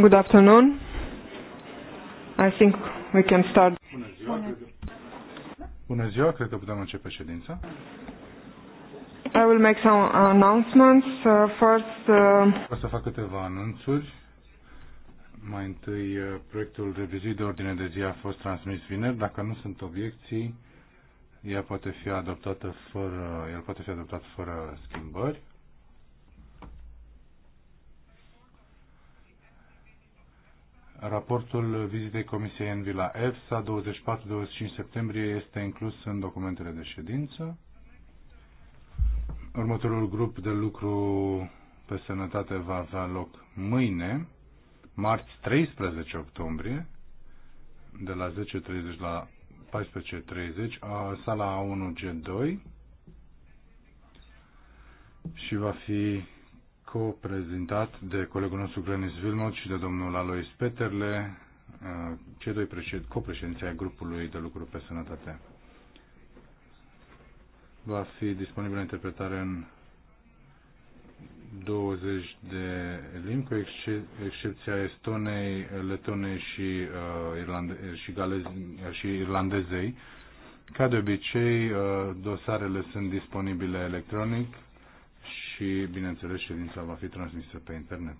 Good afternoon. I think we can start. Bună ziua, cred că putem începe ședința. I will make some announcements. Uh, first, uh... O să fac câteva anunțuri. Mai întâi, uh, proiectul de vizit de ordine de zi a fost transmis vineri. Dacă nu sunt obiecții, ea poate fi adoptată fără, el poate fi adoptat fără schimbări. Raportul vizitei Comisiei Envi la EFSA 24-25 septembrie este inclus în documentele de ședință. Următorul grup de lucru pe sănătate va avea loc mâine, marți 13 octombrie, de la 10.30 la 14.30, sala A1G2 și va fi co-prezentat de colegul nostru Glenis Vilmot și de domnul Alois Peterle, uh, cei doi copreședinți ai grupului de lucru pe sănătate. Va fi disponibilă interpretare în 20 de limbi, cu excepția Estonei, Letonei și, uh, Irlande și, Galez- și Irlandezei. Ca de obicei, uh, dosarele sunt disponibile electronic și, bineînțeles, ședința va fi transmisă pe internet.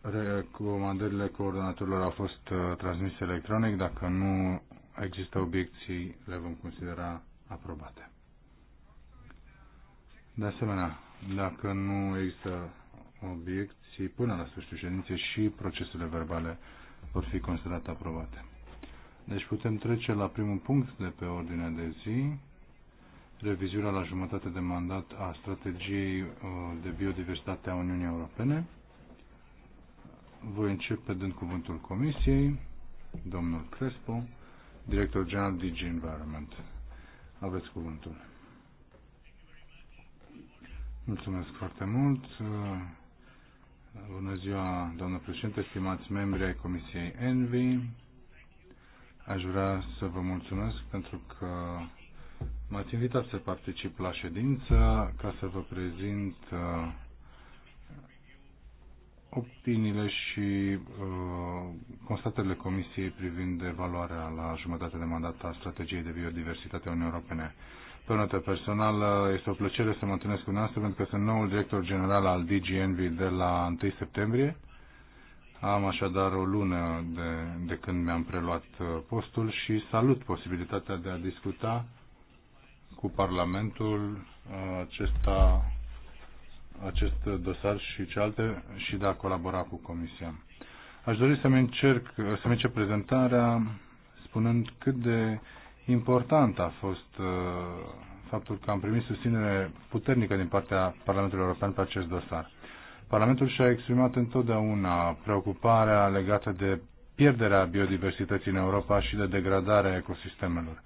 Recomandările coordonatorilor au fost uh, transmise electronic. Dacă nu există obiecții, le vom considera aprobate. De asemenea, dacă nu există obiecții până la sfârșitul ședinței și procesele verbale vor fi considerate aprobate. Deci putem trece la primul punct de pe ordinea de zi, revizuirea la jumătate de mandat a strategiei uh, de biodiversitate a Uniunii Europene. Voi începe dând cuvântul Comisiei, domnul Crespo, director general DG Environment. Aveți cuvântul. Mulțumesc foarte mult. Uh, bună ziua, doamnă președinte, stimați membri ai Comisiei Envi. Aș vrea să vă mulțumesc pentru că M-ați invitat să particip la ședință ca să vă prezint uh, opiniile și uh, constatările Comisiei privind evaluarea la jumătate de mandat a strategiei de biodiversitate a Uniunii Europene. Pe o notă personală, este o plăcere să mă întâlnesc cu dumneavoastră pentru că sunt noul director general al DGNV de la 1 septembrie. Am așadar o lună de, de când mi-am preluat uh, postul și salut posibilitatea de a discuta cu Parlamentul uh, acesta, acest dosar și cealaltă și de a colabora cu Comisia. Aș dori să-mi încerc, să-mi încep prezentarea spunând cât de important a fost uh, faptul că am primit susținere puternică din partea Parlamentului European pe acest dosar. Parlamentul și-a exprimat întotdeauna preocuparea legată de pierderea biodiversității în Europa și de degradarea ecosistemelor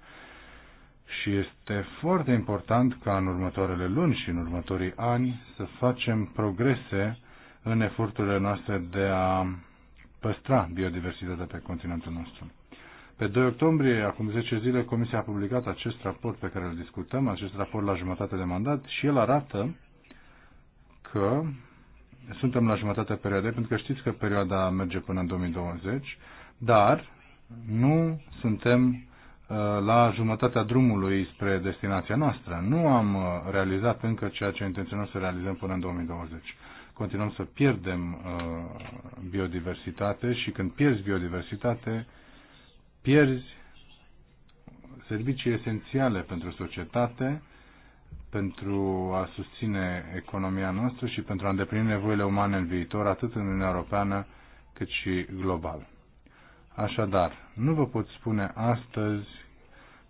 și este foarte important ca în următoarele luni și în următorii ani să facem progrese în eforturile noastre de a păstra biodiversitatea pe continentul nostru. Pe 2 octombrie, acum 10 zile, Comisia a publicat acest raport pe care îl discutăm, acest raport la jumătate de mandat și el arată că suntem la jumătatea perioadei, pentru că știți că perioada merge până în 2020, dar nu suntem Uh, la jumătatea drumului spre destinația noastră. Nu am uh, realizat încă ceea ce intenționăm să realizăm până în 2020. Continuăm să pierdem uh, biodiversitate și când pierzi biodiversitate, pierzi servicii esențiale pentru societate, pentru a susține economia noastră și pentru a îndeplini nevoile umane în viitor, atât în Uniunea Europeană cât și global. Așadar, nu vă pot spune astăzi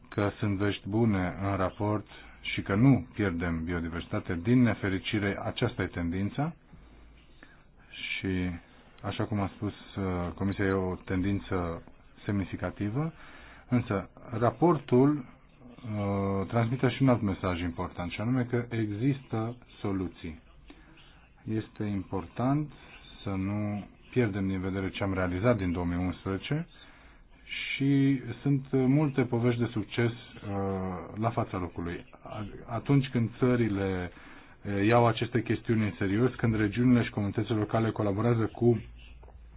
că sunt vești bune în raport și că nu pierdem biodiversitate. Din nefericire, aceasta e tendința și, așa cum a spus uh, Comisia, e o tendință semnificativă, însă raportul uh, transmite și un alt mesaj important, și anume că există soluții. Este important să nu pierdem din vedere ce am realizat din 2011 și sunt multe povești de succes uh, la fața locului. Atunci când țările uh, iau aceste chestiuni în serios, când regiunile și comunitățile locale colaborează cu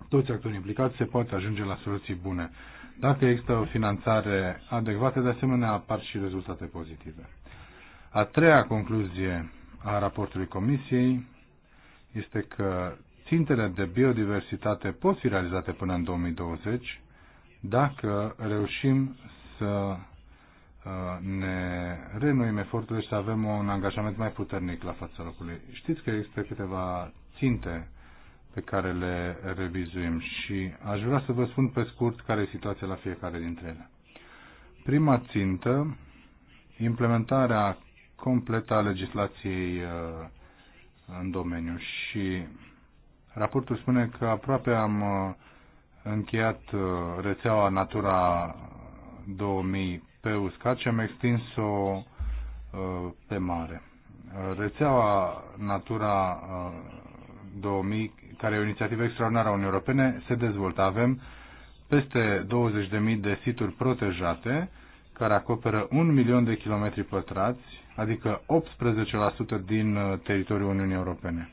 toți actorii implicați, se poate ajunge la soluții bune. Dacă există o finanțare adecvată, de asemenea apar și rezultate pozitive. A treia concluzie a raportului Comisiei este că Țintele de biodiversitate pot fi realizate până în 2020 dacă reușim să uh, ne renuim eforturile și să avem un angajament mai puternic la fața locului. Știți că există câteva ținte pe care le revizuim și aș vrea să vă spun pe scurt care e situația la fiecare dintre ele. Prima țintă, implementarea completă a legislației uh, în domeniu și Raportul spune că aproape am uh, încheiat uh, rețeaua Natura 2000 uh, pe uscat și am extins-o pe mare. Rețeaua Natura 2000, care e o inițiativă extraordinară a Uniunii Europene, se dezvoltă. Avem peste 20.000 de situri protejate, care acoperă un milion de kilometri pătrați, adică 18% din teritoriul Uniunii Europene.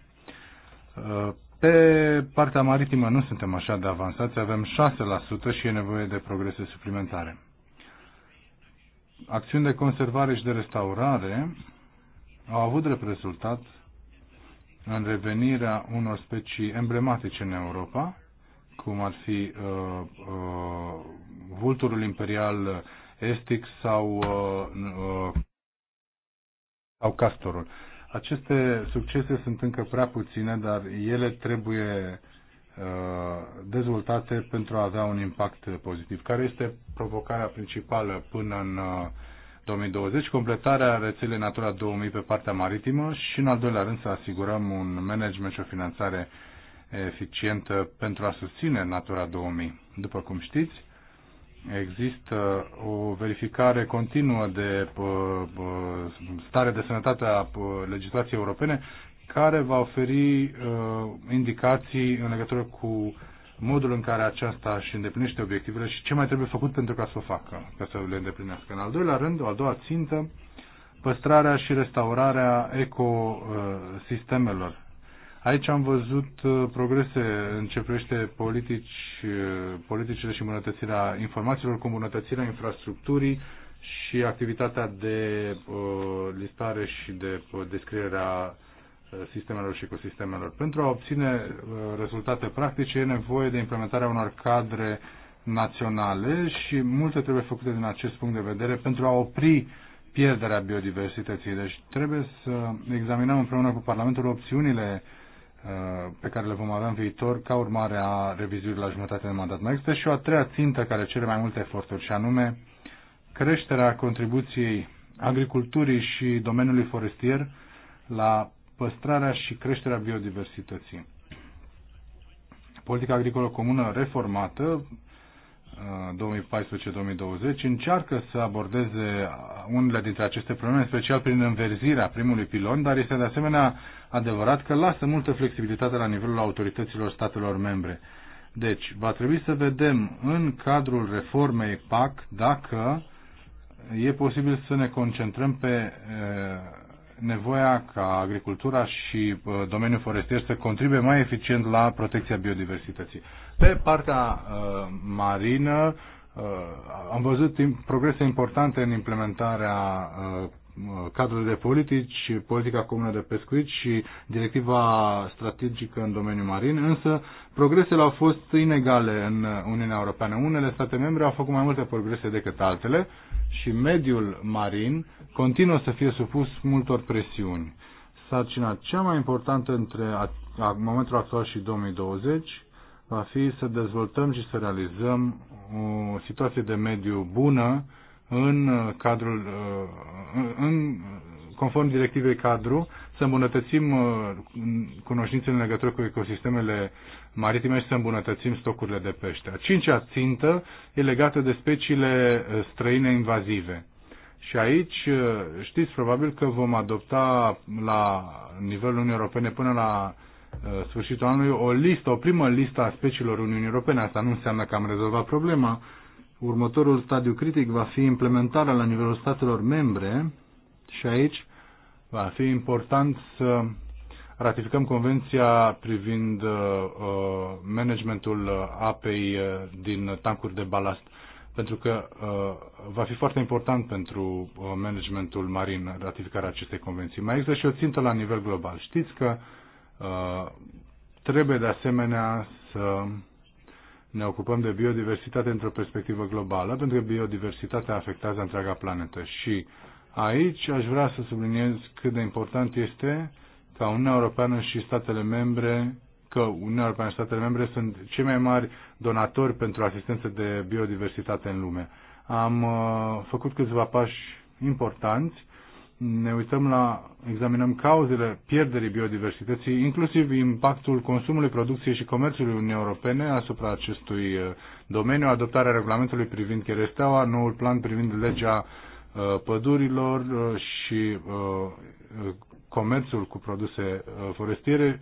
Pe partea maritimă nu suntem așa de avansați, avem 6% și e nevoie de progrese suplimentare. Acțiuni de conservare și de restaurare au avut drept rezultat în revenirea unor specii emblematice în Europa, cum ar fi uh, uh, vulturul imperial estic sau, uh, uh, sau castorul. Aceste succese sunt încă prea puține, dar ele trebuie uh, dezvoltate pentru a avea un impact pozitiv. Care este provocarea principală până în 2020? Uh, Completarea rețelei Natura 2000 pe partea maritimă și, în al doilea rând, să asigurăm un management și o finanțare eficientă pentru a susține Natura 2000. După cum știți, există o verificare continuă de stare de sănătate a legislației europene care va oferi ă, indicații în legătură cu modul în care aceasta își îndeplinește obiectivele și ce mai trebuie făcut pentru ca să o facă, ca să le îndeplinească. În al doilea rând, o a doua țintă, păstrarea și restaurarea ecosistemelor ă, Aici am văzut uh, progrese în ce privește politici, uh, politicile și îmbunătățirea informațiilor cu îmbunătățirea infrastructurii și activitatea de uh, listare și de descrierea sistemelor și ecosistemelor. Pentru a obține rezultate practice e nevoie de implementarea unor cadre naționale și multe trebuie făcute din acest punct de vedere pentru a opri pierderea biodiversității. Deci trebuie să examinăm împreună cu Parlamentul opțiunile uh, Uh, pe care le vom avea în viitor ca urmare a revizuirii la jumătate de mandat. Mai există și o a treia țintă care cere mai multe eforturi și anume creșterea contribuției agriculturii și domeniului forestier la păstrarea și creșterea biodiversității. Politica agricolă comună reformată 2014-2020 uh, încearcă să abordeze unele dintre aceste probleme, în special prin înverzirea primului pilon, dar este de asemenea adevărat că lasă multă flexibilitate la nivelul autorităților statelor membre. Deci, va trebui să vedem în cadrul reformei PAC dacă e posibil să ne concentrăm pe uh, nevoia ca agricultura și uh, domeniul forestier să contribuie mai eficient la protecția biodiversității. Pe partea uh, marină uh, am văzut progrese importante în implementarea cadrul de politici, politica comună de pescuit și directiva strategică în domeniul marin, însă progresele au fost inegale în Uniunea Europeană. Unele state membre au făcut mai multe progrese decât altele și mediul marin continuă să fie supus multor presiuni. Sarcina cea mai importantă între momentul actual și 2020 va fi să dezvoltăm și să realizăm o situație de mediu bună în uh, cadrul, uh, în, conform directivei cadru, să îmbunătățim uh, cunoștințele în legătură cu ecosistemele maritime și să îmbunătățim stocurile de pește. A cincea țintă e legată de speciile străine invazive. Și aici știți probabil că vom adopta la nivelul Uniunii Europene până la sfârșitul anului o listă, o primă listă a speciilor Uniunii Europene. Asta nu înseamnă că am rezolvat problema, Următorul stadiu critic va fi implementarea la nivelul statelor membre și aici va fi important să ratificăm convenția privind uh, uh managementul uh, apei uh, din tancuri de balast, pentru că uh, va fi foarte important pentru managementul marin ratificarea acestei convenții. Mai există și o țintă la nivel global. Știți că uh, trebuie de asemenea să ne ocupăm de biodiversitate într-o perspectivă globală, pentru că biodiversitatea afectează întreaga planetă. Și aici aș vrea să subliniez cât de important este ca Uniunea Europeană și statele membre că Uniunea Europeană și statele membre sunt cei mai mari donatori pentru asistență de biodiversitate în lume. Am uh, făcut câțiva pași importanți ne uităm la, examinăm cauzele pierderii biodiversității, inclusiv impactul consumului, producției și comerțului Uniunii Europene asupra acestui uh, domeniu, adoptarea regulamentului privind cheresteaua, noul plan privind legea uh, pădurilor uh, și comerțul cu produse forestiere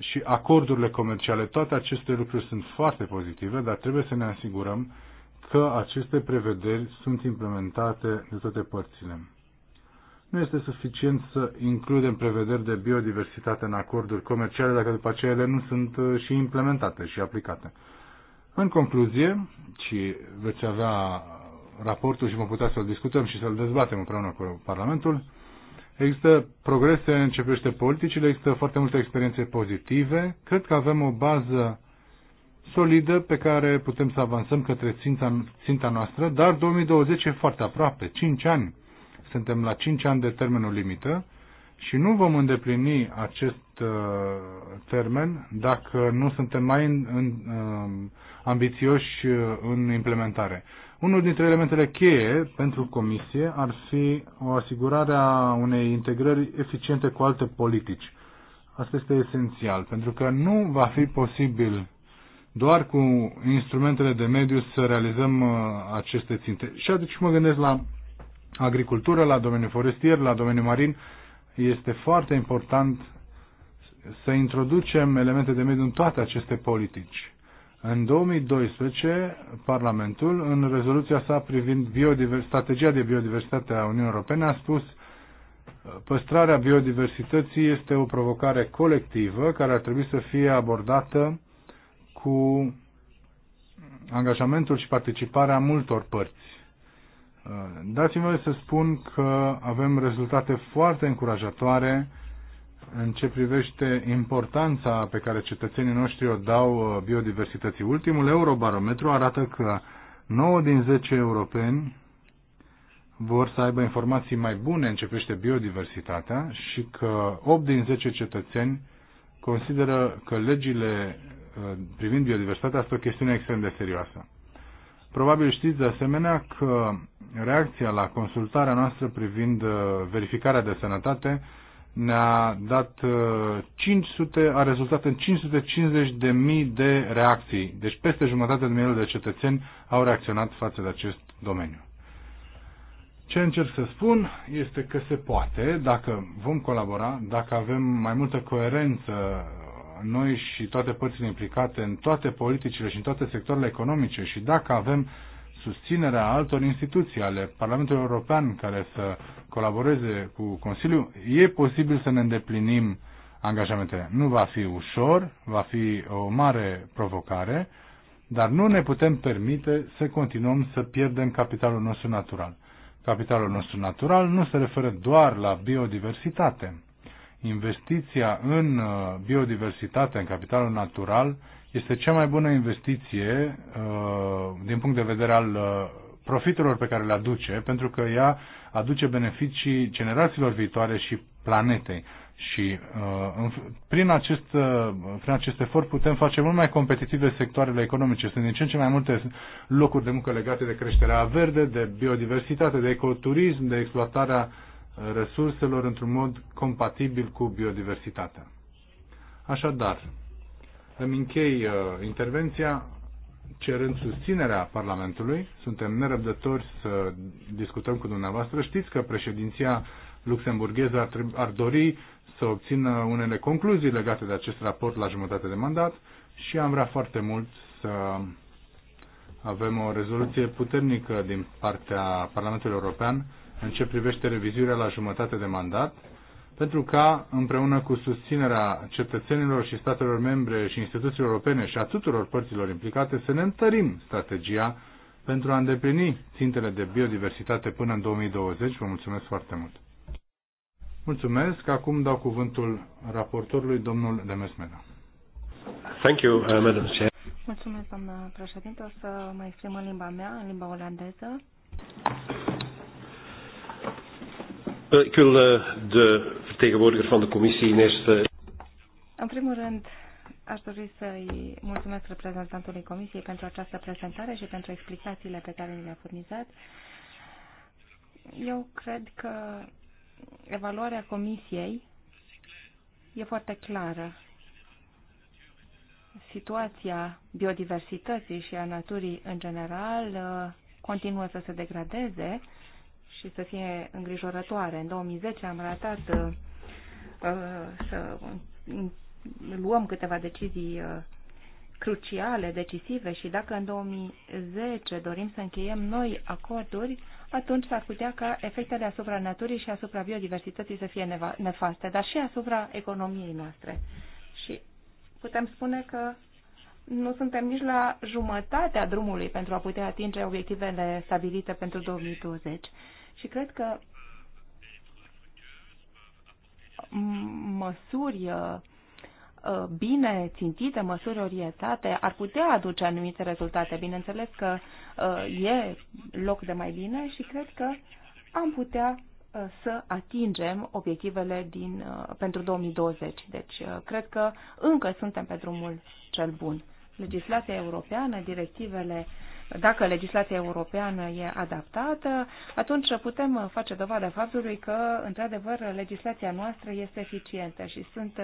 și acordurile comerciale. Toate aceste lucruri sunt foarte pozitive, dar trebuie să ne asigurăm că aceste prevederi sunt implementate de toate părțile. Nu este suficient să includem prevederi de biodiversitate în acorduri comerciale dacă după aceea ele nu sunt uh, și implementate și aplicate. În concluzie, și veți avea raportul și vom putea să-l discutăm și să-l dezbatem împreună cu Parlamentul, există progrese în ce privește politicile, există foarte multe experiențe pozitive. Cred că avem o bază solidă pe care putem să avansăm către ținta, ținta noastră, dar 2020 e foarte aproape, 5 ani. Suntem la 5 ani de termenul limită și nu vom îndeplini acest uh, termen dacă nu suntem mai în, în, um, ambițioși uh, în implementare. Unul dintre elementele cheie pentru Comisie ar fi o asigurare a unei integrări eficiente cu alte politici. Asta este esențial, pentru că nu va fi posibil doar cu instrumentele de mediu să realizăm uh, aceste ținte. Și atunci mă gândesc la agricultură, la domeniul forestier, la domeniul marin, este foarte important să introducem elemente de mediu în toate aceste politici. În 2012, Parlamentul, în rezoluția sa privind strategia de biodiversitate a Uniunii Europene, a spus păstrarea biodiversității este o provocare colectivă care ar trebui să fie abordată cu angajamentul și participarea multor părți. Dați-mi voi să spun că avem rezultate foarte încurajatoare în ce privește importanța pe care cetățenii noștri o dau uh, biodiversității. Ultimul eurobarometru arată că 9 din 10 europeni vor să aibă informații mai bune în ce privește biodiversitatea și că 8 din 10 cetățeni consideră că legile uh, privind biodiversitatea este o chestiune extrem de serioasă. Probabil știți de asemenea că reacția la consultarea noastră privind uh, verificarea de sănătate ne-a dat 500, uh, a rezultat în 550.000 de reacții. Deci peste jumătate de milion de cetățeni au reacționat față de acest domeniu. Ce încerc să spun este că se poate, dacă vom colabora, dacă avem mai multă coerență noi și toate părțile implicate în toate politicile și în toate sectoarele economice și dacă avem susținerea altor instituții ale Parlamentului European care să colaboreze cu Consiliul, e posibil să ne îndeplinim angajamentele. Nu va fi ușor, va fi o mare provocare, dar nu ne putem permite să continuăm să pierdem capitalul nostru natural. Capitalul nostru natural nu se referă doar la biodiversitate investiția în uh, biodiversitate, în capitalul natural, este cea mai bună investiție uh, din punct de vedere al uh, profiturilor pe care le aduce, pentru că ea aduce beneficii generațiilor viitoare și planetei. Și prin, acest, prin acest efort putem face mult mai competitive sectoarele economice. Sunt din ce în ce mai multe locuri de muncă legate de creșterea verde, de biodiversitate, de ecoturism, de exploatarea resurselor într-un mod compatibil cu biodiversitatea. Așadar, îmi închei uh, intervenția cerând susținerea Parlamentului. Suntem nerăbdători să discutăm cu dumneavoastră. Știți că președinția luxemburgheză ar, ar dori să obțină unele concluzii legate de acest raport la jumătate de mandat și am vrea foarte mult să avem o rezoluție puternică din partea Parlamentului European în ce privește revizuirea la jumătate de mandat, pentru ca, împreună cu susținerea cetățenilor și statelor membre și instituțiilor europene și a tuturor părților implicate, să ne întărim strategia pentru a îndeplini țintele de biodiversitate până în 2020. Vă mulțumesc foarte mult! Mulțumesc. Acum dau cuvântul raportorului, domnul Demesmena. Thank you, uh, Madam Chair. Mulțumesc, doamnă președinte. O să mă exprim în limba mea, în limba olandeză. Eh, ik wil eh, de vertegenwoordiger van de commissie in eerste. In primul rând, aș dori să-i mulțumesc reprezentantului comisiei pentru această prezentare și pentru explicațiile pe care le-a furnizat. Eu cred că evaluarea comisiei e foarte clară. Situația biodiversității și a naturii în general eh, continuă să se degradeze și să fie îngrijorătoare. În 2010 am ratat uh, uh, să luăm câteva decizii uh, cruciale, decisive și dacă în 2010 dorim să încheiem noi acorduri, atunci s-ar putea ca efectele asupra naturii și asupra biodiversității să fie nefaste, dar și asupra economiei noastre. Și putem spune că nu suntem nici la jumătatea drumului pentru a putea atinge obiectivele stabilite pentru 2020. Și cred că măsuri uh, uh, bine țintite, măsuri orientate, ar putea aduce anumite rezultate. Bineînțeles că uh, e loc de mai bine și cred că am putea să atingem obiectivele din, pentru 2020. Deci, cred că încă suntem pe drumul cel bun. Legislația europeană, directivele dacă legislația europeană e adaptată, atunci putem face dovada faptului că, într-adevăr, legislația noastră este eficientă și sunt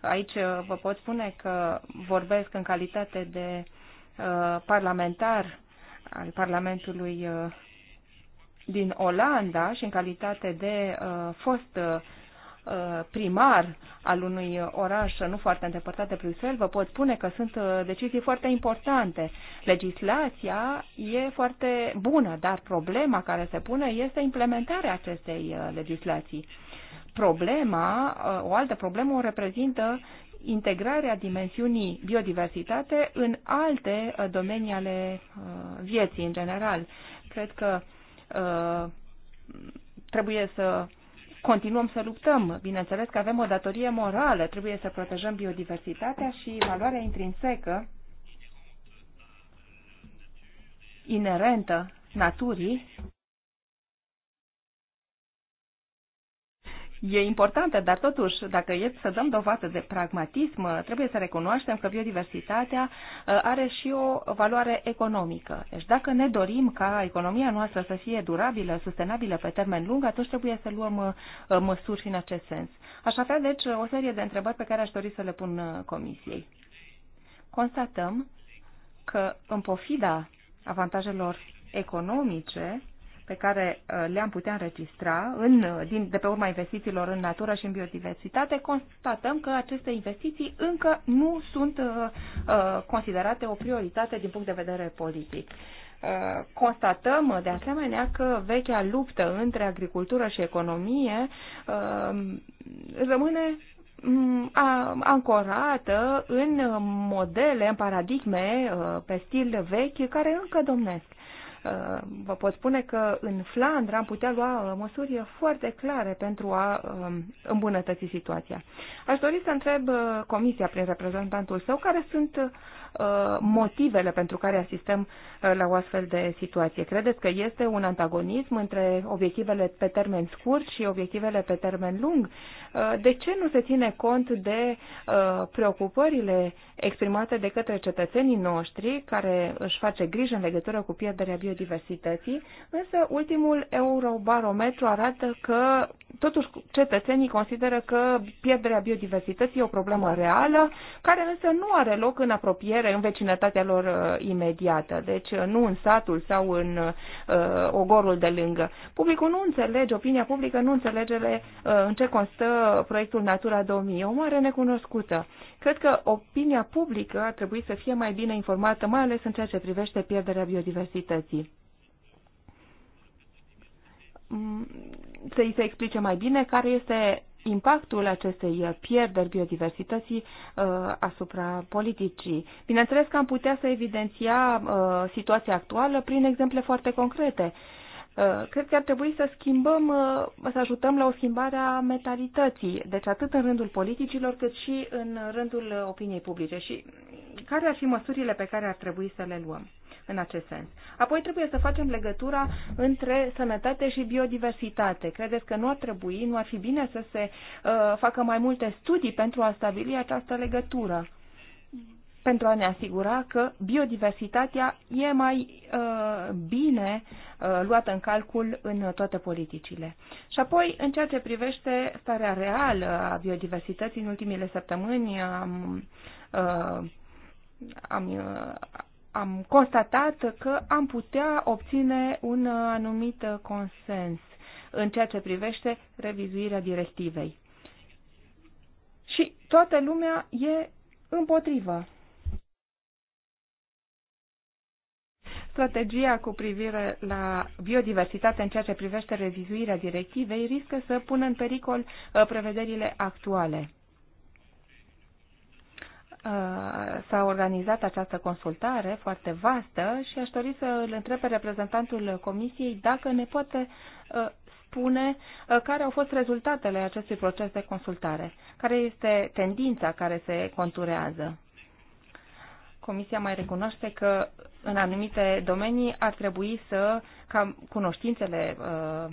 aici, vă pot spune că vorbesc în calitate de uh, parlamentar al Parlamentului uh, din Olanda și în calitate de uh, fost Uh, primar al unui oraș nu foarte îndepărtat de Bruxelles, vă pot spune că sunt uh, decizii foarte importante. Legislația e foarte bună, dar problema care se pune este implementarea acestei uh, legislații. Problema, o altă problemă o reprezintă integrarea dimensiunii biodiversitate în alte domenii ale vieții în general. Cred că trebuie să continuăm să luptăm. Bineînțeles că avem o datorie morală, trebuie să protejăm biodiversitatea și valoarea intrinsecă inerentă naturii e importantă, dar totuși, dacă e să dăm dovadă de pragmatism, trebuie să recunoaștem că biodiversitatea uh, are și o valoare economică. Deci dacă ne dorim ca economia noastră să fie durabilă, sustenabilă pe termen lung, atunci trebuie să luăm uh, măsuri în acest sens. Aș avea, deci, o serie de întrebări pe care aș dori să le pun uh, Comisiei. Constatăm că, în pofida avantajelor economice, pe care uh, le-am putea înregistra în, din, de pe urma investițiilor în natură și în biodiversitate, constatăm că aceste investiții încă nu sunt uh, uh considerate o prioritate din punct de vedere politic. Uh, constatăm de asemenea că vechea luptă între agricultură și economie uh, rămâne mm, ancorată în modele, în paradigme uh, pe stil vechi care încă domnesc. Uh, vă pot spune că în Flandra am putea lua uh, măsuri foarte clare pentru a um, îmbunătăți situația. Aș dori să întreb uh, Comisia prin reprezentantul său care sunt Uh, motivele pentru care asistăm uh, la o astfel de situație. Credeți că este un antagonism între obiectivele pe termen scurt și obiectivele pe termen lung? Uh, de ce nu se ține cont de preocupările exprimate de către cetățenii noștri care își face grijă în legătură cu pierderea biodiversității, însă ultimul eurobarometru arată că totuși cetățenii consideră că pierderea biodiversității e o problemă reală, care însă nu are loc în apropiere încredere în vecinătatea lor uh, imediată, deci uh, nu în satul sau în uh, ogorul de lângă. Publicul nu înțelege, opinia publică nu înțelege în ce constă proiectul Natura 2000, o mare necunoscută. Cred că opinia publică ar trebui să fie mai bine informată, mai ales în ceea ce privește pierderea biodiversității mm, să-i se explice mai bine care este impactul acestei pierderi biodiversității uh, asupra politicii. Bineînțeles că am putea să evidenția uh, situația actuală prin exemple foarte concrete. Uh, cred că ar trebui să schimbăm, să ajutăm la o schimbare a mentalității, deci atât în rândul politicilor cât și în rândul opiniei publice. Și care ar fi măsurile pe care ar trebui să le luăm? în acest sens. Apoi trebuie să facem legătura între sănătate și biodiversitate. Credeți că nu ar trebui, nu ar fi bine să se uh, facă mai multe studii pentru a stabili această legătură? pentru a ne asigura că biodiversitatea e mai uh, bine uh, luată în calcul în toate politicile. Și apoi, în ceea ce privește starea reală a biodiversității, în ultimile săptămâni am, uh, am, uh, am constatat că am putea obține un anumit consens în ceea ce privește revizuirea directivei. Și toată lumea e împotrivă. Strategia cu privire la biodiversitate în ceea ce privește revizuirea directivei riscă să pună în pericol uh, prevederile actuale Uh, s-a organizat această consultare foarte vastă și aș dori să îl întreb pe reprezentantul Comisiei dacă ne poate uh, spune uh, care au fost rezultatele acestui proces de consultare, care este tendința care se conturează. Comisia mai recunoaște că în anumite domenii ar trebui să, ca cunoștințele uh,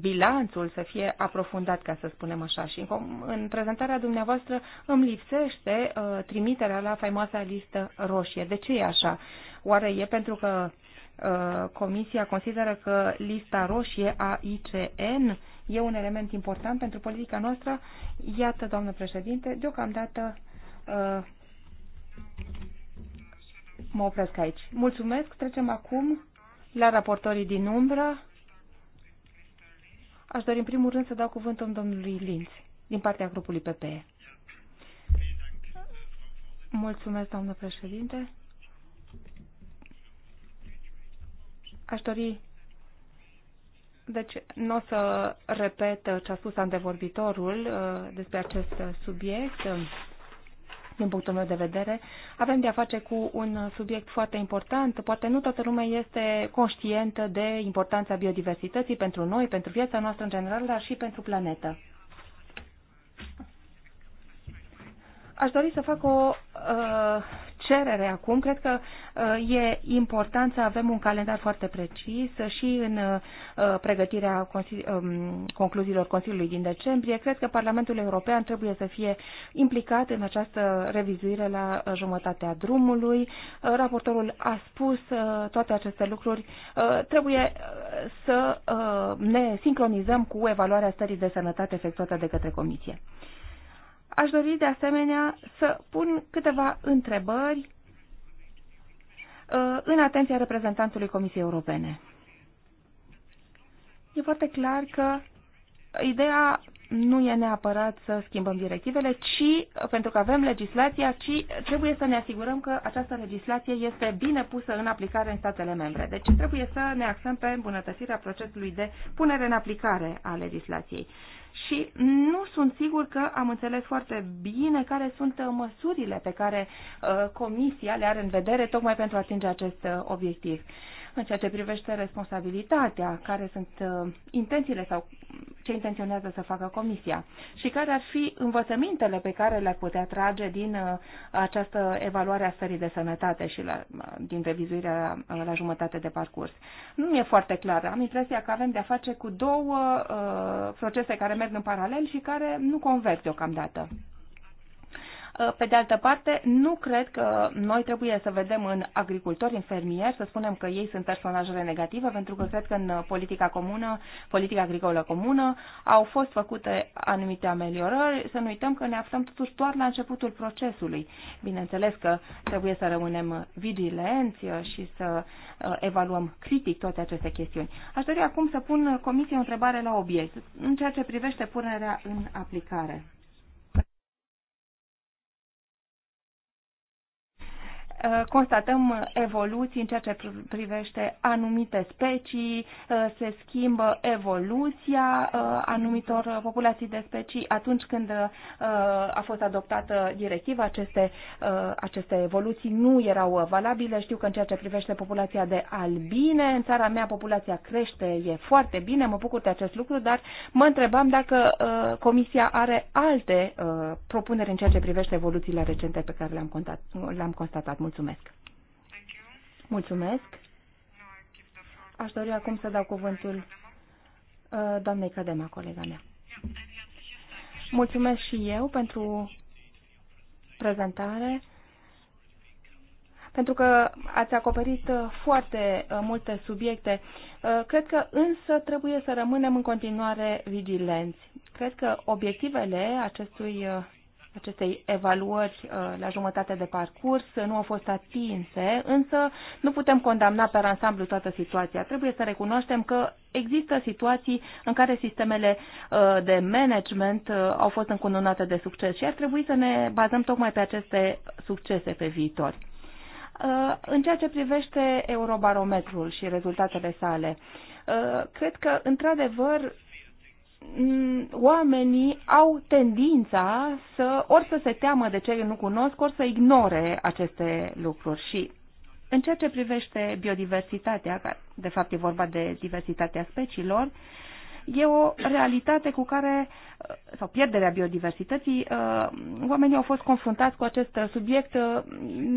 bilanțul să fie aprofundat, ca să spunem așa. Și în, în prezentarea dumneavoastră îmi lipsește uh, trimiterea la faimoasa listă roșie. De ce e așa? Oare e pentru că uh, Comisia consideră că lista roșie a ICN e un element important pentru politica noastră? Iată, doamnă președinte, deocamdată uh, mă opresc aici. Mulțumesc, trecem acum la raportorii din umbră. Aș dori în primul rând să dau cuvântul domnului Linț, din partea grupului PPE. Mulțumesc, doamnă președinte. Aș dori... Deci, nu o să repet ce a spus antevorbitorul uh, despre acest subiect din punctul meu de vedere. Avem de a face cu un subiect foarte important. Poate nu toată lumea este conștientă de importanța biodiversității pentru noi, pentru viața noastră în general, dar și pentru planetă. Aș dori să fac o uh, cerere acum, cred că uh, e important să avem un calendar foarte precis și în uh, pregătirea um, concluziilor Consiliului din decembrie. Cred că Parlamentul European trebuie să fie implicat în această revizuire la uh, jumătatea drumului. Raportorul a spus toate aceste lucruri. Trebuie să ne sincronizăm cu evaluarea stării de sănătate efectuată de către Comisie. Aș dori de asemenea să pun câteva întrebări uh, în atenția reprezentantului Comisiei Europene. E foarte clar că ideea nu e neapărat să schimbăm directivele, ci, pentru că avem legislația, ci trebuie să ne asigurăm că această legislație este bine pusă în aplicare în statele membre. Deci trebuie să ne axăm pe îmbunătățirea procesului de punere în aplicare a legislației și nu sunt sigur că am înțeles foarte bine care sunt uh, măsurile pe care uh, Comisia le are în vedere tocmai pentru a atinge acest uh, obiectiv în ceea ce privește responsabilitatea, care sunt uh, intențiile sau ce intenționează să facă Comisia și care ar fi învățămintele pe care le-ar putea trage din uh, această evaluare a stării de sănătate și la, din revizuirea uh, la jumătate de parcurs. Nu mi-e foarte clar. Am impresia că avem de-a face cu două uh, procese care merg în paralel și care nu converg deocamdată. Uh, pe de altă parte, nu cred că noi trebuie să vedem în agricultori, în fermieri, să spunem că ei sunt personajele negative, pentru că cred că în politica comună, politica agricolă comună, au fost făcute anumite ameliorări. Să nu uităm că ne aflăm totuși doar la începutul procesului. Bineînțeles că trebuie să rămânem vigilenți uh, și să uh, evaluăm critic toate aceste chestiuni. Aș dori acum să pun Comisiei o întrebare la obiect, în ceea ce privește punerea în aplicare. Uh, constatăm evoluții în ceea ce privește anumite specii, uh, se schimbă evoluția uh, anumitor populații de specii. Atunci când a fost adoptată directiva, aceste, aceste evoluții nu erau valabile. Știu că în ceea ce privește populația de albine, în țara mea populația crește, e foarte bine, mă bucur de acest lucru, dar mă întrebam dacă Comisia are alte propuneri în ceea ce privește evoluțiile recente pe care le-am constatat. Mulțumesc. Mulțumesc. Aș dori acum să dau cuvântul uh, doamnei Cadema, colega mea. Mulțumesc și eu pentru prezentare, pentru că ați acoperit uh, foarte uh, multe subiecte. Cred că însă trebuie să rămânem în continuare vigilenți. Cred că obiectivele acestui acestei evaluări uh, la jumătate de parcurs nu au fost atinse, însă nu putem condamna pe ansamblu toată situația. Trebuie să recunoaștem că există situații în care sistemele uh, de management uh, au fost încununate de succes și ar trebui să ne bazăm tocmai pe aceste succese pe viitor. În ceea ce privește Eurobarometrul și rezultatele sale, cred că, într-adevăr, Mm, oamenii au tendința să ori să se teamă de ce nu cunosc, ori să ignore aceste lucruri. Și în ceea ce privește biodiversitatea, de fapt e vorba de diversitatea speciilor, e o realitate cu care, sau pierderea biodiversității, uh, oamenii au fost confruntați cu acest subiect uh,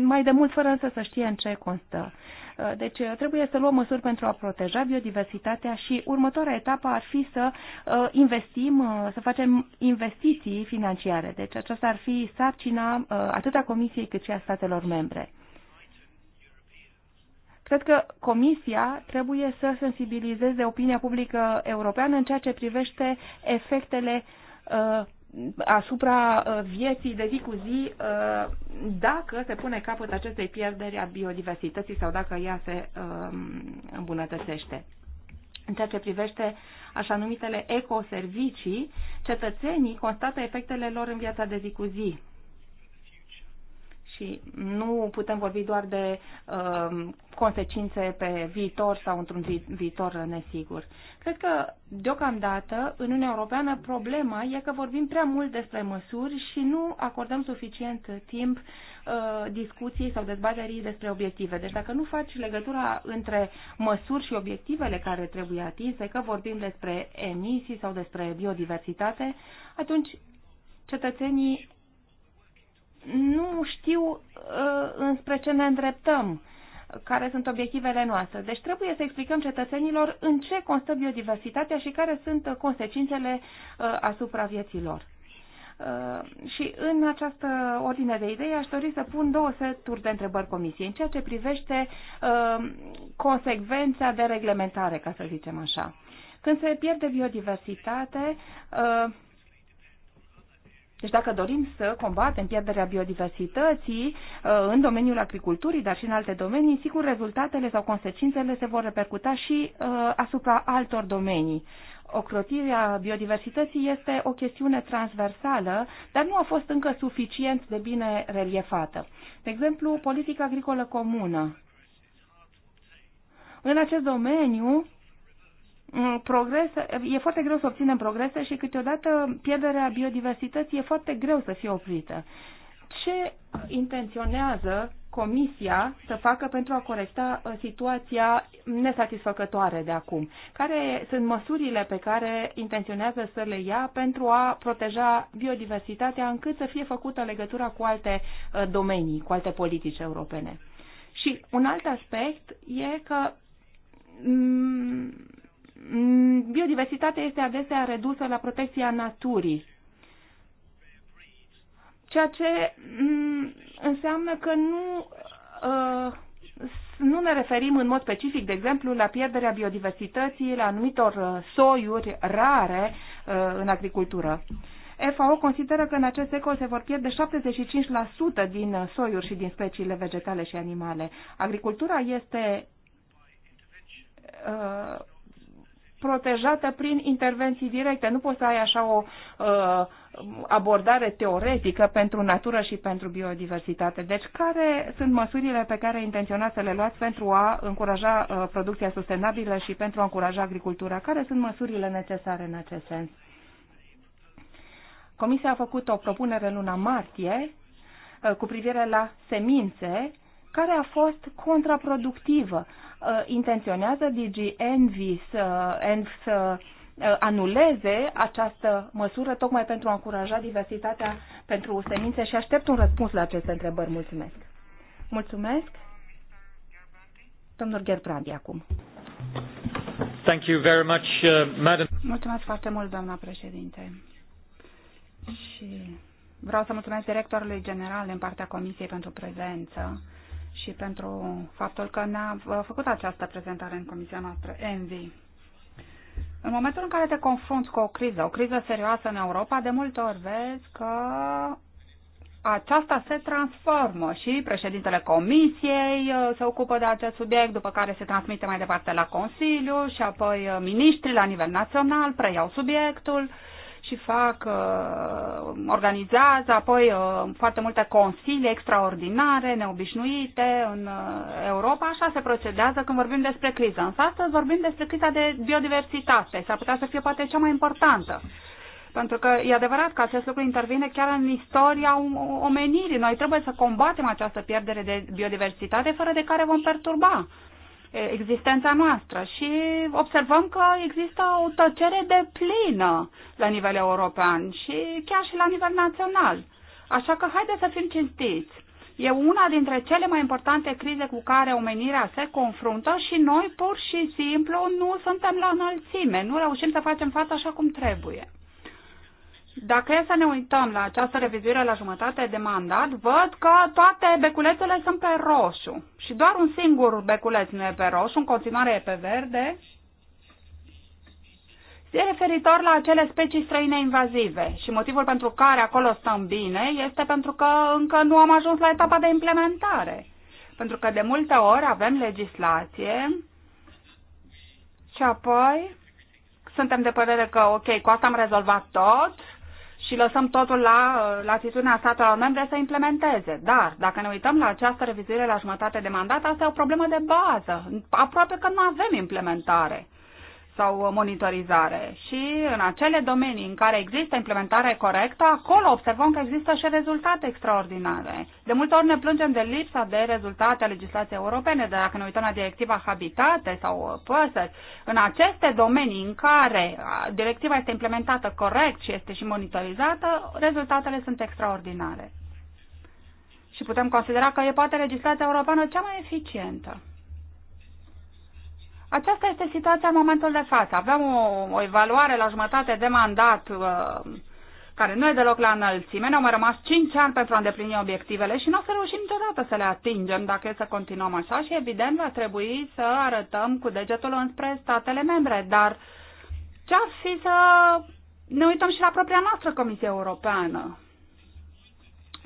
mai de mult, fără însă să știe în ce constă. Uh, deci uh, trebuie să luăm măsuri pentru a proteja biodiversitatea și următoarea etapă ar fi să uh, investim, să facem investiții financiare. Deci aceasta ar fi sarcina atât a Comisiei cât și a statelor membre. Cred că Comisia trebuie să sensibilizeze opinia publică europeană în ceea ce privește efectele asupra uh, vieții de zi cu zi uh, dacă se pune capăt acestei pierderi a biodiversității sau dacă ea se um, îmbunătățește. În ceea ce privește așa numitele ecoservicii, cetățenii constată efectele lor în viața de zi cu zi și nu putem vorbi doar de uh, consecințe pe viitor sau într-un vi viitor nesigur. Cred că, deocamdată, în Uniunea Europeană, problema e că vorbim prea mult despre măsuri și nu acordăm suficient timp uh, discuției sau dezbaterii despre obiective. Deci dacă nu faci legătura între măsuri și obiectivele care trebuie atinse, că vorbim despre emisii sau despre biodiversitate, atunci cetățenii nu știu uh, înspre ce ne îndreptăm, care sunt obiectivele noastre. Deci trebuie să explicăm cetățenilor în ce constă biodiversitatea și care sunt consecințele uh, asupra vieții lor. Uh, și în această ordine de idei aș dori să pun două seturi de întrebări comisiei în ceea ce privește uh, consecvența de reglementare, ca să zicem așa. Când se pierde biodiversitate, uh, deci dacă dorim să combatem pierderea biodiversității uh, în domeniul agriculturii, dar și în alte domenii, sigur rezultatele sau consecințele se vor repercuta și uh, asupra altor domenii. Ocrotirea biodiversității este o chestiune transversală, dar nu a fost încă suficient de bine reliefată. De exemplu, politica agricolă comună. În acest domeniu, Mm, progres, e foarte greu să obținem progrese și câteodată pierderea biodiversității e foarte greu să fie oprită. Ce intenționează Comisia să facă pentru a corecta uh, situația nesatisfăcătoare de acum? Care sunt măsurile pe care intenționează să le ia pentru a proteja biodiversitatea încât să fie făcută legătura cu alte uh, domenii, cu alte politici europene? Și un alt aspect e că mm, Mm, biodiversitatea este adesea redusă la protecția naturii. Ceea ce mm, înseamnă că nu, uh, nu ne referim în mod specific, de exemplu, la pierderea biodiversității, la anumitor uh, soiuri rare uh, în agricultură. FAO consideră că în acest secol se vor pierde 75% din soiuri și din speciile vegetale și animale. Agricultura este protejată prin intervenții directe. Nu poți să ai așa o uh, abordare teoretică pentru natură și pentru biodiversitate. Deci care sunt măsurile pe care intenționați să le luați pentru a încuraja uh, producția sustenabilă și pentru a încuraja agricultura? Care sunt măsurile necesare în acest sens? Comisia a făcut o propunere luna martie uh, cu privire la semințe care a fost contraproductivă. Uh, Uh, intenționează DG Envy să, Env să uh, anuleze această măsură tocmai pentru a încuraja diversitatea pentru semințe și aștept un răspuns la aceste întrebări. Mulțumesc. Mulțumesc. Domnul Gerbrandi acum. Thank you very much, uh, madam. Mulțumesc foarte mult, doamna președinte. Și vreau să mulțumesc directorului general din partea Comisiei pentru prezență și pentru faptul că ne-a făcut această prezentare în comisia noastră ENVI. În momentul în care te confrunți cu o criză, o criză serioasă în Europa, de multe ori vezi că aceasta se transformă și președintele comisiei uh, se ocupă de acest subiect, după care se transmite mai departe la Consiliu și apoi uh, miniștrii la nivel național preiau subiectul și fac, uh, organizează apoi uh, foarte multe consilii extraordinare, neobișnuite în uh, Europa. Așa se procedează când vorbim despre criză. Însă astăzi vorbim despre criza de biodiversitate. S-ar putea să fie poate cea mai importantă. Pentru că e adevărat că acest lucru intervine chiar în istoria omenirii. Noi trebuie să combatem această pierdere de biodiversitate fără de care vom perturba existența noastră și observăm că există o tăcere de plină la nivel european și chiar și la nivel național. Așa că haideți să fim cinstiți. E una dintre cele mai importante crize cu care omenirea se confruntă și noi pur și simplu nu suntem la înălțime, nu reușim să facem față așa cum trebuie. Dacă e să ne uităm la această revizuire la jumătate de mandat, văd că toate beculețele sunt pe roșu și doar un singur beculeț nu e pe roșu, în continuare e pe verde. E referitor la acele specii străine invazive și motivul pentru care acolo stăm bine este pentru că încă nu am ajuns la etapa de implementare. Pentru că de multe ori avem legislație și apoi suntem de părere că, ok, cu asta am rezolvat tot și lăsăm totul la uh, latitudinea statelor membre să implementeze. Dar, dacă ne uităm la această revizuire la jumătate de mandat, asta e o problemă de bază. Aproape că nu avem implementare sau monitorizare. Și în acele domenii în care există implementare corectă, acolo observăm că există și rezultate extraordinare. De multe ori ne plângem de lipsa de rezultate a legislației europene, dar dacă ne uităm la directiva Habitate sau păsări, în aceste domenii în care directiva este implementată corect și este și monitorizată, rezultatele sunt extraordinare. Și putem considera că e poate legislația europeană cea mai eficientă. Aceasta este situația în momentul de față. Avem o, o evaluare la jumătate de mandat uh, care nu e deloc la înălțime. Ne-au mai rămas 5 ani pentru a îndeplini obiectivele și nu o să reușim niciodată să le atingem dacă e să continuăm așa și evident va trebui să arătăm cu degetul înspre statele membre. Dar ce-ar fi să ne uităm și la propria noastră Comisie Europeană?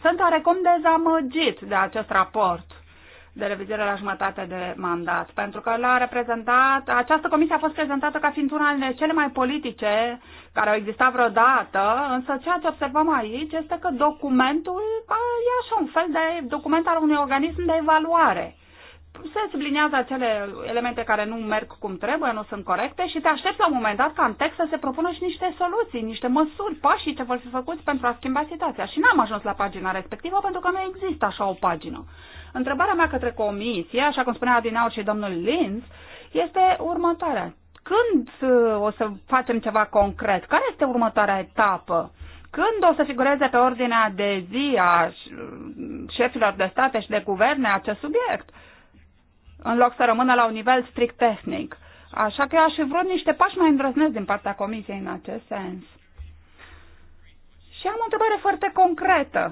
Sunt oarecum dezamăgit de acest raport de revizuire la jumătate de mandat, pentru că l-a reprezentat, această comisie a fost prezentată ca fiind una dintre cele mai politice care au existat vreodată, însă ceea ce observăm aici este că documentul e așa un fel de document al unui organism de evaluare se subliniază acele elemente care nu merg cum trebuie, nu sunt corecte și te aștepți la un moment dat ca în text să se propună și niște soluții, niște măsuri, pașii ce vor fi făcuți pentru a schimba situația. Și n-am ajuns la pagina respectivă pentru că nu există așa o pagină. Întrebarea mea către comisie, așa cum spunea Adinaur și domnul Linz, este următoarea. Când uh, o să facem ceva concret? Care este următoarea etapă? Când o să figureze pe ordinea de zi a șefilor de state și de guverne acest subiect? În loc să rămână la un nivel strict tehnic. Așa că eu aș fi vrut niște pași mai îndrăznesc din partea comisiei în acest sens. Și am o întrebare foarte concretă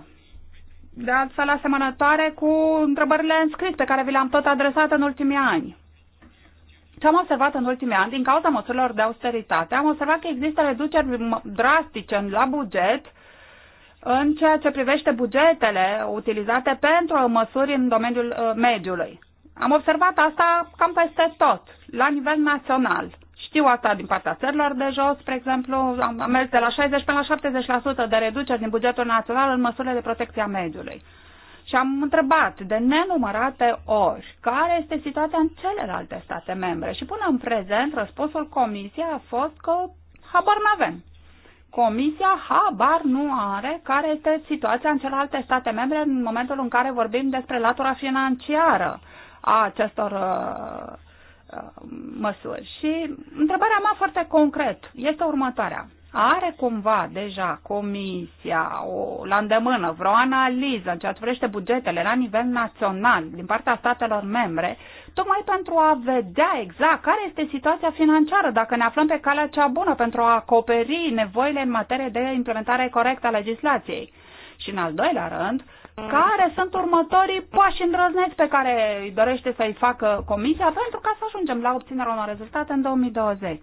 de altfel asemănătoare cu întrebările înscris pe care vi le-am tot adresat în ultimii ani. Ce am observat în ultimii ani, din cauza măsurilor de austeritate, am observat că există reduceri drastice la buget în ceea ce privește bugetele utilizate pentru măsuri în domeniul uh, mediului. Am observat asta cam peste tot, la nivel național. Știu asta din partea țărilor de jos, spre exemplu, am mers de la 60 până la 70% de reduceri din bugetul național în măsurile de protecție a mediului. Și am întrebat de nenumărate ori care este situația în celelalte state membre. Și până în prezent, răspunsul comisiei a fost că habar nu avem Comisia habar nu are care este situația în celelalte state membre în momentul în care vorbim despre latura financiară a acestor uh, Uh, măsuri. Și întrebarea mea foarte concret este următoarea. Are cumva deja comisia o, la îndemână vreo analiză în ceea ce privește bugetele la nivel național din partea statelor membre, tocmai pentru a vedea exact care este situația financiară, dacă ne aflăm pe calea cea bună pentru a acoperi nevoile în materie de implementare corectă a legislației. Și în al doilea rând, uh, care sunt următorii pași îndrăzneți pe care îi dorește să-i facă Comisia pentru ca să ajungem la obținerea unor rezultate în 2020.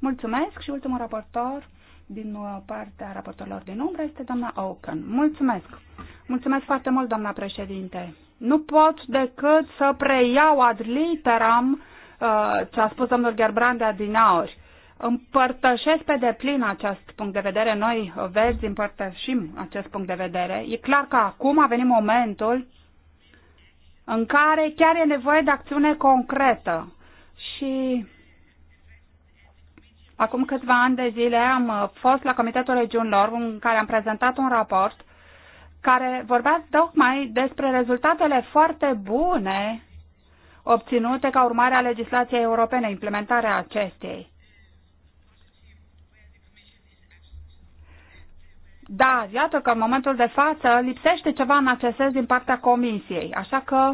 Mulțumesc și ultimul raportor din uh, partea raportorilor din umbră este doamna Oaken. Mulțumesc! Mulțumesc foarte mult, doamna președinte! Nu pot decât să preiau ad literam uh, ce a spus domnul Gerbrandea din Aori. Împărtășesc pe deplin acest punct de vedere. Noi, uh, verzi, împărtășim acest punct de vedere. E clar că acum a venit momentul în care chiar e nevoie de acțiune concretă. Și acum câțiva ani de zile am uh, fost la Comitetul Regiunilor în care am prezentat un raport care vorbea tocmai despre rezultatele foarte bune obținute ca urmare a legislației europene, implementarea acestei. Da, iată că în momentul de față lipsește ceva în acest din partea comisiei. Așa că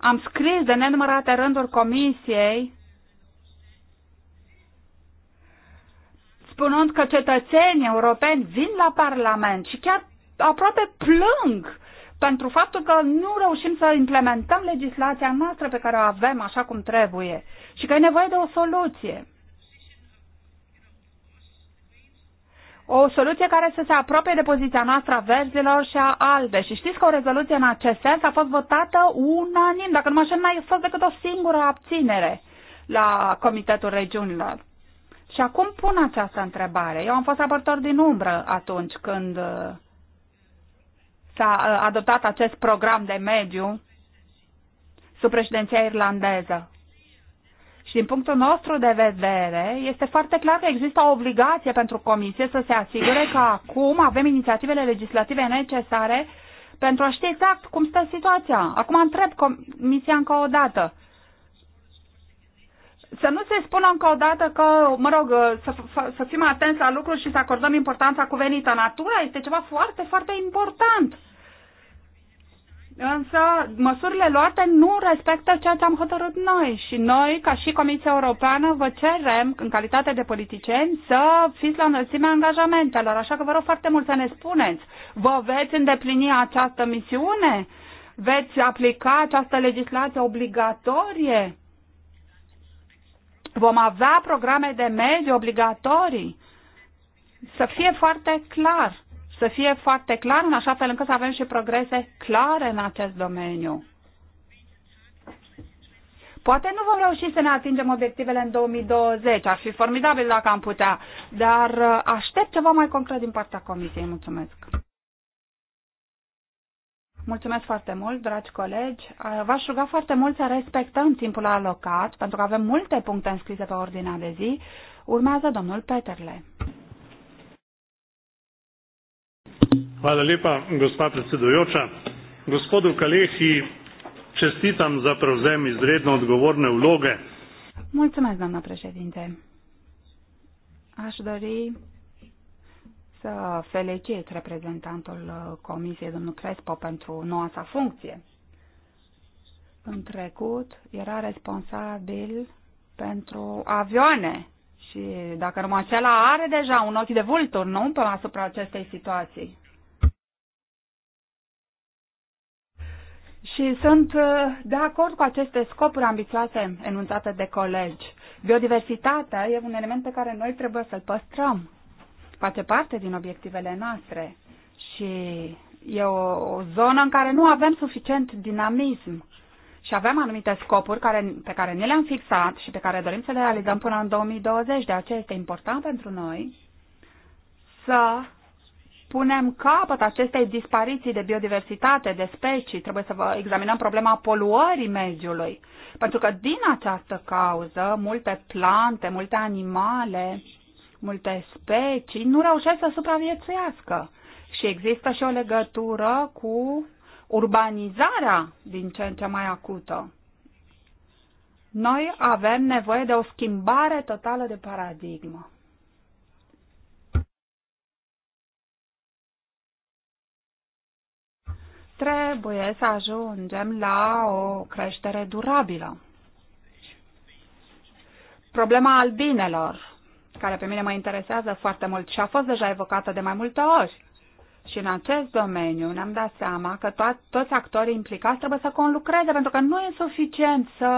am scris de nenumărate rânduri comisiei spunând că cetățenii europeni vin la Parlament și chiar aproape plâng pentru faptul că nu reușim să implementăm legislația noastră pe care o avem așa cum trebuie și că e nevoie de o soluție. o soluție care să se apropie de poziția noastră a verzilor și a albe. Și știți că o rezoluție în acest sens a fost votată unanim, dacă nu mă înșel, n-a fost decât o singură abținere la Comitetul Regiunilor. Și acum pun această întrebare. Eu am fost raportor din umbră atunci când uh, s-a uh, adoptat acest program de mediu sub președinția irlandeză. Și din punctul nostru de vedere, este foarte clar că există o obligație pentru Comisie să se asigure că acum avem inițiativele legislative necesare pentru a ști exact cum stă situația. Acum întreb Comisia încă o dată. Să nu se spună încă o dată că, mă rog, să, să fim atenți la lucruri și să acordăm importanța cuvenită. Natura este ceva foarte, foarte important. Însă măsurile luate nu respectă ceea ce am hotărât noi și noi, ca și Comisia Europeană, vă cerem, în calitate de politicieni, să fiți la înălțimea angajamentelor. Așa că vă rog foarte mult să ne spuneți, vă veți îndeplini această misiune? Veți aplica această legislație obligatorie? Vom avea programe de mediu obligatorii? Să fie foarte clar să fie foarte clar, în așa fel încât să avem și progrese clare în acest domeniu. Poate nu vom reuși să ne atingem obiectivele în 2020, ar fi formidabil dacă am putea, dar uh, aștept ceva mai concret din partea Comisiei. Mulțumesc! Mulțumesc foarte mult, dragi colegi. Uh, v-aș ruga foarte mult să respectăm timpul alocat, pentru că avem multe puncte înscrise pe ordinea de zi. Urmează domnul Peterle. Hvala lepa, gospa predsedujoča. Gospodu Kalehi čestitam za prevzem izredno odgovorne vloge. Mulțumesc, doamna președinte. Aș dori să felicit reprezentantul Comisiei, domnul Crespo, pentru noua sa funcție. În trecut era responsabil pentru avioane și, dacă nu acela, are deja un ochi de vultur, nu, asupra acestei situații. Și sunt uh, de acord cu aceste scopuri ambițioase enunțate de colegi. Biodiversitatea e un element pe care noi trebuie să-l păstrăm. Face parte din obiectivele noastre și e o, o zonă în care nu avem suficient dinamism și avem anumite scopuri care, pe care ne le-am fixat și pe care dorim să le realizăm până în 2020. De aceea este important pentru noi să punem capăt acestei dispariții de biodiversitate, de specii, trebuie să vă examinăm problema poluării mediului. Pentru că din această cauză, multe plante, multe animale, multe specii nu reușesc să supraviețuiască. Și există și o legătură cu urbanizarea din ce în ce mai acută. Noi avem nevoie de o schimbare totală de paradigmă. Trebuie să ajungem la o creștere durabilă. Problema albinelor, care pe mine mă interesează foarte mult și a fost deja evocată de mai multe ori. Și în acest domeniu ne-am dat seama că to- toți actorii implicați trebuie să conlucreze, pentru că nu e suficient să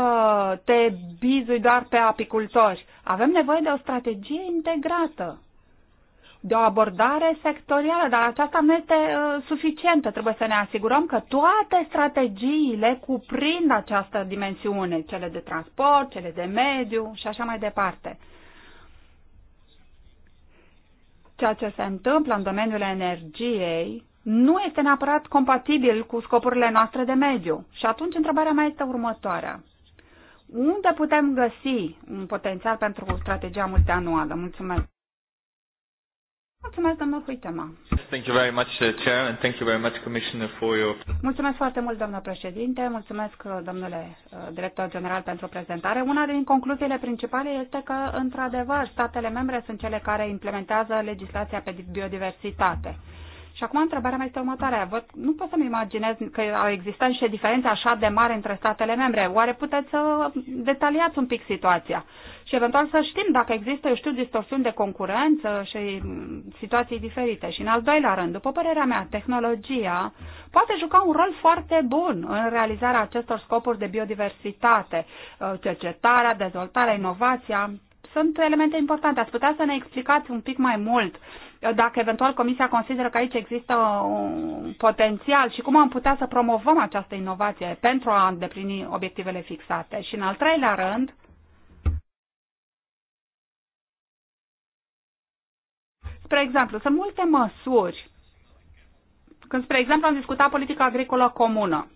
te bizui doar pe apicultori. Avem nevoie de o strategie integrată de o abordare sectorială, dar aceasta nu este uh, suficientă. Trebuie să ne asigurăm că toate strategiile cuprind această dimensiune, cele de transport, cele de mediu și așa mai departe. Ceea ce se întâmplă în domeniul energiei nu este neapărat compatibil cu scopurile noastre de mediu. Și atunci întrebarea mea este următoarea. Unde putem găsi un potențial pentru o strategia multianuală? Mulțumesc! Mulțumesc, domnul Huitema. Thank you very much, uh, Chair, and thank you very much, Commissioner, for your... Mulțumesc foarte mult, doamnă președinte, mulțumesc, uh, domnule uh, director general, pentru prezentare. Una din concluziile principale este că, într-adevăr, statele membre sunt cele care implementează legislația pe biodiversitate. Și acum întrebarea mea este următoarea. Vă, nu pot să-mi imaginez că au existat niște diferențe așa de mari între statele membre. Oare puteți să detaliați un pic situația? și eventual să știm dacă există, eu știu, distorsiuni de concurență și situații diferite. Și în al doilea rând, după părerea mea, tehnologia poate juca un rol foarte bun în realizarea acestor scopuri de biodiversitate, uh, cercetarea, dezvoltarea, inovația. Sunt elemente importante. Ați putea să ne explicați un pic mai mult uh, dacă eventual Comisia consideră că aici există un potențial și cum am putea să promovăm această inovație pentru a îndeplini obiectivele fixate. Și în al treilea rând, Spre exemplu, sunt multe măsuri. Când, spre exemplu, am discutat politica agricolă comună,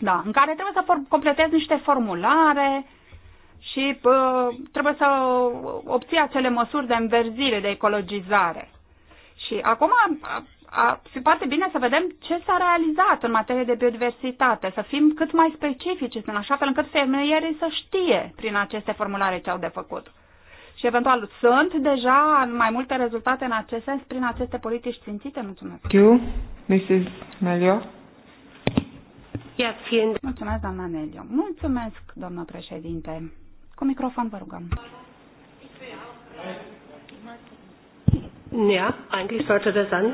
da, în care trebuie să completezi niște formulare și pă, trebuie să obții acele măsuri de înverzire, de ecologizare. Și acum a, a, fi poate bine să vedem ce s-a realizat în materie de biodiversitate, să fim cât mai specifici în așa fel încât fermierii să știe prin aceste formulare ce au de făcut și eventual sunt deja mai multe rezultate în acest sens prin aceste politici țințite? Mulțumesc. Thank you, Mrs. Melio. Yes, fiind... Mulțumesc, doamna Melio. Mulțumesc, doamna președinte. Cu microfon vă rugăm. Ja, eigentlich sollte das an.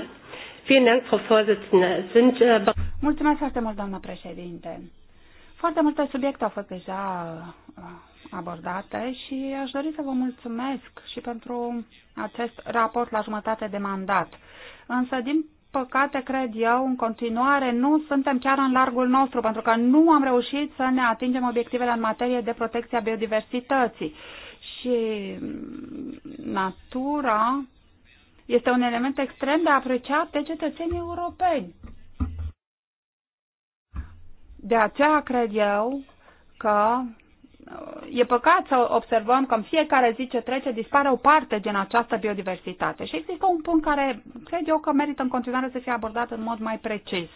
Vielen Dank, Frau Vorsitzende. Sind, äh... Mulțumesc foarte mult, doamna președinte. Foarte multe subiecte au fost deja uh, abordate și aș dori să vă mulțumesc și pentru acest raport la jumătate de mandat. Însă, din păcate, cred eu, în continuare nu suntem chiar în largul nostru, pentru că nu am reușit să ne atingem obiectivele în materie de protecție a biodiversității. Și mm, natura este un element extrem de apreciat de cetățenii europeni. De aceea cred eu că uh, e păcat să observăm că în fiecare zi ce trece dispare o parte din această biodiversitate. Și există un punct care cred eu că merită în continuare să fie abordat în mod mai precis.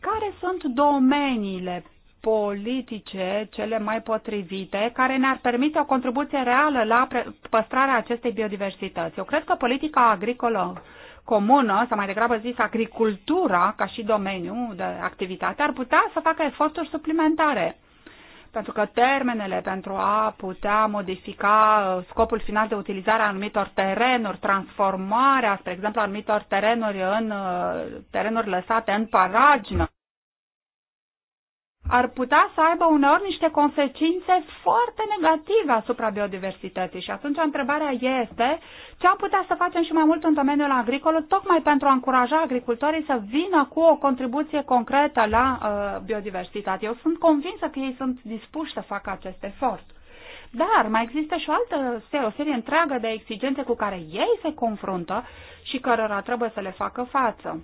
Care sunt domeniile politice cele mai potrivite care ne-ar permite o contribuție reală la păstrarea acestei biodiversități? Eu cred că politica agricolă comună, sau mai degrabă zis agricultura ca și domeniu de activitate, ar putea să facă eforturi suplimentare. Pentru că termenele pentru a putea modifica uh, scopul final de utilizare a anumitor terenuri, transformarea, spre exemplu, a anumitor terenuri în uh, terenuri lăsate în paragină, ar putea să aibă uneori niște consecințe foarte negative asupra biodiversității. Și atunci întrebarea este ce am putea să facem și mai mult în domeniul agricol, tocmai pentru a încuraja agricultorii să vină cu o contribuție concretă la uh, biodiversitate. Eu sunt convinsă că ei sunt dispuși să facă acest efort. Dar mai există și o altă serie, o serie întreagă de exigențe cu care ei se confruntă și cărora trebuie să le facă față.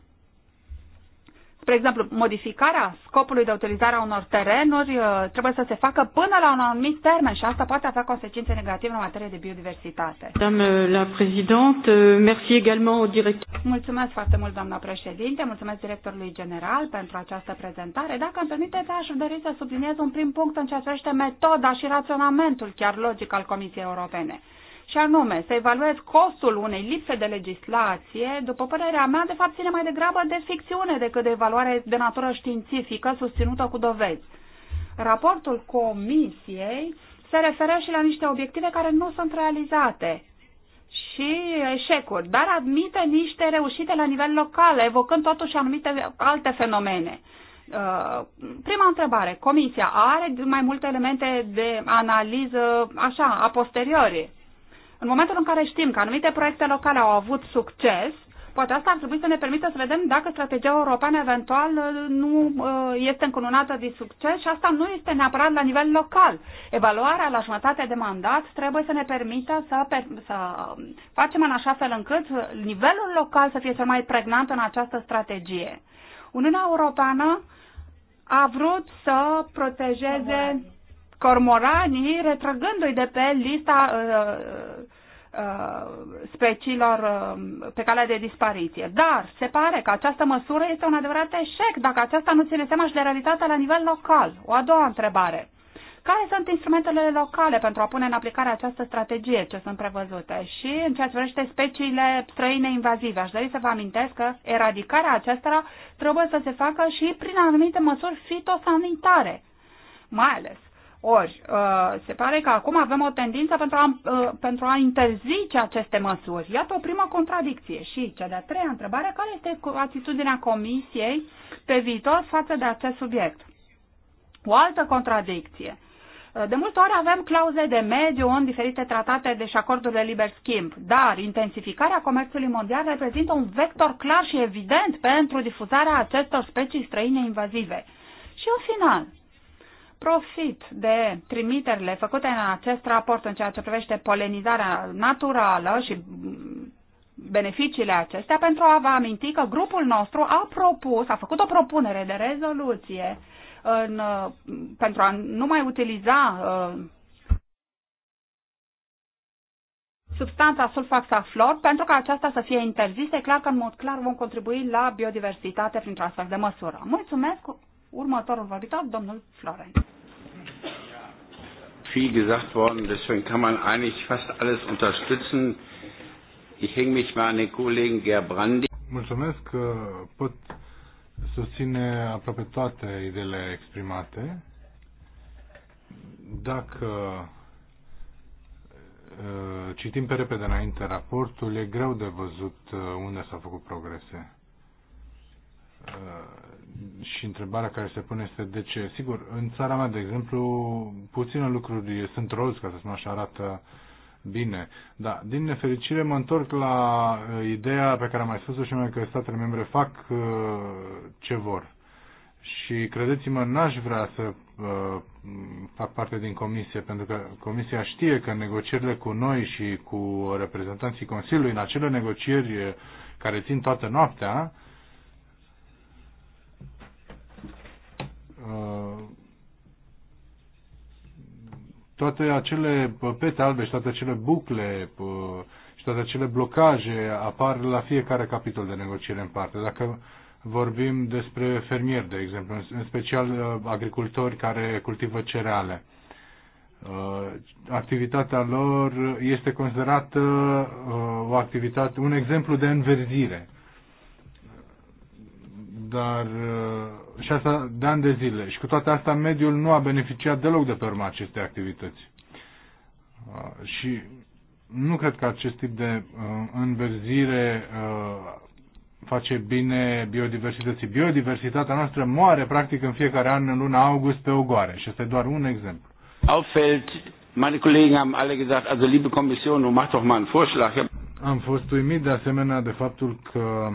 Spre exemplu, modificarea scopului de utilizare a unor terenuri uh, trebuie să se facă până la un anumit termen și asta poate avea consecințe negative în materie de biodiversitate. Doamnă la președinte, uh, également au director. Mulțumesc foarte mult, doamna președinte, mulțumesc directorului general pentru această prezentare. Dacă îmi permiteți, aș dori să subliniez un prim punct în ceea ce privește metoda și raționamentul chiar logic al Comisiei Europene și anume să evaluez costul unei lipse de legislație, după părerea mea, de fapt ține mai degrabă de ficțiune decât de evaluare de natură științifică susținută cu dovezi. Raportul comisiei se referă și la niște obiective care nu sunt realizate și eșecuri, dar admite niște reușite la nivel local, evocând totuși anumite alte fenomene. Uh, prima întrebare. Comisia are mai multe elemente de analiză, așa, a posteriori, în momentul în care știm că anumite proiecte locale au avut succes, poate asta ar trebui să ne permită să vedem dacă strategia europeană eventual uh, nu uh, este încununată de succes și asta nu este neapărat la nivel local. Evaluarea la jumătate de mandat trebuie să ne permită să, să facem în așa fel încât nivelul local să fie cel mai pregnant în această strategie. Uniunea Europeană a vrut să protejeze cormoranii retrăgându-i de pe lista uh, uh, uh, speciilor pe calea de dispariție. Dar se pare că această măsură este un adevărat eșec dacă aceasta nu ține seama și de realitatea la nivel local. O a doua întrebare. Care sunt instrumentele locale pentru a pune în aplicare această strategie ce sunt prevăzute? Și în ceea ce privește speciile străine invazive, aș dori să vă amintesc că eradicarea acestora trebuie să se facă și prin anumite măsuri fitosanitare, mai ales ori, uh, se pare că acum avem o tendință pentru a, uh, pentru a interzice aceste măsuri. Iată o primă contradicție. Și cea de-a treia întrebare, care este atitudinea Comisiei pe viitor față de acest subiect? O altă contradicție. Uh, de multe ori avem clauze de mediu în diferite tratate de și acorduri de liber schimb, dar intensificarea comerțului mondial reprezintă un vector clar și evident pentru difuzarea acestor specii străine invazive. Și în final, Profit de trimiterile făcute în acest raport în ceea ce privește polenizarea naturală și beneficiile acestea pentru a vă aminti că grupul nostru a propus, a făcut o propunere de rezoluție în, pentru a nu mai utiliza uh, substanța sulfaxaflor pentru ca aceasta să fie interzisă. E clar că, în mod clar, vom contribui la biodiversitate printr-o astfel de măsură. Mulțumesc! următorul vorbitor, domnul Florenț. Viel gesagt worden, deswegen kann man eigentlich fast alles unterstützen. Ich hänge mich mal an den Kollegen Gerbrandi. Mulțumesc că uh, pot susține aproape toate ideile exprimate. Dacă uh, citim pe repede înainte raportul, e greu de văzut uh, unde s-au făcut progrese. Uh, și întrebarea care se pune este de ce. Sigur, în țara mea, de exemplu, puține lucruri sunt roz, ca să spun așa, arată bine. Da, din nefericire mă întorc la uh, ideea pe care am mai spus-o și mai că statele membre fac uh, ce vor. Și credeți-mă, n-aș vrea să uh, fac parte din comisie, pentru că comisia știe că negocierile cu noi și cu reprezentanții Consiliului, în acele negocieri care țin toată noaptea, uh, Uh, toate acele uh, pete albe și toate acele bucle uh, și toate acele blocaje apar la fiecare capitol de negociere în parte. Dacă vorbim despre fermieri, de exemplu, în special agricultori care cultivă cereale, activitatea lor este considerată o activitate, un exemplu de înverzire dar uh, și asta de ani de zile. Și cu toate astea, mediul nu a beneficiat deloc de pe urma acestei activități. Uh, și nu cred că acest tip de uh, înverzire face bine biodiversității. Biodiversitatea noastră moare practic în fiecare an în luna august pe ogoare și este doar un exemplu. Auffällt, meine Kollegen haben alle gesagt, also liebe Kommission, du mach doch mal einen Vorschlag. Am fost uimit de asemenea de faptul că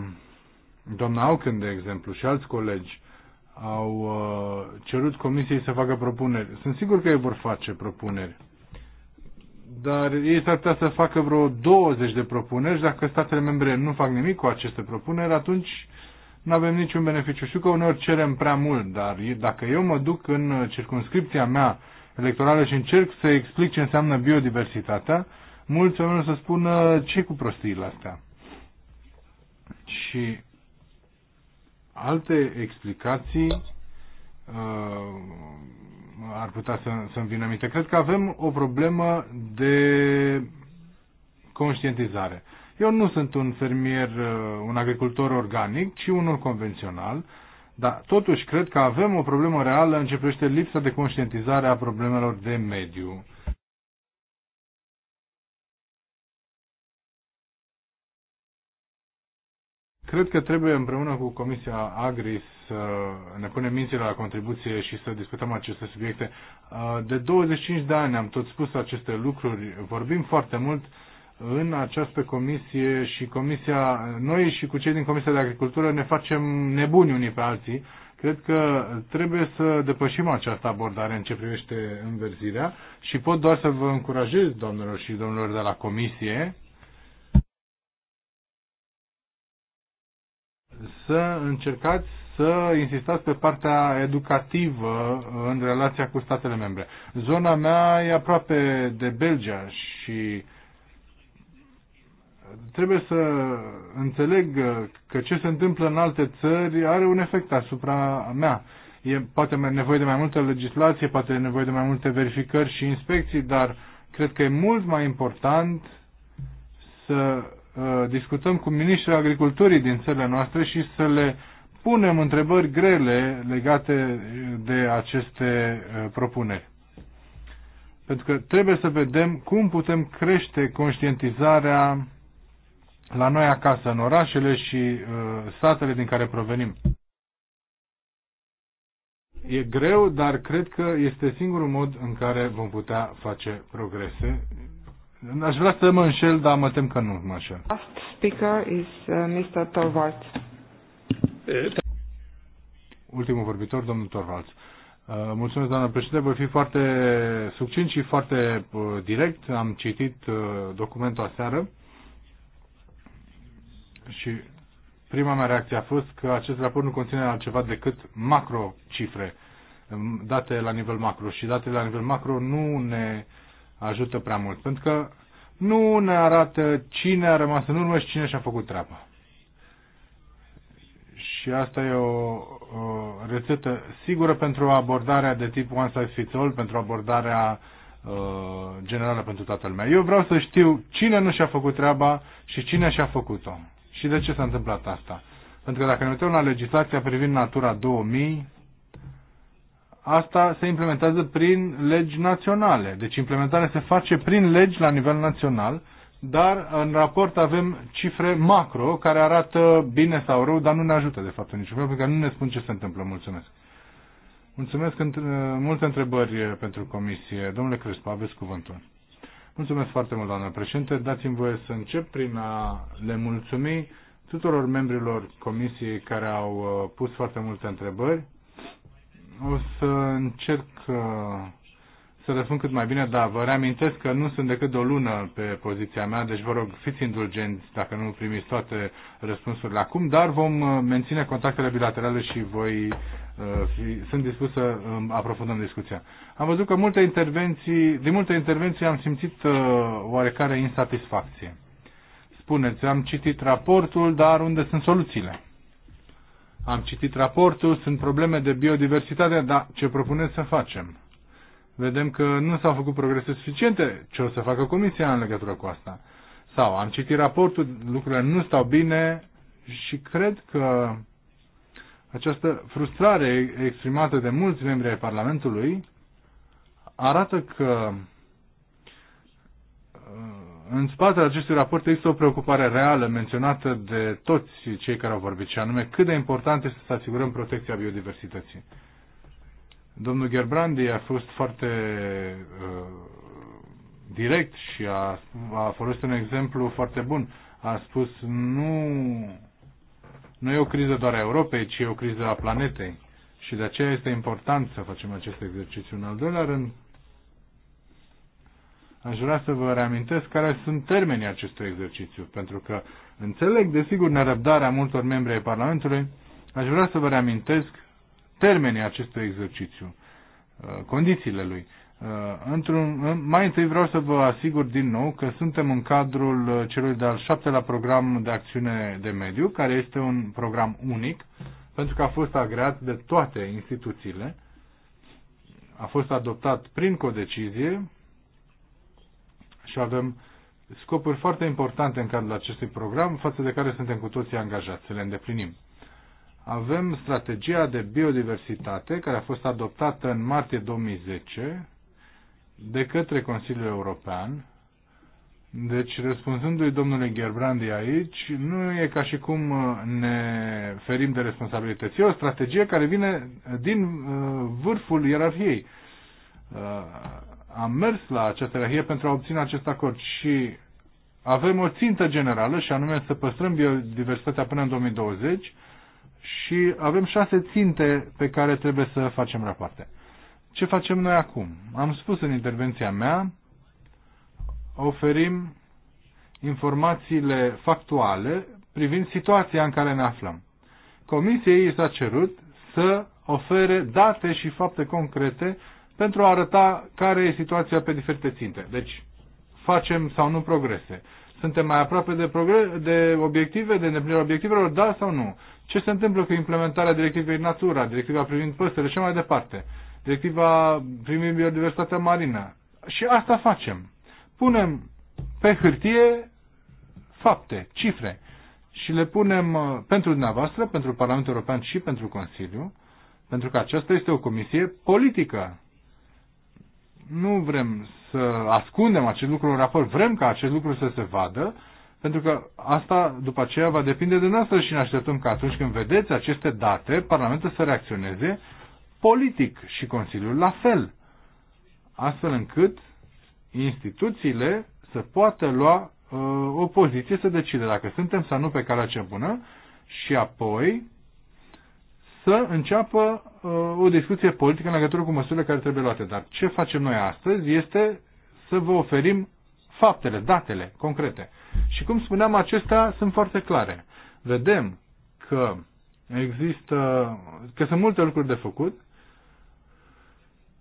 Doamna Auken, de exemplu, și alți colegi au uh, cerut comisiei să facă propuneri. Sunt sigur că ei vor face propuneri. Dar ei s-ar putea să facă vreo 20 de propuneri și dacă statele membre nu fac nimic cu aceste propuneri, atunci nu avem niciun beneficiu. Știu că uneori cerem prea mult, dar dacă eu mă duc în circunscripția mea electorală și încerc să explic ce înseamnă biodiversitatea, mulți oameni o să spună ce cu prostiile astea. Și Alte explicații uh, ar putea să, să-mi vină minte. Cred că avem o problemă de conștientizare. Eu nu sunt un fermier, uh, un agricultor organic, ci unul convențional, dar totuși cred că avem o problemă reală în ce privește lipsa de conștientizare a problemelor de mediu. Cred că trebuie împreună cu Comisia Agri să ne punem minții la contribuție și să discutăm aceste subiecte. Uh, de 25 de ani am tot spus aceste lucruri, vorbim foarte mult în această comisie și comisia, noi și cu cei din Comisia de Agricultură ne facem nebuni unii pe alții. Cred că trebuie să depășim această abordare în ce privește înverzirea și pot doar să vă încurajez, doamnelor și domnilor de la comisie, să încercați să insistați pe partea educativă în relația cu statele membre. Zona mea e aproape de Belgia și trebuie să înțeleg că ce se întâmplă în alte țări are un efect asupra mea. E poate nevoie de mai multă legislație, poate e nevoie de mai multe verificări și inspecții, dar cred că e mult mai important să Uh, discutăm cu ministrii agriculturii din țările noastre și să le punem întrebări grele legate de aceste uh, propuneri. Pentru că trebuie să vedem cum putem crește conștientizarea la noi acasă, în orașele și uh, satele din care provenim. E greu, dar cred că este singurul mod în care vom putea face progrese Aș vrea să mă înșel, dar mă tem că nu mă înșel. Last speaker is uh, Mr. Torvalds. Ultimul vorbitor, domnul Torvalds. Uh, mulțumesc, doamnă președinte. Voi fi foarte succint și foarte uh, direct. Am citit uh, documentul aseară și prima mea reacție a fost că acest raport nu conține altceva decât macro cifre um, date la nivel macro și datele la nivel macro nu ne uh, ajută prea mult, pentru că nu ne arată cine a rămas în urmă și cine și-a făcut treaba. Și asta e o, o rețetă sigură pentru abordarea de tip one size fits all, pentru abordarea uh, generală pentru toată lumea. Eu vreau să știu cine nu și-a făcut treaba și cine și-a făcut-o. Și de ce s-a întâmplat asta? Pentru că dacă ne uităm la legislația privind Natura 2000, asta se implementează prin legi naționale. Deci implementarea se face prin legi la nivel național, dar în raport avem cifre macro care arată bine sau rău, dar nu ne ajută de fapt în niciun fel, pentru că nu ne spun ce se întâmplă. Mulțumesc. Mulțumesc. Multe întrebări pentru comisie. Domnule Crespo, aveți cuvântul. Mulțumesc foarte mult, doamnă președinte. Dați-mi voie să încep prin a le mulțumi tuturor membrilor comisiei care au uh, pus foarte multe întrebări. O să încerc uh, să răspund cât mai bine, dar vă reamintesc că nu sunt decât de o lună pe poziția mea, deci vă rog, fiți indulgenți dacă nu primiți toate răspunsurile acum, dar vom uh, menține contactele bilaterale și voi uh, fi, sunt dispus să um, aprofundăm discuția. Am văzut că multe intervenții, din multe intervenții am simțit oarecare insatisfacție. Spuneți, am citit raportul, dar unde sunt soluțiile? Am citit raportul, sunt probleme de biodiversitate, dar ce propuneți să facem? Vedem că nu s-au făcut progrese suficiente. Ce o să facă Comisia în legătură cu asta? Sau am citit raportul, lucrurile nu stau bine și cred că această frustrare exprimată de mulți membri ai Parlamentului arată că în spatele acestui raport există o preocupare reală menționată de toți cei care au vorbit, și anume cât de important este să asigurăm protecția biodiversității. Domnul Gerbrandi a fost foarte uh, direct și a, a folosit un exemplu foarte bun. A spus nu, nu e o criză doar a Europei, ci e o criză a planetei. Și de aceea este important să facem acest exercițiu. În al doilea rând, aș vrea să vă reamintesc care sunt termenii acestui exercițiu, pentru că înțeleg, desigur, nerăbdarea multor membri ai Parlamentului, aș vrea să vă reamintesc termenii acestui exercițiu, uh, condițiile lui. Uh, într-un, mai întâi vreau să vă asigur din nou că suntem în cadrul uh, celui de-al șaptelea program de acțiune de mediu, care este un program unic, pentru că a fost agreat de toate instituțiile, a fost adoptat prin codecizie și avem scopuri foarte importante în cadrul acestui program, față de care suntem cu toții angajați să le îndeplinim. Avem strategia de biodiversitate, care a fost adoptată în martie 2010 de către Consiliul European. Deci, răspunzându-i domnului Gerbrandi aici, nu e ca și cum uh, ne ferim de responsabilități. E o strategie care vine din uh, vârful ierarhiei uh, am mers la această rahie pentru a obține acest acord și avem o țintă generală și anume să păstrăm biodiversitatea până în 2020 și avem șase ținte pe care trebuie să facem rapoarte. Ce facem noi acum? Am spus în intervenția mea, oferim informațiile factuale privind situația în care ne aflăm. Comisiei i s-a cerut să ofere date și fapte concrete pentru a arăta care e situația pe diferite ținte. Deci, facem sau nu progrese. Suntem mai aproape de, de obiective, de îndeplinirea obiectivelor, da sau nu? Ce se întâmplă cu implementarea directivei Natura, directiva privind păsările și mai departe, directiva privind biodiversitatea marină? Și asta facem. Punem pe hârtie fapte, cifre și le punem uh, pentru dumneavoastră, pentru Parlamentul European și pentru Consiliu, pentru că aceasta este o comisie politică nu vrem să ascundem acest lucru în raport, vrem ca acest lucru să se vadă, pentru că asta după aceea va depinde de noastră și ne așteptăm că atunci când vedeți aceste date, Parlamentul să reacționeze politic și Consiliul la fel, astfel încât instituțiile să poată lua uh, o poziție să decide dacă suntem sau nu pe calea cea bună și apoi să înceapă uh, o discuție politică în legătură cu măsurile care trebuie luate. Dar ce facem noi astăzi este să vă oferim faptele, datele concrete. Și cum spuneam, acestea sunt foarte clare. Vedem că există, că sunt multe lucruri de făcut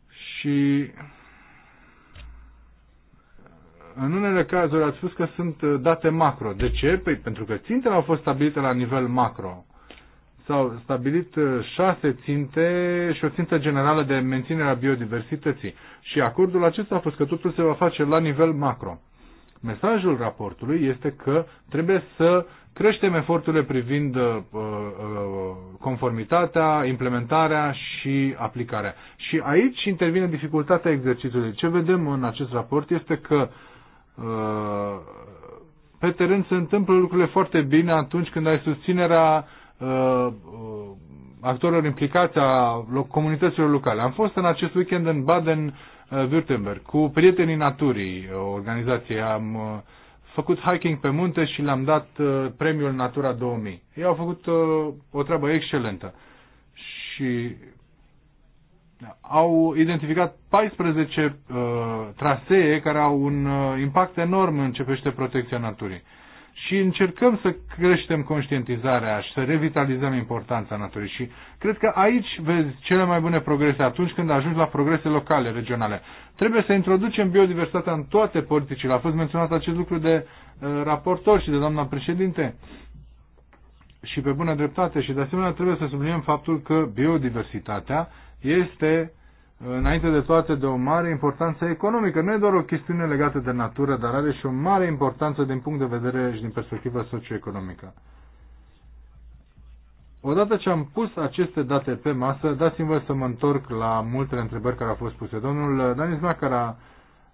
și în unele cazuri ați spus că sunt date macro. De ce? Păi pentru că țintele au fost stabilite la nivel macro s-au stabilit uh, șase ținte și o țintă generală de menținere a biodiversității. Și acordul acesta a fost că totul se va face la nivel macro. Mesajul raportului este că trebuie să creștem eforturile privind uh, uh, conformitatea, implementarea și aplicarea. Și aici intervine dificultatea exercițiului. Ce vedem în acest raport este că uh, pe teren se întâmplă lucrurile foarte bine atunci când ai susținerea Uh, uh, actorilor implicați a comunităților locale. Am fost în acest weekend în Baden-Württemberg uh, cu prietenii naturii organizației. Am făcut hiking pe munte și le-am dat premiul Natura 2000. Ei au făcut o treabă excelentă și au identificat 14 uh, trasee care au un uh, impact enorm în ce privește protecția naturii. Uh, și încercăm să creștem conștientizarea și să revitalizăm importanța naturii. Și cred că aici vezi cele mai bune progrese atunci când ajungi la progrese locale, regionale. Trebuie să introducem biodiversitatea în toate politicile. A fost menționat acest lucru de uh, raportor și de doamna președinte și pe bună dreptate și de asemenea trebuie să subliniem faptul că biodiversitatea este înainte de toate de o mare importanță economică. Nu e doar o chestiune legată de natură, dar are și o mare importanță din punct de vedere și din perspectivă socioeconomică. Odată ce am pus aceste date pe masă, dați-mi să mă întorc la multele întrebări care au fost puse. Domnul Danis Macar a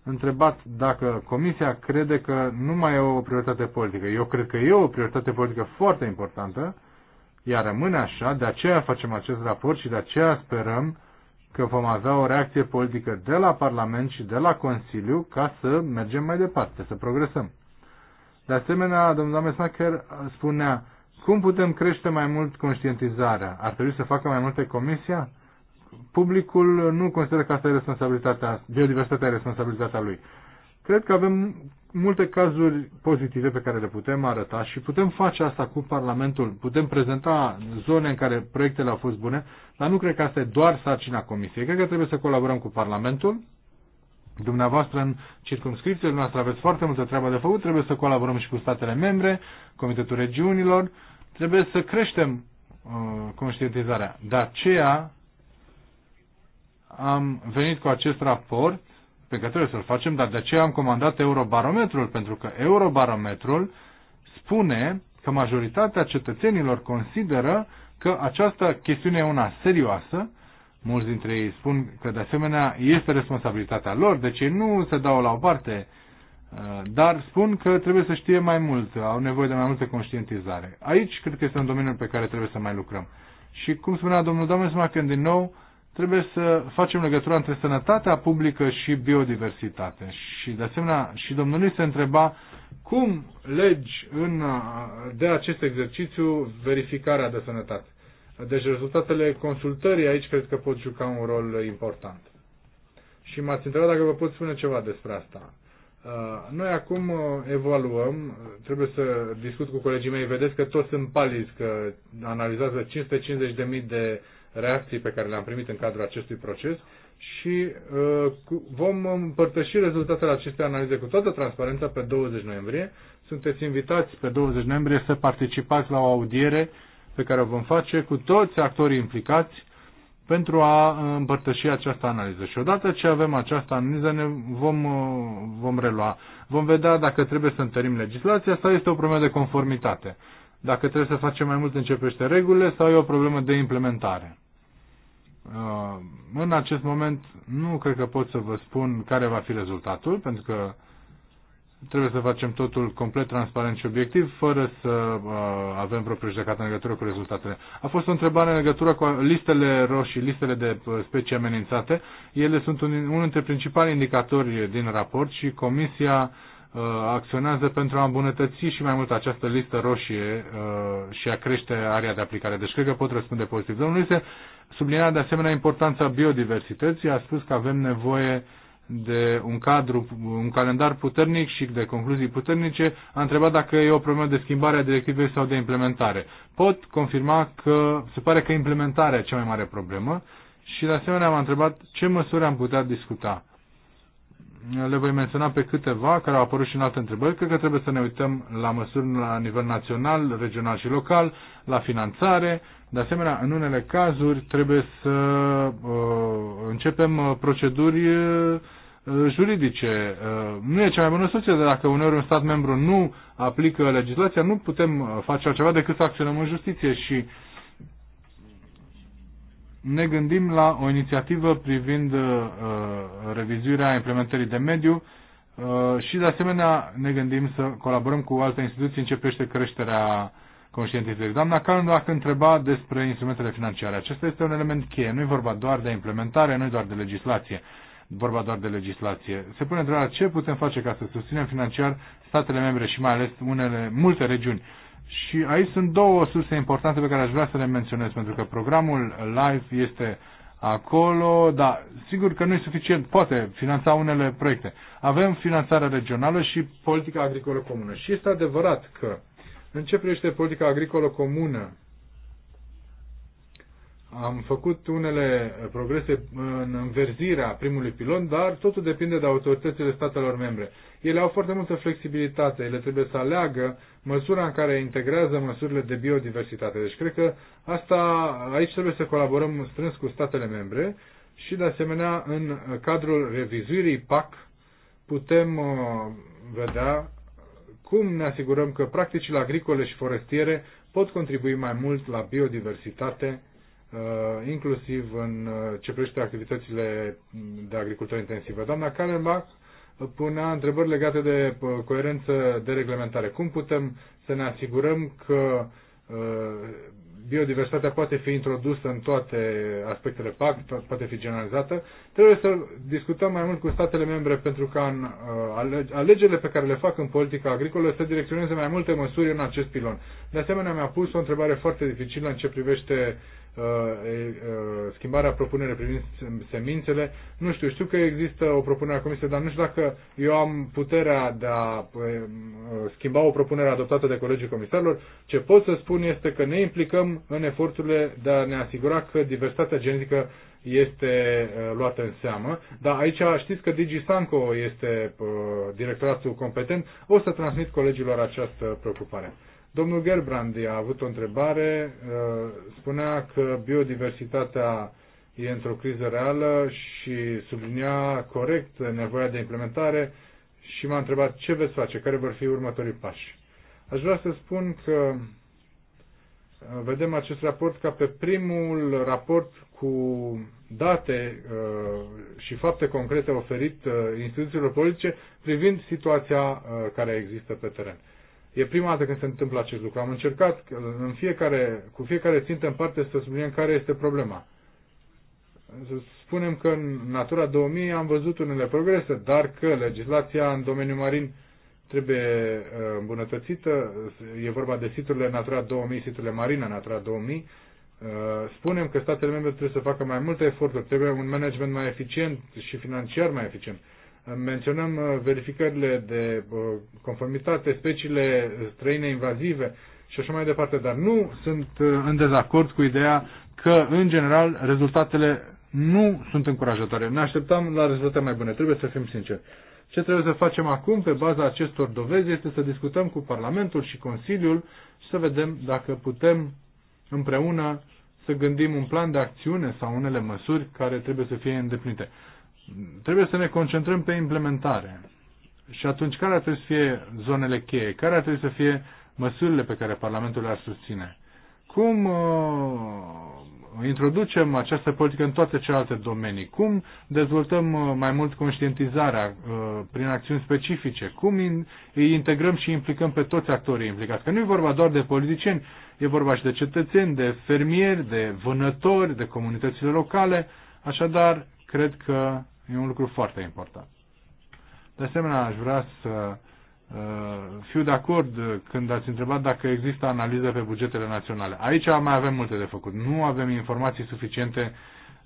întrebat dacă Comisia crede că nu mai e o prioritate politică. Eu cred că e o prioritate politică foarte importantă, Iar rămâne așa, de aceea facem acest raport și de aceea sperăm că vom avea o reacție politică de la Parlament și de la Consiliu ca să mergem mai departe, să progresăm. De asemenea, domnul Damesmacher spunea, cum putem crește mai mult conștientizarea? Ar trebui să facă mai multe comisia? Publicul nu consideră că asta e responsabilitatea, biodiversitatea e responsabilitatea lui. Cred că avem multe cazuri pozitive pe care le putem arăta și putem face asta cu Parlamentul, putem prezenta zone în care proiectele au fost bune, dar nu cred că asta e doar sarcina Comisiei. Cred că trebuie să colaborăm cu Parlamentul. Dumneavoastră în circunscripțiile noastre aveți foarte multă treabă de făcut, trebuie să colaborăm și cu statele membre, Comitetul Regiunilor, trebuie să creștem uh, conștientizarea. De aceea am venit cu acest raport pe care trebuie să-l facem, dar de aceea am comandat Eurobarometrul, pentru că Eurobarometrul spune că majoritatea cetățenilor consideră că această chestiune e una serioasă, mulți dintre ei spun că de asemenea este responsabilitatea lor, deci ei nu se dau la o parte, uh, dar spun că trebuie să știe mai mult, au nevoie de mai multă conștientizare. Aici cred că este un domeniu pe care trebuie să mai lucrăm. Și cum spunea domnul Domnul să din nou, trebuie să facem legătura între sănătatea publică și biodiversitate. Și de asemenea, și domnului se întreba cum legi în, de acest exercițiu verificarea de sănătate. Deci rezultatele consultării aici cred că pot juca un rol important. Și m-ați întrebat dacă vă pot spune ceva despre asta. Uh, noi acum uh, evaluăm, trebuie să discut cu colegii mei, vedeți că toți sunt paliți, că analizează 550.000 de reacții pe care le-am primit în cadrul acestui proces și uh, vom împărtăși rezultatele acestei analize cu toată transparența pe 20 noiembrie. Sunteți invitați pe 20 noiembrie să participați la o audiere pe care o vom face cu toți actorii implicați pentru a uh, împărtăși această analiză. Și odată ce avem această analiză, ne vom, uh, vom relua. Vom vedea dacă trebuie să întărim legislația sau este o problemă de conformitate. Dacă trebuie să facem mai mult, începește regulile sau e o problemă de implementare. Uh, în acest moment nu cred că pot să vă spun care va fi rezultatul, pentru că trebuie să facem totul complet transparent și obiectiv, fără să uh, avem vreo prejudecată în legătură cu rezultatele. A fost o întrebare în legătură cu listele roșii, listele de uh, specii amenințate. Ele sunt un, unul dintre principalii indicatori din raport și Comisia uh, Uh, acționează pentru a îmbunătăți și mai mult această listă roșie uh, și a crește area de aplicare. Deci cred că pot răspunde pozitiv. Domnul Luise sublinea de asemenea importanța biodiversității, a spus că avem nevoie de un cadru, un calendar puternic și de concluzii puternice, a întrebat dacă e o problemă de schimbare a directivei sau de implementare. Pot confirma că se pare că implementarea e cea mai mare problemă și de asemenea am întrebat ce măsuri am putea discuta le voi menționa pe câteva care au apărut și în alte întrebări. Cred că trebuie să ne uităm la măsuri la nivel național, regional și local, la finanțare. De asemenea, în unele cazuri trebuie să uh, începem uh, proceduri uh, juridice. Uh, nu e cea mai bună soluție, dar dacă uneori un stat membru nu aplică legislația, nu putem uh, face altceva decât să acționăm în justiție și uh, ne gândim la o inițiativă privind uh, revizuirea implementării de mediu uh, și, de asemenea, ne gândim să colaborăm cu alte instituții în ce privește creșterea conștientizării. Doamna a întreba despre instrumentele financiare. Acesta este un element cheie. Nu e vorba doar de implementare, nu e doar de legislație. Vorba doar de legislație. Se pune întrebarea ce putem face ca să susținem financiar statele membre și mai ales unele, multe regiuni. Uh, și aici sunt două surse importante pe care aș vrea să le menționez, pentru că programul live este acolo, dar sigur că nu e suficient, poate finanța unele proiecte. Avem finanțarea regională și politica agricolă comună. Și este adevărat că în ce privește politica agricolă comună, am făcut unele progrese în înverzirea primului pilon, dar totul depinde de autoritățile statelor membre. Ele au foarte multă flexibilitate, ele trebuie să aleagă măsura în care integrează măsurile de biodiversitate. Deci cred că asta, aici trebuie să colaborăm strâns cu statele membre și de asemenea în cadrul revizuirii PAC putem uh, vedea cum ne asigurăm că practicile agricole și forestiere pot contribui mai mult la biodiversitate, uh, inclusiv în uh, ce privește activitățile de agricultură intensivă. Doamna Kallenbach punea întrebări legate de uh, coerență de reglementare. Cum putem să ne asigurăm că uh, biodiversitatea poate fi introdusă în toate aspectele PAC, poate fi generalizată. Trebuie să discutăm mai mult cu statele membre pentru ca în uh, alegerile pe care le fac în politica agricolă să direcționeze mai multe măsuri în acest pilon. De asemenea, mi-a pus o întrebare foarte dificilă în ce privește Uh, uh, schimbarea propunerii privind semințele. Nu știu, știu că există o propunere a Comisiei, dar nu știu dacă eu am puterea de a uh, schimba o propunere adoptată de colegii comisarilor. Ce pot să spun este că ne implicăm în eforturile de a ne asigura că diversitatea genetică este luată în seamă, dar aici știți că Digi Sanco este directoratul competent, o să transmit colegilor această preocupare. Domnul Gerbrandi a avut o întrebare, uh, spunea că biodiversitatea e într-o criză reală și sublinia corect nevoia de implementare și m-a întrebat ce veți face, care vor fi următorii pași. Aș vrea să spun că uh, vedem acest raport ca pe primul raport cu date uh, și fapte concrete oferit instituțiilor politice privind situația care există pe teren. E prima dată când se întâmplă acest lucru. Am încercat în fiecare, cu fiecare țintă în parte să subliniem care este problema. Să spunem că în Natura 2000 am văzut unele progrese, dar că legislația în domeniul marin trebuie uh, îmbunătățită. E vorba de siturile Natura 2000, siturile marine Natura 2000. Uh, spunem că statele membre trebuie să facă mai multe eforturi, trebuie un management mai eficient și financiar mai eficient menționăm uh, verificările de uh, conformitate, speciile străine invazive și așa mai departe, dar nu sunt uh, în dezacord cu ideea că, în general, rezultatele nu sunt încurajatoare. Ne așteptam la rezultate mai bune, trebuie să fim sinceri. Ce trebuie să facem acum, pe baza acestor dovezi, este să discutăm cu Parlamentul și Consiliul și să vedem dacă putem împreună să gândim un plan de acțiune sau unele măsuri care trebuie să fie îndeplinite trebuie să ne concentrăm pe implementare. Și atunci, care ar trebui să fie zonele cheie? Care ar trebui să fie măsurile pe care Parlamentul le-ar susține? Cum uh, introducem această politică în toate celelalte domenii? Cum dezvoltăm uh, mai mult conștientizarea uh, prin acțiuni specifice? Cum in, îi integrăm și implicăm pe toți actorii implicați? Că nu e vorba doar de politicieni, e vorba și de cetățeni, de fermieri, de vânători, de comunitățile locale. Așadar, cred că E un lucru foarte important. De asemenea, aș vrea să uh, fiu de acord când ați întrebat dacă există analiză pe bugetele naționale. Aici mai avem multe de făcut. Nu avem informații suficiente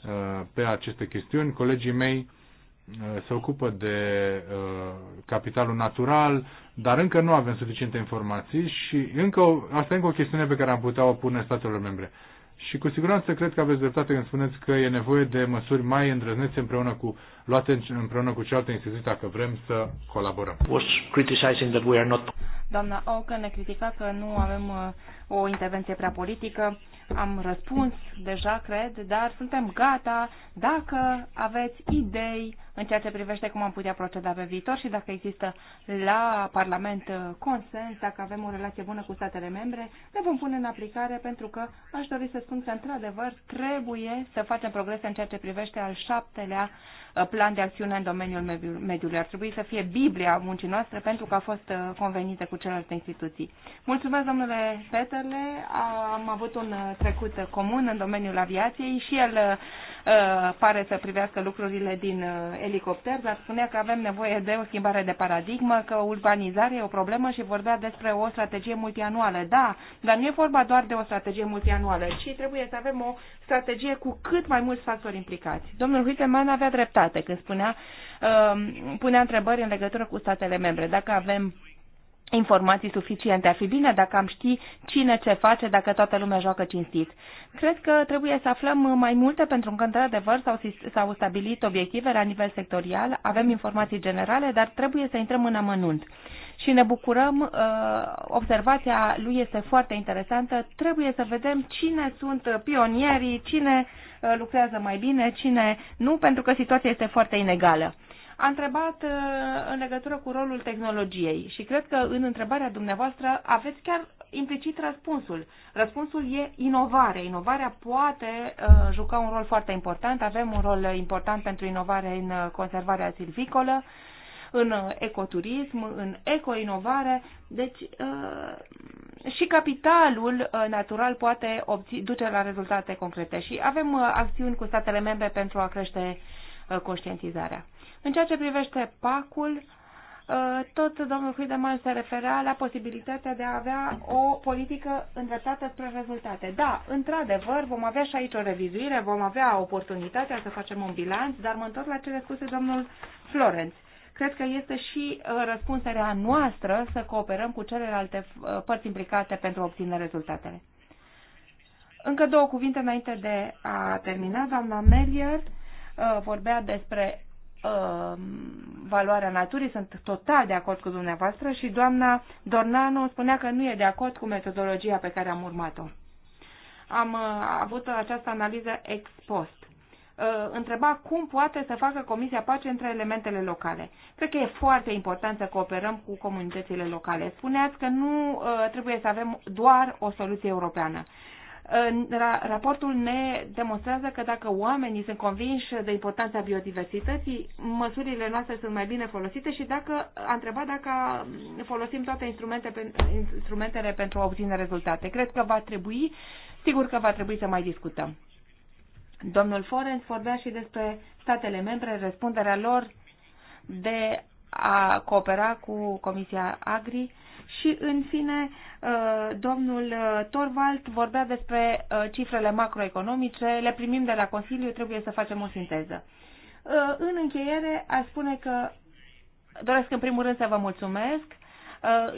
uh, pe aceste chestiuni. Colegii mei uh, se ocupă de capitalul natural, dar încă nu avem suficiente informații și încă, asta e încă o chestiune pe care am putea o pune statelor membre. Și cu siguranță cred că aveți dreptate când spuneți că e nevoie de măsuri mai îndrăznețe împreună cu, luate împreună cu cealaltă instituții dacă vrem să colaborăm. Doamna Ocă ne critica că nu avem uh, o intervenție prea politică. Am răspuns deja, cred, dar suntem gata dacă aveți idei în ceea ce privește cum am putea proceda pe viitor și dacă există la Parlament uh, consens, dacă avem o relație bună cu statele membre, le vom pune în aplicare pentru că aș dori să spun că, într-adevăr, trebuie să facem progrese în ceea ce privește al șaptelea uh, Uh, plan de acțiune în domeniul mediului. Ar trebui să fie Biblia muncii noastre pentru că a fost uh, convenită cu celelalte instituții. Mulțumesc, domnule Peterle. Am avut un uh, trecut comun în domeniul aviației și el pare să privească lucrurile din elicopter, dar spunea că avem nevoie de o schimbare de paradigmă, că urbanizarea e o problemă și vorbea despre o strategie multianuală. Da, dar nu e vorba doar de o strategie multianuală, ci trebuie să avem o strategie cu cât mai mulți factori implicați. Domnul Huiteman avea dreptate când spunea, um, punea întrebări în legătură cu statele membre. Dacă avem informații suficiente. Ar fi bine dacă am ști cine ce face, dacă toată lumea joacă cinstit. Cred că trebuie să aflăm mai multe pentru că, într-adevăr, s-au stabilit obiective la nivel sectorial, avem informații generale, dar trebuie să intrăm în amănunt și ne bucurăm. Uh, observația lui este foarte interesantă. Trebuie să vedem cine sunt pionierii, cine uh, lucrează mai bine, cine nu, pentru că situația este foarte inegală. A întrebat uh, în legătură cu rolul tehnologiei și cred că în întrebarea dumneavoastră aveți chiar implicit răspunsul. Răspunsul e inovare. Inovarea poate juca un rol foarte important. Avem un rol important pentru inovare în conservarea silvicolă în ecoturism, în ecoinovare, deci uh, și capitalul uh, natural poate duce la rezultate concrete și avem uh, acțiuni cu statele membre pentru a crește conștientizarea. În ceea ce privește PAC-ul, tot domnul Friedemann se referea la posibilitatea de a avea o politică îndreptată spre rezultate. Da, într-adevăr, vom avea și aici o revizuire, vom avea oportunitatea să facem un bilanț, dar mă întorc la cele spuse domnul Florenț. Cred că este și uh, răspunderea noastră să cooperăm cu celelalte uh, părți implicate pentru a obține rezultatele. Încă două cuvinte înainte de a termina. Doamna Melier uh, vorbea despre valoarea naturii, sunt total de acord cu dumneavoastră și doamna Dornano spunea că nu e de acord cu metodologia pe care am urmat-o. Am avut această analiză ex post. Uh, întreba cum poate să facă Comisia Pace între elementele locale. Cred că e foarte important să cooperăm cu comunitățile locale. Spuneați că nu uh, trebuie să avem doar o soluție europeană uh, raportul ne demonstrează că dacă oamenii sunt convinși de importanța biodiversității, măsurile noastre sunt mai bine folosite și dacă a întrebat dacă folosim toate instrumente, instrumentele pentru a obține rezultate. Cred că va trebui, sigur că va trebui să mai discutăm. Domnul Forens vorbea și despre statele membre, răspunderea lor de a coopera cu Comisia Agri și, în fine, uh, domnul uh, Torvald vorbea despre uh, cifrele macroeconomice, le primim de la Consiliu, trebuie să facem o sinteză. În încheiere, aș spune că doresc în primul rând să vă mulțumesc.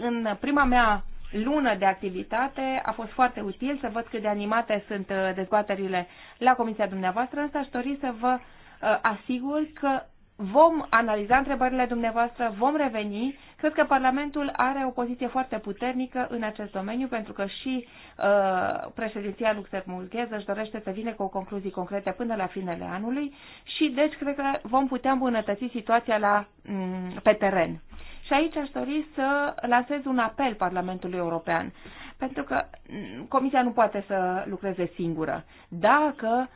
În prima mea lună de activitate. A fost foarte util să văd cât de animate sunt uh, dezbaterile la comisia dumneavoastră, însă aș dori să vă uh, asigur că vom analiza întrebările dumneavoastră, vom reveni. Cred că Parlamentul are o poziție foarte puternică în acest domeniu, pentru că și uh, președinția luxemburgheză își dorește să vină cu concluzii concrete până la finele anului și deci cred că vom putea îmbunătăți situația la, mm, pe teren. Și aici aș dori să lasez un apel Parlamentului European, pentru că mm, Comisia nu poate să lucreze singură. Dacă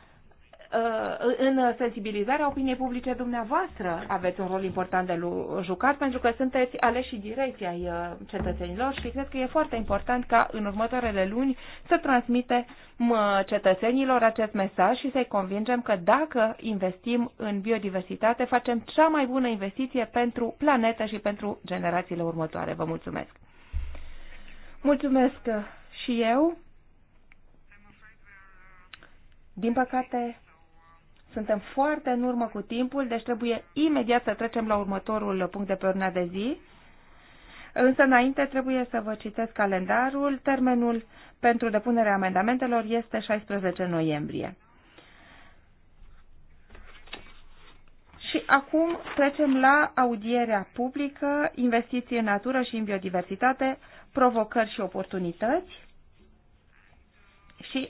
Uh, în sensibilizarea opiniei publice dumneavoastră aveți un rol important de jucat pentru că sunteți aleși și ai uh, cetățenilor și cred că e foarte important ca în următoarele luni să transmite uh, cetățenilor acest mesaj și să-i convingem că dacă investim în biodiversitate, facem cea mai bună investiție pentru planetă și pentru generațiile următoare. Vă mulțumesc! Mulțumesc și eu! Din păcate, suntem foarte în urmă cu timpul, deci trebuie imediat să trecem la următorul punct de pe ordinea de zi. Însă înainte trebuie să vă citesc calendarul. Termenul pentru depunerea amendamentelor este 16 noiembrie. Și acum trecem la audierea publică, investiții în natură și în biodiversitate, provocări și oportunități. Și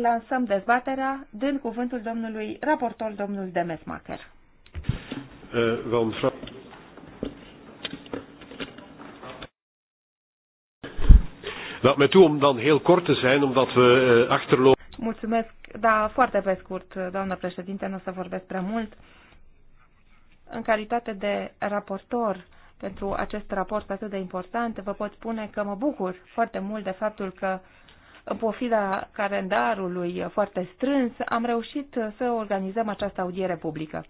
lansăm dezbaterea din cuvântul domnului raportor, domnul Demesmacher. Eh, eh, Mulțumesc, da, foarte pe scurt, doamnă președinte, nu o să vorbesc prea mult. În calitate de raportor pentru acest raport atât de important, vă pot spune că mă bucur foarte mult de faptul că în pofida calendarului foarte strâns, am reușit să organizăm această audiere publică.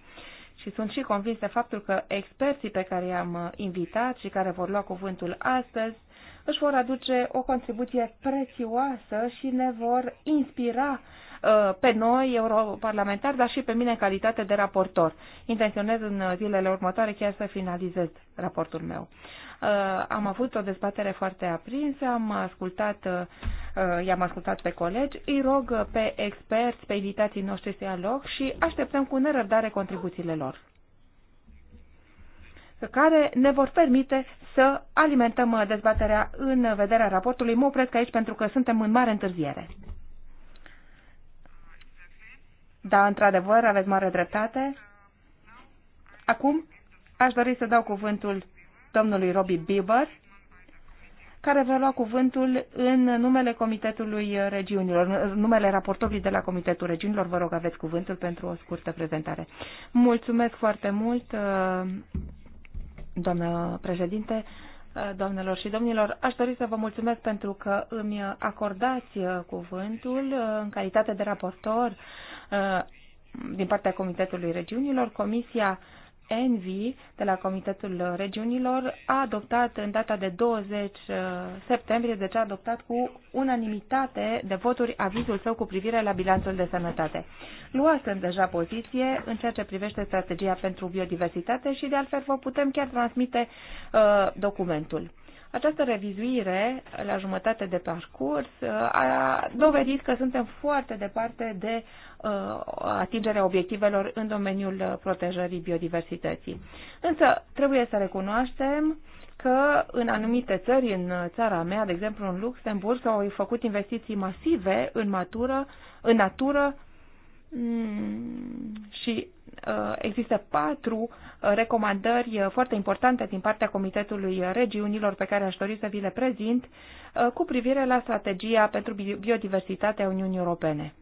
Și sunt și convins de faptul că experții pe care i-am invitat și care vor lua cuvântul astăzi își vor aduce o contribuție prețioasă și ne vor inspira uh, pe noi, europarlamentari, dar și pe mine în calitate de raportor. Intenționez în zilele următoare chiar să finalizez raportul meu. Uh, am avut o dezbatere foarte aprinsă, am ascultat, uh, i-am ascultat pe colegi, îi rog pe experți, pe invitații noștri să ia loc și așteptăm cu nerăbdare contribuțiile lor care ne vor permite să alimentăm dezbaterea în vederea raportului. Mă opresc aici pentru că suntem în mare întârziere. Da, într-adevăr, aveți mare dreptate. Acum aș dori să dau cuvântul domnului Robbie Bieber, care va lua cuvântul în numele Comitetului Regiunilor, în numele raportorului de la Comitetul Regiunilor. Vă rog, aveți cuvântul pentru o scurtă prezentare. Mulțumesc foarte mult, uh, doamnă președinte, uh, doamnelor și domnilor. Aș dori să vă mulțumesc pentru că îmi acordați uh, cuvântul în calitate de raportor din partea Comitetului Regiunilor. Comisia ENVI de la Comitetul Regiunilor a adoptat în data de 20 uh, septembrie, deci a adoptat cu unanimitate de voturi avizul său cu privire la bilanțul de sănătate. Luasem deja poziție în ceea ce privește strategia pentru biodiversitate și de altfel vă putem chiar transmite uh, documentul. Această revizuire la jumătate de parcurs uh, a dovedit că suntem foarte departe de uh, atingerea obiectivelor în domeniul uh, protejării biodiversității. Însă trebuie să recunoaștem că în anumite țări, în țara mea, de exemplu în Luxemburg, s-au făcut investiții masive în, matură, în natură Mm, și uh, există patru uh, recomandări uh, foarte importante din partea Comitetului Regiunilor pe care aș dori să vi le prezint cu privire la strategia pentru biodiversitatea Uniunii Europene.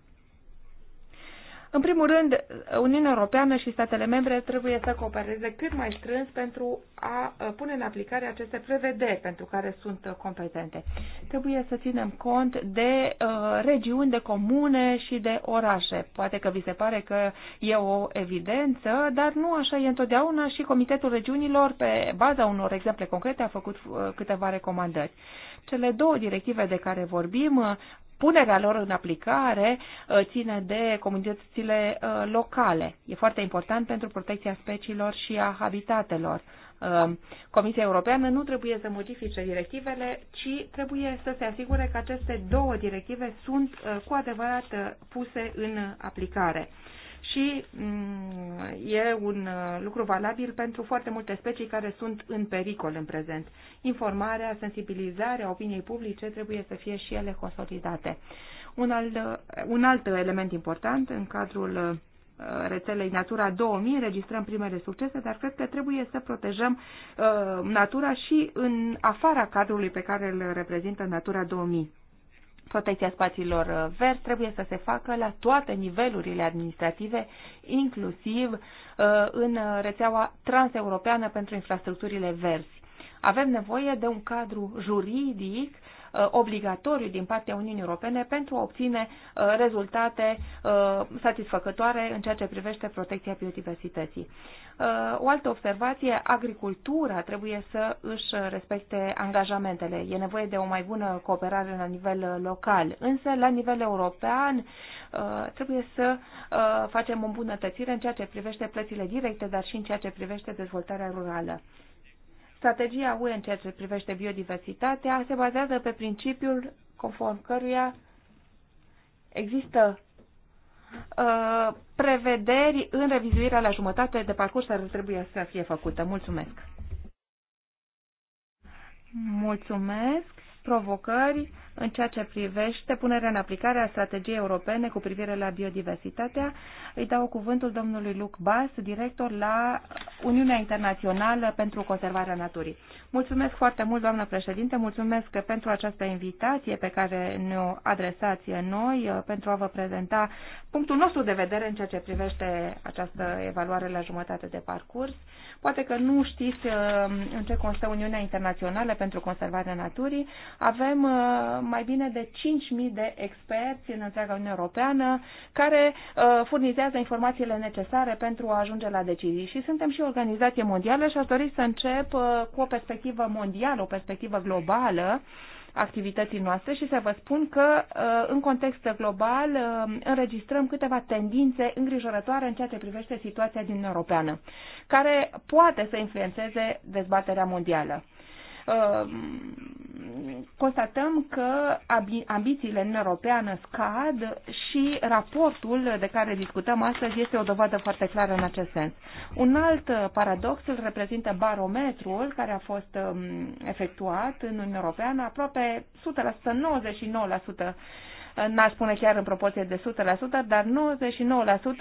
În primul rând, Uniunea Europeană și statele membre trebuie să coopereze cât mai strâns pentru a pune în aplicare aceste prevederi pentru care sunt competente. Trebuie să ținem cont de uh, regiuni, de comune și de orașe. Poate că vi se pare că e o evidență, dar nu așa e întotdeauna și Comitetul Regiunilor, pe baza unor exemple concrete, a făcut uh, câteva recomandări. Cele două directive de care vorbim, punerea lor în aplicare uh, ține de comunitățile uh, locale. E foarte important pentru protecția speciilor și a habitatelor. Uh, Comisia Europeană nu trebuie să modifice directivele, ci trebuie să se asigure că aceste două directive sunt cu adevărat puse în aplicare și mm, e un uh, lucru valabil pentru foarte multe specii care sunt în pericol în prezent. Informarea, sensibilizarea opiniei publice trebuie să fie și ele consolidate. Un alt, uh, un alt element important în cadrul uh, rețelei Natura 2000, înregistrăm primele succese, dar cred că trebuie să protejăm uh, natura și în afara cadrului pe care îl reprezintă Natura 2000. Protecția spațiilor uh, verzi trebuie să se facă la toate nivelurile administrative, inclusiv uh, în uh, rețeaua transeuropeană pentru infrastructurile verzi. Avem nevoie de un cadru juridic Uh, obligatoriu din partea Uniunii Europene pentru a obține uh, rezultate uh, satisfăcătoare în ceea ce privește protecția biodiversității. O altă observație, agricultura trebuie să își respecte angajamentele. E nevoie de o mai bună cooperare la nivel local, însă la nivel european trebuie să facem o îmbunătățire în ceea ce privește plățile directe, dar și în ceea ce privește dezvoltarea rurală. Strategia UE în ceea ce privește biodiversitatea se bazează pe principiul conform căruia există uh, prevederi în revizuirea la jumătate de parcurs care trebuie să fie făcută. Mulțumesc! Mulțumesc! provocări în ceea ce privește punerea în aplicare a strategiei europene cu privire la biodiversitatea. Îi dau cuvântul domnului Luc Bas, director la Uniunea Internațională pentru Conservarea Naturii. Mulțumesc foarte mult, doamnă președinte, mulțumesc pentru această invitație pe care ne-o adresați noi uh, pentru a vă prezenta punctul nostru de vedere în ceea ce privește această evaluare la jumătate de parcurs. Poate că nu știți uh, în ce constă Uniunea Internațională pentru Conservarea Naturii. Avem uh, mai bine de 5.000 de experți în întreaga Uniune Europeană care furnizează informațiile necesare pentru a ajunge la decizii. Și suntem și o organizație mondială și aș dori să încep cu o perspectivă perspectivă mondială, o perspectivă globală activității noastre și să vă spun că uh, în context global uh, înregistrăm câteva tendințe îngrijorătoare în ceea ce privește situația din Europeană, care poate să influențeze dezbaterea mondială. Uh, constatăm că ambițiile în europeană scad și raportul de care discutăm astăzi este o dovadă foarte clară în acest sens. Un alt paradox îl reprezintă barometrul care a fost um, efectuat în Uniunea Europeană, aproape 100%, 99% n-aș spune chiar în proporție de 100%, dar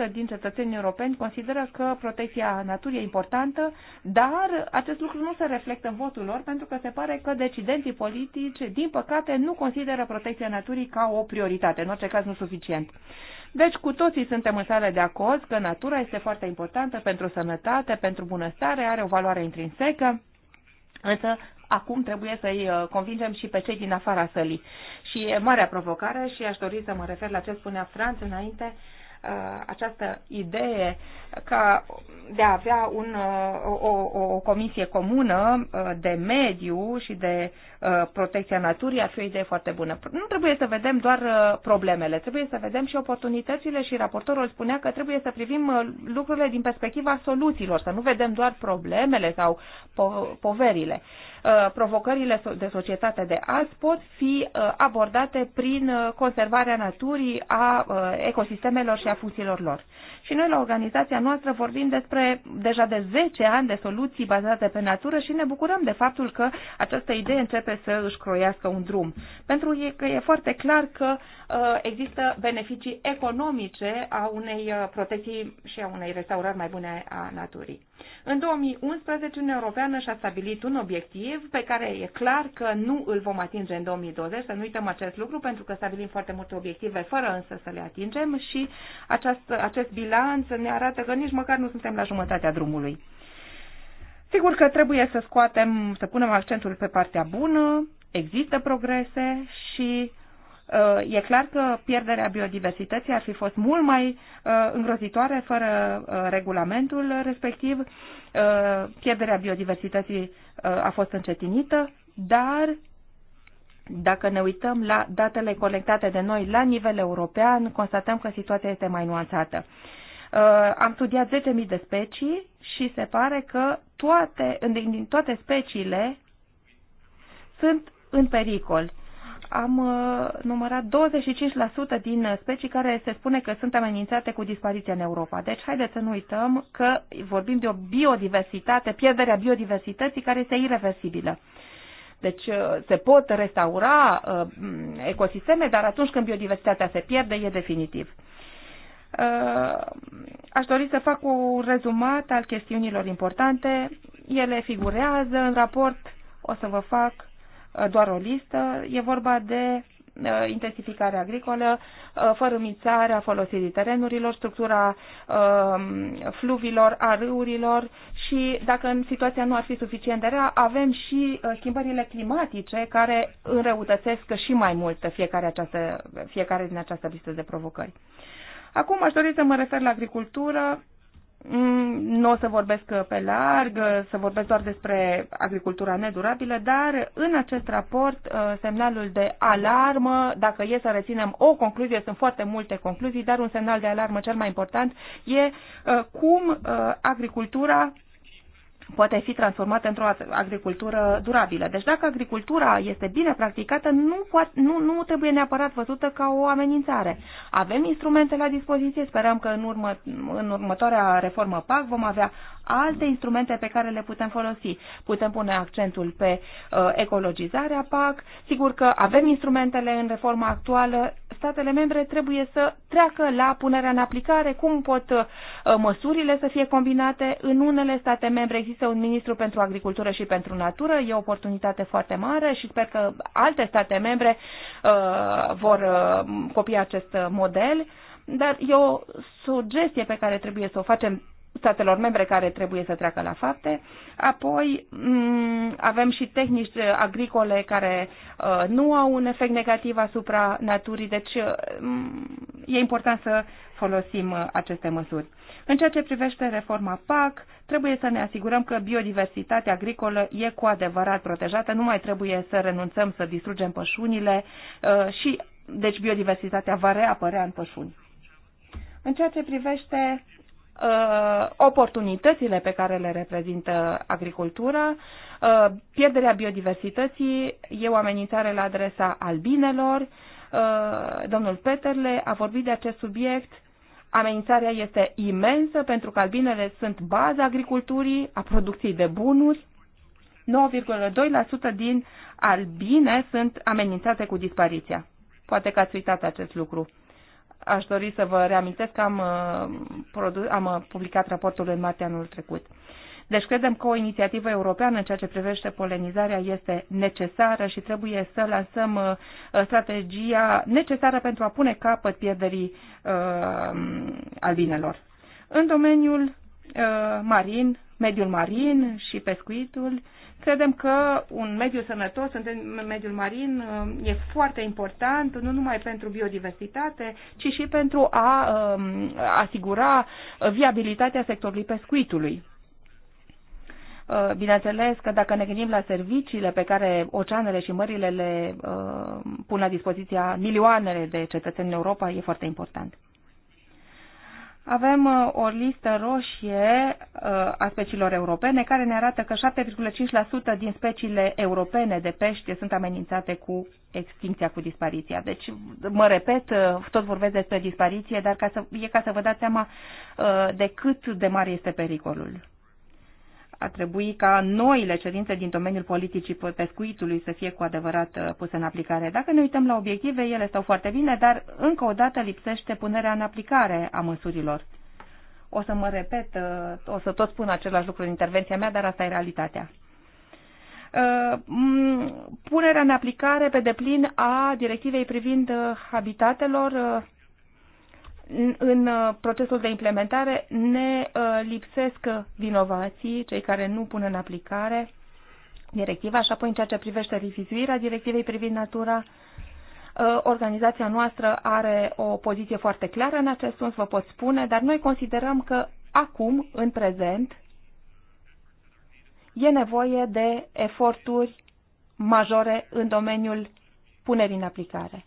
99% din cetățenii europeni consideră că protecția naturii e importantă, dar acest lucru nu se reflectă în votul lor pentru că se pare că decidenții politici, din păcate, nu consideră protecția naturii ca o prioritate, în orice caz nu suficient. Deci cu toții suntem în sală de acord că natura este foarte importantă pentru sănătate, pentru bunăstare, are o valoare intrinsecă, însă acum trebuie să-i uh, convingem și pe cei din afara sălii și e marea provocare și aș dori să mă refer la ce spunea Franț înainte, uh, această idee ca de a avea un, uh, o, o, o comisie comună uh, de mediu și de protecția naturii ar fi o idee foarte bună. Nu trebuie să vedem doar problemele, trebuie să vedem și oportunitățile și raportorul spunea că trebuie să privim lucrurile din perspectiva soluțiilor, să nu vedem doar problemele sau po- poverile. Uh, provocările de societate de azi pot fi uh, abordate prin uh, conservarea naturii, a ecosistemelor și a funcțiilor lor. Și noi la organizația noastră vorbim despre deja de 10 ani de soluții bazate pe natură și ne bucurăm de faptul că această idee începe să își croiască un drum. Pentru că e foarte clar că există beneficii economice a unei protecții și a unei restaurări mai bune a naturii. În 2011, Uniunea Europeană și-a stabilit un obiectiv pe care e clar că nu îl vom atinge în 2020, să nu uităm acest lucru, pentru că stabilim foarte multe obiective fără însă să le atingem și aceast, acest bilanț ne arată că nici măcar nu suntem la jumătatea drumului. Sigur că trebuie să scoatem, să punem accentul pe partea bună, există progrese și e clar că pierderea biodiversității ar fi fost mult mai uh, îngrozitoare fără uh, regulamentul respectiv. Uh, pierderea biodiversității a fost încetinită, dar dacă ne uităm la datele colectate de noi la nivel european, constatăm că situația este mai nuanțată. Am studiat 10.000 de specii și se pare că toate, din toate speciile sunt în pericol am uh, numărat 25% din specii care se spune că sunt amenințate cu dispariția în Europa. Deci haideți să nu uităm că vorbim de o biodiversitate, pierderea biodiversității care este irreversibilă. Deci uh, se pot restaura uh, ecosisteme, dar atunci când biodiversitatea se pierde, e definitiv. Aș dori să fac un rezumat al chestiunilor importante. Ele figurează în raport, o să vă fac Uh, doar o listă, e vorba de uh, intensificare agricolă, uh, fărâmițarea folosirii terenurilor, structura um, fluvilor, a râurilor și dacă în situația nu ar fi suficient de rea, avem și schimbările climatice care înrăutățesc și mai mult fiecare, această, fiecare din această listă de provocări. Acum aș dori să mă refer la agricultură Mm, nu o să vorbesc pe larg, să vorbesc doar despre agricultura nedurabilă, dar în acest raport uh, semnalul de alarmă, dacă e să reținem o concluzie, sunt foarte multe concluzii, dar un semnal de alarmă cel mai important e uh, cum uh, agricultura poate fi transformată într-o agricultură durabilă. Deci dacă agricultura este bine practicată, nu, poate, nu, nu trebuie neapărat văzută ca o amenințare. Avem instrumente la dispoziție, sperăm că în, urmă, în următoarea reformă PAC vom avea alte instrumente pe care le putem folosi. Putem pune accentul pe uh, ecologizarea PAC. Sigur că avem instrumentele în reforma actuală. Statele membre trebuie să treacă la punerea în aplicare, cum pot uh, măsurile să fie combinate. În unele state membre există există un ministru pentru agricultură și pentru natură, e o oportunitate foarte mare și sper că alte state membre uh, vor uh, copia acest model, dar e o sugestie pe care trebuie să o facem statelor membre care trebuie să treacă la fapte. Apoi mm, avem și tehnici eh, agricole care eh, nu au un efect negativ asupra naturii, deci eh, mm, e important să folosim aceste măsuri. În ceea ce privește reforma PAC, trebuie să ne asigurăm că biodiversitatea agricolă e cu adevărat protejată, nu mai trebuie să renunțăm să distrugem pășunile și deci biodiversitatea va reapărea în pășuni. În ceea ce privește Uh, oportunitățile pe care le reprezintă agricultura, uh, pierderea biodiversității, e o amenințare la adresa albinelor. Uh, domnul Peterle a vorbit de acest subiect. Amenințarea este imensă pentru că albinele sunt baza agriculturii, a producției de bunuri. 9,2% din albine sunt amenințate cu dispariția. Poate că ați uitat acest lucru. Aș dori să vă reamintesc că am, uh, am uh, publicat raportul în martie anul trecut. Deci credem că o inițiativă europeană în ceea ce privește polenizarea este necesară și trebuie să lansăm uh, strategia necesară pentru a pune capăt pierderii uh, albinelor. În domeniul uh, marin, mediul marin și pescuitul, Credem că un mediu sănătos, în mediul marin, um, e foarte important, nu numai pentru biodiversitate, ci și pentru a um, asigura viabilitatea sectorului pescuitului. Uh, bineînțeles că dacă ne gândim la serviciile pe care oceanele și mările le uh, pun la dispoziția milioanele de cetățeni în Europa, e foarte important avem uh, o listă roșie uh, a speciilor europene care ne arată că 7,5% din speciile europene de pești sunt amenințate cu extinția, cu dispariția. Deci, mă repet, uh, tot vorbesc despre dispariție, dar ca să, e ca să vă dați seama de cât de mare este pericolul ar trebui ca noile cerințe din domeniul politicii pescuitului să fie cu adevărat uh, puse în aplicare. Dacă ne uităm la obiective, ele stau foarte bine, dar încă o dată lipsește punerea în aplicare a măsurilor. O să mă repet, uh, o să tot spun același lucru în intervenția mea, dar asta e realitatea uh, punerea în aplicare pe deplin a directivei privind habitatelor în uh, procesul de implementare ne uh, lipsesc vinovații, cei care nu pun în aplicare directiva și apoi în ceea ce privește revizuirea directivei privind natura, uh, organizația noastră are o poziție foarte clară în acest sens, vă pot spune, dar noi considerăm că acum, în prezent, e nevoie de eforturi majore în domeniul punerii în aplicare.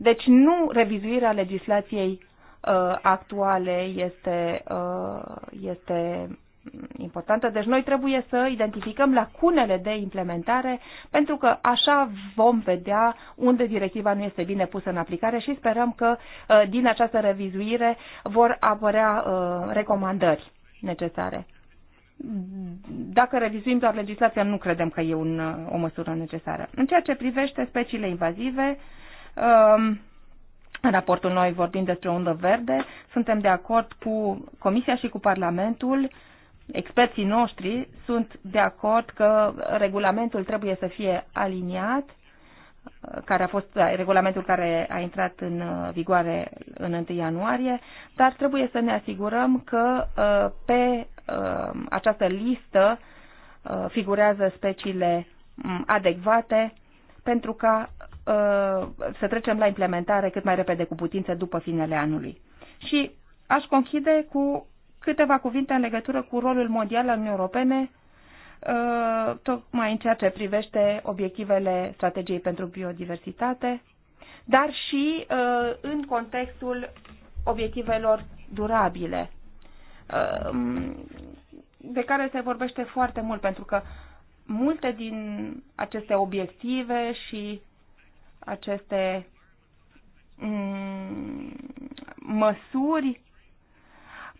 Deci nu revizuirea legislației uh, actuale este, uh, este importantă. Deci noi trebuie să identificăm lacunele de implementare pentru că așa vom vedea unde directiva nu este bine pusă în aplicare și sperăm că uh, din această revizuire vor apărea uh, recomandări necesare. Dacă revizuim doar legislația, nu credem că e un, uh, o măsură necesară. În ceea ce privește speciile invazive, uh, Um, în raportul noi vorbim despre undă verde. Suntem de acord cu Comisia și cu Parlamentul. Experții noștri sunt de acord că regulamentul trebuie să fie aliniat care a fost regulamentul care a intrat în vigoare în 1 ianuarie, dar trebuie să ne asigurăm că uh, pe uh, această listă uh, figurează speciile mm, adecvate pentru ca Uh, să trecem la implementare cât mai repede cu putință după finele anului. Și aș conchide cu câteva cuvinte în legătură cu rolul mondial al Uniunii Europene, uh, tocmai în ceea ce privește obiectivele strategiei pentru biodiversitate, dar și uh, în contextul obiectivelor durabile, de care se vorbește foarte mult, pentru că multe din aceste obiective și aceste mm, măsuri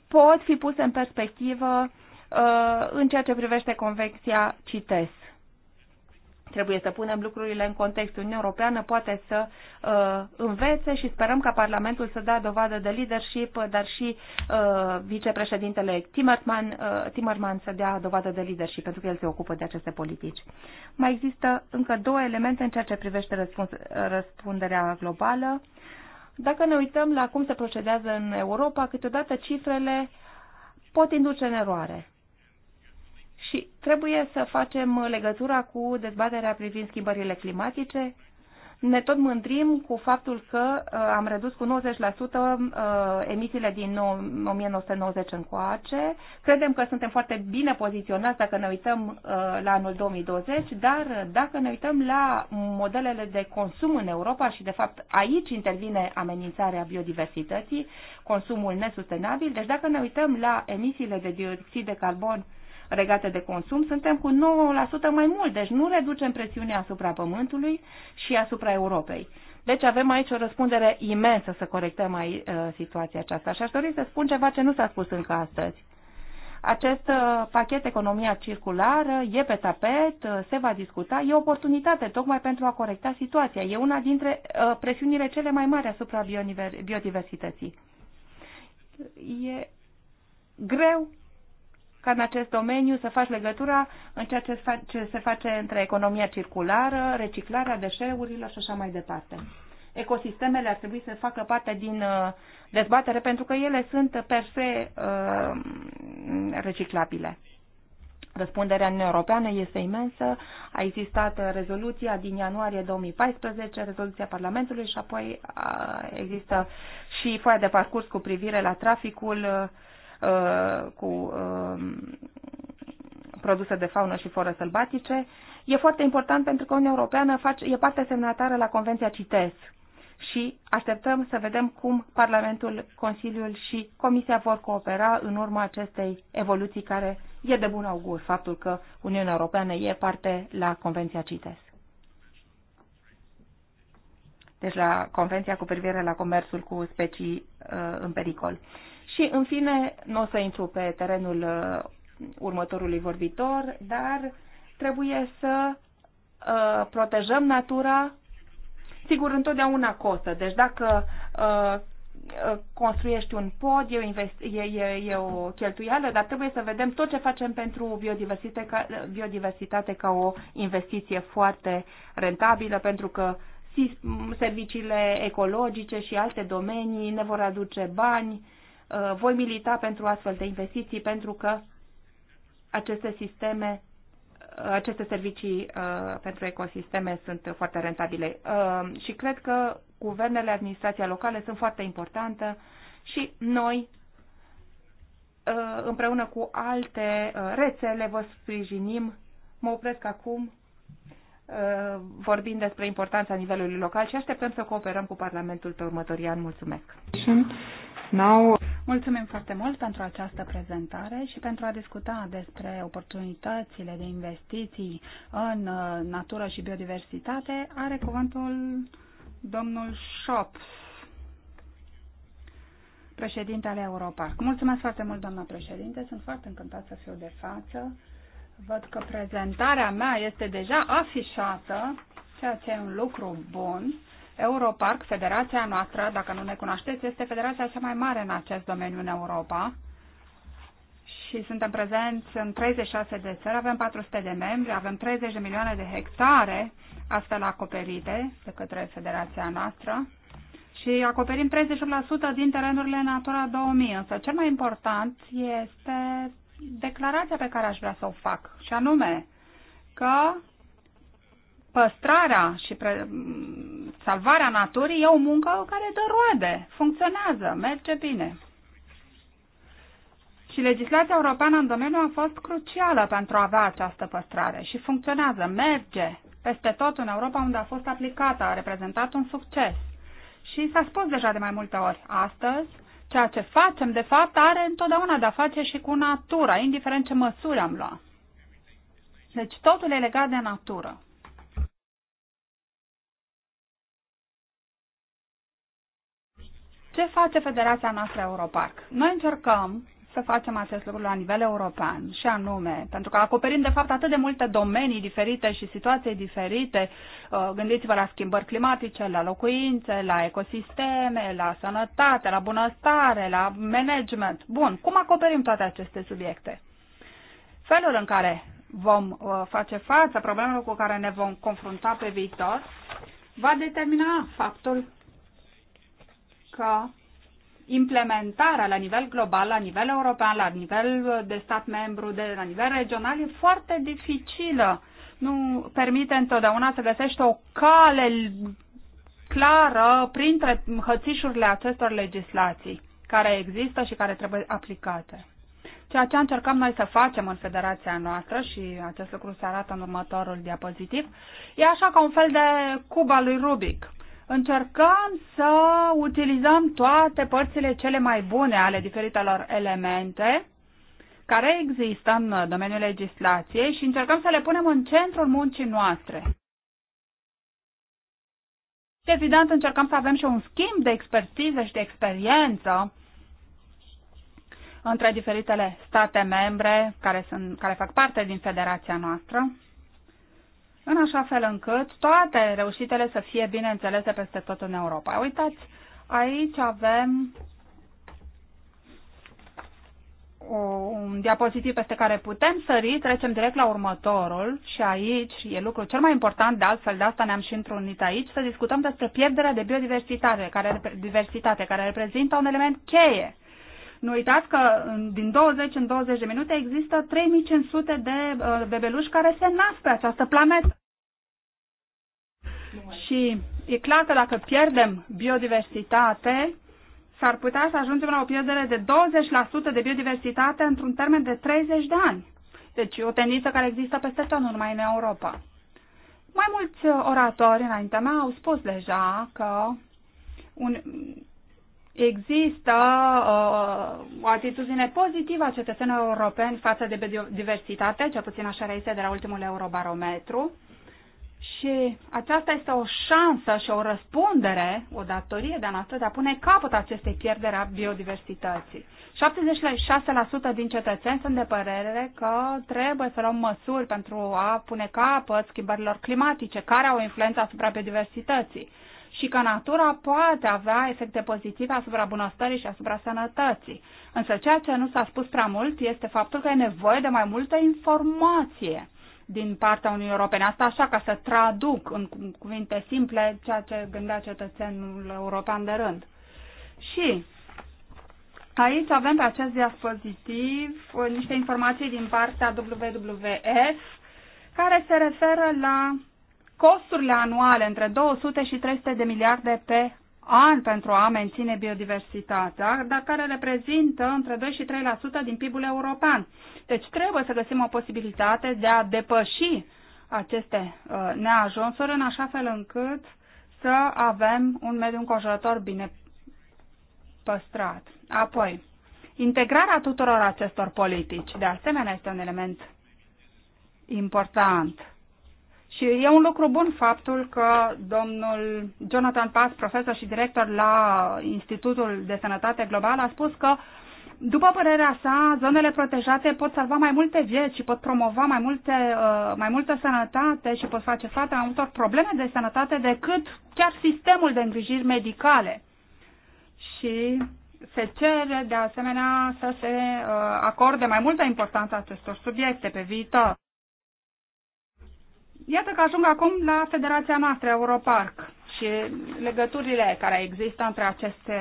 pot fi puse în perspectivă uh, în ceea ce privește convecția CITES. Trebuie să punem lucrurile în context. Uniunea Europeană poate să uh, învețe și sperăm ca Parlamentul să dea dovadă de leadership, dar și uh, vicepreședintele Timmerman, uh, Timmerman să dea dovadă de leadership, pentru că el se ocupă de aceste politici. Mai există încă două elemente în ceea ce privește răspuns, răspunderea globală. Dacă ne uităm la cum se procedează în Europa, câteodată cifrele pot induce în eroare și trebuie să facem legătura cu dezbaterea privind schimbările climatice. Ne tot mândrim cu faptul că uh, am redus cu 90% uh, emisiile din 1990 încoace. Credem că suntem foarte bine poziționați dacă ne uităm uh, la anul 2020, dar dacă ne uităm la modelele de consum în Europa și de fapt aici intervine amenințarea biodiversității, consumul nesustenabil, deci dacă ne uităm la emisiile de dioxid de carbon regate de consum, suntem cu 9% mai mult, deci nu reducem presiunea asupra Pământului și asupra Europei. Deci avem aici o răspundere imensă să corectăm mai, uh, situația aceasta. Și aș dori să spun ceva ce nu s-a spus încă astăzi. Acest uh, pachet economia circulară e pe tapet, uh, se va discuta, e o oportunitate tocmai pentru a corecta situația. E una dintre uh, presiunile cele mai mari asupra biodiversității. E greu ca în acest domeniu să faci legătura în ceea ce, ce se face între economia circulară, reciclarea deșeurilor și așa mai departe. Ecosistemele ar trebui să facă parte din uh, dezbatere pentru că ele sunt per se uh, reciclabile. Răspunderea în europeană este imensă. A existat rezoluția din ianuarie 2014, rezoluția Parlamentului și apoi uh, există și foaia de parcurs cu privire la traficul uh, Uh, cu uh, produse de faună și floră sălbatice. E foarte important pentru că Uniunea Europeană face, e parte semnatară la Convenția CITES și așteptăm să vedem cum Parlamentul, Consiliul și Comisia vor coopera în urma acestei evoluții care e de bun augur faptul că Uniunea Europeană e parte la Convenția CITES. Deci la Convenția cu privire la comerțul cu specii uh, în pericol. Uh, și, în fine, nu o să intru pe terenul uh, următorului vorbitor, dar trebuie să uh, protejăm natura. Sigur, întotdeauna costă. Deci dacă uh, uh, construiești un pod, e o, investi- e, e, e o cheltuială, dar trebuie să vedem tot ce facem pentru biodiversitate ca, biodiversitate ca o investiție foarte rentabilă, pentru că serviciile ecologice și alte domenii ne vor aduce bani, Uh, voi milita pentru astfel de investiții pentru că aceste sisteme, uh, aceste servicii uh, pentru ecosisteme sunt foarte rentabile. Și cred că guvernele, administrația locală sunt foarte importante și noi împreună cu alte rețele vă sprijinim. Mă opresc acum vorbind despre importanța nivelului local și așteptăm să cooperăm cu Parlamentul pe următorii ani. Mulțumesc! now. Mulțumim foarte mult pentru această prezentare și pentru a discuta despre oportunitățile de investiții în uh, natură și biodiversitate. Are cuvântul domnul președinte președintele Europa. Mulțumesc foarte mult, doamna președinte. Sunt foarte încântat să fiu de față. Văd că prezentarea mea este deja afișată, ceea ce e un lucru bun Europark, federația noastră, dacă nu ne cunoașteți, este federația cea mai mare în acest domeniu în Europa și suntem prezenți în 36 de țări, avem 400 de membri, avem 30 de milioane de hectare astfel acoperite de către federația noastră și acoperim 38% din terenurile Natura 2000, însă cel mai important este declarația pe care aș vrea să o fac, și anume că păstrarea și pre salvarea naturii e o muncă care dă roade, funcționează, merge bine. Și legislația europeană în domeniu a fost crucială pentru a avea această păstrare și funcționează, merge peste tot în Europa unde a fost aplicată, a reprezentat un succes. Și s-a spus deja de mai multe ori, astăzi, ceea ce facem, de fapt, are întotdeauna de-a face și cu natura, indiferent ce măsuri am luat. Deci totul e legat de natură. Ce face Federația noastră Europarc? Noi încercăm să facem acest lucru la nivel european și anume, pentru că acoperim de fapt atât de multe domenii diferite și situații diferite, uh, gândiți-vă la schimbări climatice, la locuințe, la ecosisteme, la sănătate, la bunăstare, la management. Bun, cum acoperim toate aceste subiecte? Felul în care vom uh, face față problemelor cu care ne vom confrunta pe viitor va determina faptul că implementarea la nivel global, la nivel european, la nivel de stat membru, de, la nivel regional, e foarte dificilă. Nu permite întotdeauna să găsești o cale clară printre hățișurile acestor legislații care există și care trebuie aplicate. Ceea ce încercăm noi să facem în federația noastră, și acest lucru se arată în următorul diapozitiv, e așa ca un fel de cuba lui Rubic încercăm să utilizăm toate părțile cele mai bune ale diferitelor elemente care există în domeniul legislației și încercăm să le punem în centrul muncii noastre. evident încercăm să avem și un schimb de expertiză și de experiență între diferitele state membre care, sunt, care fac parte din federația noastră în așa fel încât toate reușitele să fie bine înțelese peste tot în Europa. Uitați, aici avem un diapozitiv peste care putem sări, trecem direct la următorul și aici e lucru cel mai important, de altfel de asta ne-am și întrunit aici, să discutăm despre pierderea de biodiversitate, care, diversitate, care reprezintă un element cheie. Nu uitați că din 20 în 20 de minute există 3500 de uh, bebeluși care se nasc pe această planetă. Și e clar că dacă pierdem biodiversitate, s-ar putea să ajungem la o pierdere de 20% de biodiversitate într-un termen de 30 de ani. Deci o tendință care există peste tot, nu numai în Europa. Mai mulți oratori înaintea mea au spus deja că un, există uh, o atitudine pozitivă a cetățenilor europeni față de biodiversitate, cel puțin așa reiese de la ultimul eurobarometru, și aceasta este o șansă și o răspundere, o datorie de-a noastră de a pune capăt acestei pierderi a biodiversității. 76% din cetățeni sunt de părere că trebuie să luăm măsuri pentru a pune capăt schimbărilor climatice, care au influență asupra biodiversității și că natura poate avea efecte pozitive asupra bunăstării și asupra sănătății. Însă ceea ce nu s-a spus prea mult este faptul că e nevoie de mai multă informație din partea Uniunii Europene. Asta așa ca să traduc în cuvinte simple ceea ce gândea cetățenul european de rând. Și aici avem pe acest diapozitiv niște informații din partea WWF care se referă la costurile anuale între 200 și 300 de miliarde pe an pentru a menține biodiversitatea, dar care reprezintă între 2 și 3% din PIB-ul european. Deci trebuie să găsim o posibilitate de a depăși aceste uh, neajunsuri în așa fel încât să avem un mediu înconjurător bine păstrat. Apoi, integrarea tuturor acestor politici, de asemenea, este un element important și e un lucru bun faptul că domnul Jonathan Paz, profesor și director la Institutul de Sănătate Globală, a spus că, după părerea sa, zonele protejate pot salva mai multe vieți și pot promova mai, multe, uh, mai multă sănătate și pot face față mai multor probleme de sănătate decât chiar sistemul de îngrijiri medicale. Și se cere, de asemenea, să se uh, acorde mai multă importanță acestor subiecte pe viitor. Iată că ajung acum la Federația noastră, Europarc, și legăturile care există între aceste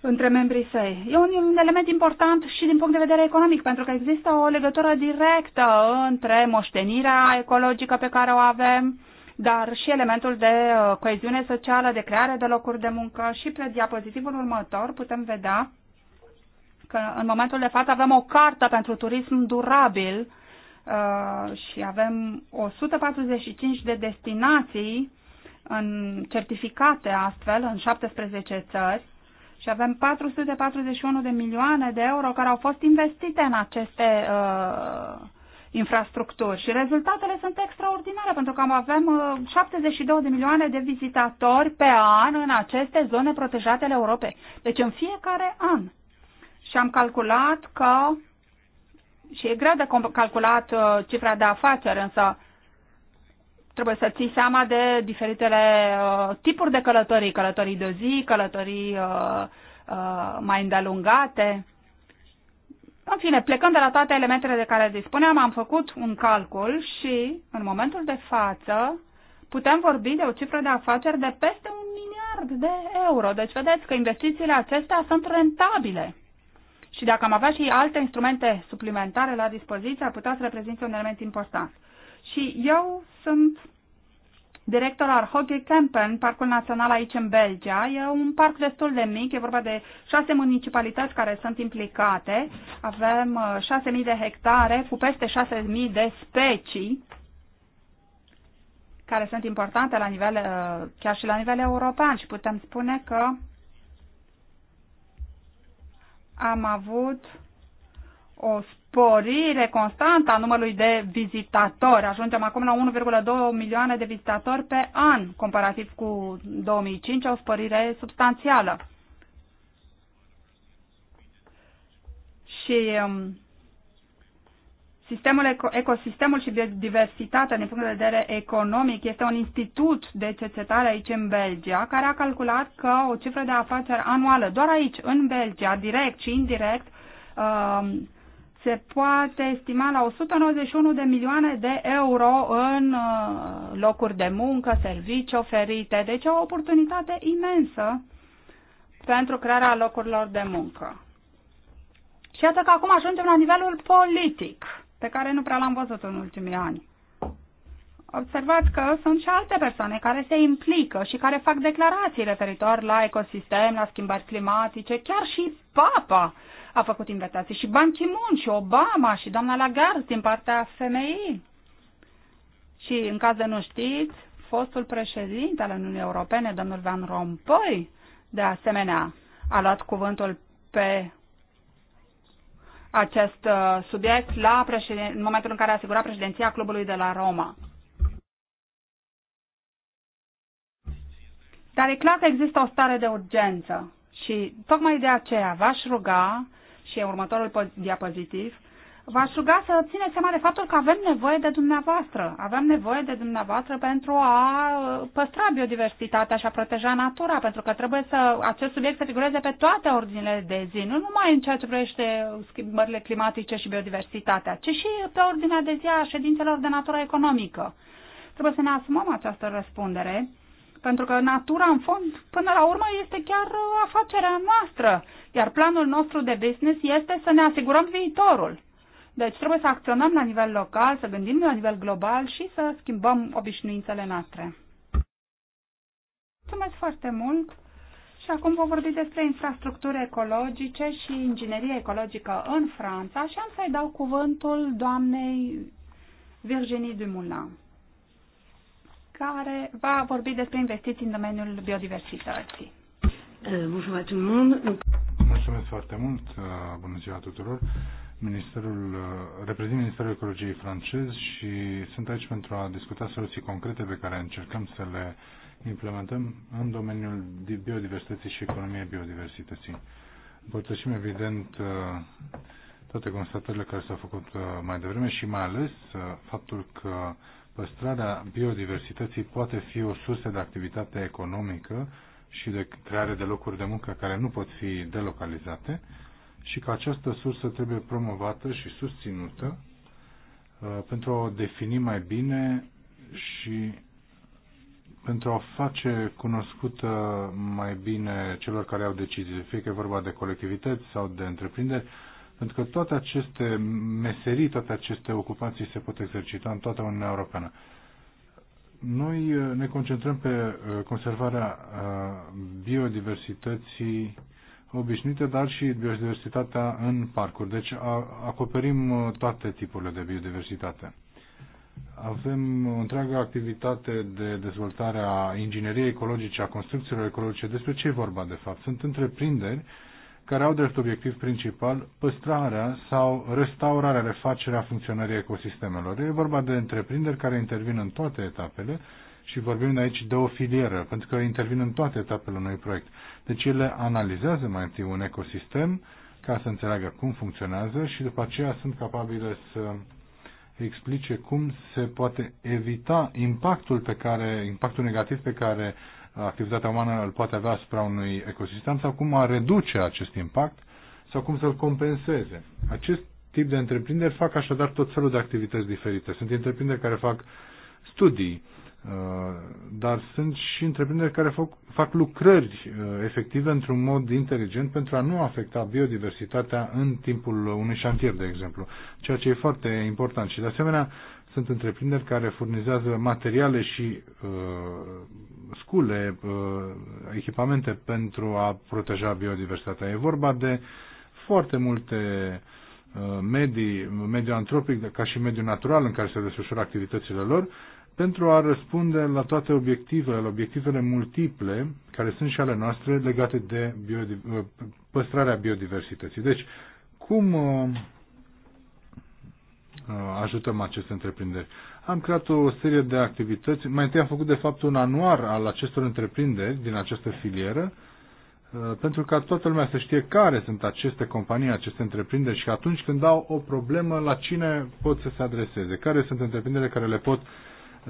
între membrii săi. E un element important și din punct de vedere economic, pentru că există o legătură directă între moștenirea ecologică pe care o avem, dar și elementul de uh, coeziune socială, de creare de locuri de muncă și pe diapozitivul următor putem vedea că în momentul de față avem o cartă pentru turism durabil Uh, și avem 145 de destinații în certificate astfel în 17 țări și avem 441 de milioane de euro care au fost investite în aceste uh, infrastructuri și rezultatele sunt extraordinare pentru că avem uh, 72 de milioane de vizitatori pe an în aceste zone protejate ale Europei. Deci în fiecare an. Și am calculat că și e greu de calculat uh, cifra de afaceri, însă trebuie să ții seama de diferitele uh, tipuri de călătorii, călătorii de zi, călătorii uh, mai îndelungate. În fine, plecând de la toate elementele de care dispuneam, am făcut un calcul și, în momentul de față, putem vorbi de o cifră de afaceri de peste un miliard de euro. Deci, vedeți că investițiile acestea sunt rentabile. Și dacă am avea și alte instrumente suplimentare la dispoziție, ar putea să reprezinte un element important. Și eu sunt director al Hockey Campen, Parcul Național aici în Belgia. E un parc destul de mic, e vorba de șase municipalități care sunt implicate. Avem uh, șase mii de hectare cu peste șase mii de specii care sunt importante la nivel, uh, chiar și la nivel european și putem spune că am avut o sporire constantă a numărului de vizitatori. Ajungem acum la 1,2 milioane de vizitatori pe an, comparativ cu 2005, o sporire substanțială. Și um, Sistemul, ecosistemul și biodiversitatea din punct de vedere economic este un institut de cercetare aici în Belgia care a calculat că o cifră de afaceri anuală doar aici în Belgia, direct și indirect, um, se poate estima la 191 de milioane de euro în uh, locuri de muncă, servicii oferite. Deci o oportunitate imensă pentru crearea locurilor de muncă. Și iată că acum ajungem la nivelul politic pe care nu prea l-am văzut în ultimii ani. Observați că sunt și alte persoane care se implică și care fac declarații referitor la ecosistem, la schimbări climatice, chiar și Papa a făcut invitații și Ban Ki-moon și Obama și doamna Lagarde din partea femeii. Și în caz de nu știți, fostul președinte al Uniunii Europene, domnul Van Rompuy, de asemenea, a luat cuvântul pe acest uh, subiect la președin... în momentul în care asigurat președinția Clubului de la Roma. Dar e clar că există o stare de urgență și tocmai de aceea v-aș ruga și e următorul diapozitiv, v-aș ruga să țineți seama de faptul că avem nevoie de dumneavoastră. Avem nevoie de dumneavoastră pentru a uh, păstra biodiversitatea și a proteja natura, pentru că trebuie să acest subiect să figureze pe toate ordinile de zi, nu numai în ceea ce privește schimbările climatice și biodiversitatea, ci și pe ordinea de zi a ședințelor de natură economică. Trebuie să ne asumăm această răspundere pentru că natura, în fond, până la urmă, este chiar uh, afacerea noastră, iar planul nostru de business este să ne asigurăm viitorul. Deci trebuie să acționăm la nivel local, să gândim la nivel global și să schimbăm obișnuințele noastre. Mulțumesc foarte mult! Și acum vom vorbi despre infrastructuri ecologice și inginerie ecologică în Franța și am să-i dau cuvântul doamnei Virginie Dumoulin, care va vorbi despre investiții în domeniul biodiversității. Euh, Mulțumesc foarte mult! Uh, bună ziua tuturor! Ministerul, uh, reprezint Ministerul Ecologiei francez și sunt aici pentru a discuta soluții concrete pe care încercăm să le implementăm în domeniul biodiversității și economiei biodiversității. Împărtășim, evident, uh, toate constatările care s-au făcut uh, mai devreme și mai ales faptul că păstrarea biodiversității poate fi o sursă de activitate economică și de creare de locuri de muncă care nu pot fi delocalizate și că această sursă trebuie promovată și susținută uh, pentru a o defini mai bine și pentru a face cunoscută mai bine celor care au decizii, fie că e vorba de colectivități sau de întreprinderi, pentru că toate aceste meserii, toate aceste ocupații se pot exercita în toată Uniunea Europeană. Noi uh, ne concentrăm pe uh, conservarea biodiversității obișnuite, dar și biodiversitatea în parcuri. Deci acoperim uh, toate tipurile de biodiversitate. Avem o întreagă activitate de dezvoltare a ingineriei ecologice, a construcțiilor ecologice. Despre ce e vorba, de fapt? Sunt întreprinderi care au drept obiectiv principal păstrarea sau restaurarea, refacerea funcționării ecosistemelor. E vorba de întreprinderi care intervin în toate etapele, și vorbim de aici de o filieră, pentru că intervin în toate etapele unui proiect. Deci ele analizează mai întâi un ecosistem ca să înțeleagă cum funcționează și după aceea sunt capabile să explice cum se poate evita impactul pe care, impactul negativ pe care activitatea umană îl poate avea asupra unui ecosistem sau cum a reduce acest impact sau cum să-l compenseze. Acest tip de întreprinderi fac așadar tot felul de activități diferite. Sunt întreprinderi care fac studii, Uh, dar sunt și întreprinderi care fac, fac lucrări uh, efective într-un mod inteligent pentru a nu afecta biodiversitatea în timpul unui șantier, de exemplu, ceea ce e foarte important. Și, de asemenea, sunt întreprinderi care furnizează materiale și uh, scule, uh, echipamente pentru a proteja biodiversitatea. E vorba de foarte multe uh, medii, mediul antropic ca și mediul natural în care se desfășoară activitățile lor pentru a răspunde la toate obiectivele, la obiectivele multiple, care sunt și ale noastre, legate de biodiv- uh, păstrarea biodiversității. Deci, cum uh, uh, ajutăm aceste întreprinderi? Am creat o serie de activități. Mai întâi am făcut, de fapt, un anuar al acestor întreprinderi din această filieră, pentru ca toată lumea să știe care sunt aceste companii, aceste întreprinderi și atunci când au o problemă, la cine pot să se adreseze, care sunt întreprinderile care le pot uh,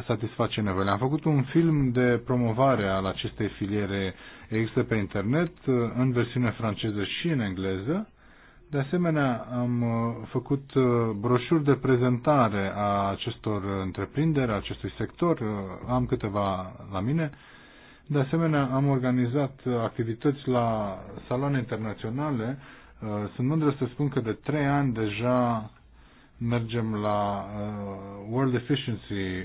satisface nevoile. Am făcut un film de promovare al acestei filiere. Există pe internet în versiune franceză și în engleză. De asemenea, am uh, făcut uh, broșuri de prezentare a acestor întreprinderi, a acestui sector. Uh, am câteva la mine. De asemenea, am organizat activități la saloane internaționale. Sunt mândră să spun că de trei ani deja mergem la uh, World Efficiency uh,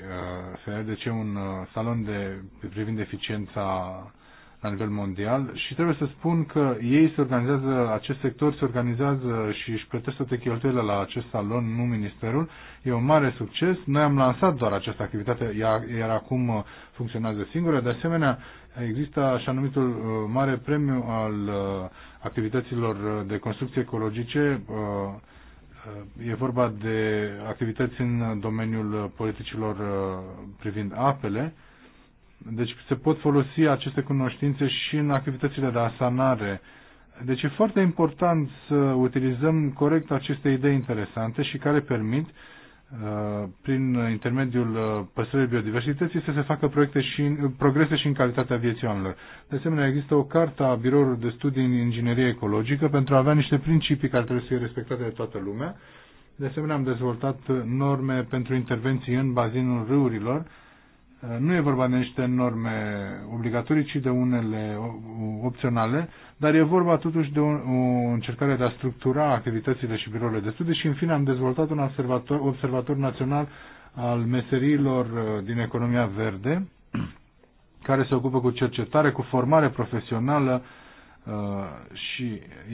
Fair, deci e un uh, salon de, privind eficiența la nivel mondial și trebuie să spun că ei se organizează, acest sector se organizează și își plătesc toate cheltuielile la acest salon, nu ministerul. E un mare succes. Noi am lansat doar această activitate, iar acum uh, funcționează singură. De asemenea, există așa numitul uh, mare premiu al uh, activităților de construcție ecologice E vorba de activități în domeniul politicilor uh, privind apele. Deci se pot folosi aceste cunoștințe și în activitățile de asanare. Deci e foarte important să utilizăm corect aceste idei interesante și care permit uh, Uh, prin intermediul uh, păstrării biodiversității să se facă proiecte și, progrese și în calitatea vieții oamenilor. De asemenea, există o carte a Biroului de Studii în Inginerie Ecologică pentru a avea niște principii care trebuie să fie respectate de toată lumea. De asemenea, am dezvoltat norme pentru intervenții în bazinul râurilor, nu e vorba de niște norme obligatorii, ci de unele opționale, dar e vorba totuși de o încercare de a structura activitățile și birourile de studii și în fine am dezvoltat un observator, observator național al meseriilor uh, din economia verde, care se ocupă cu cercetare, cu formare profesională uh, și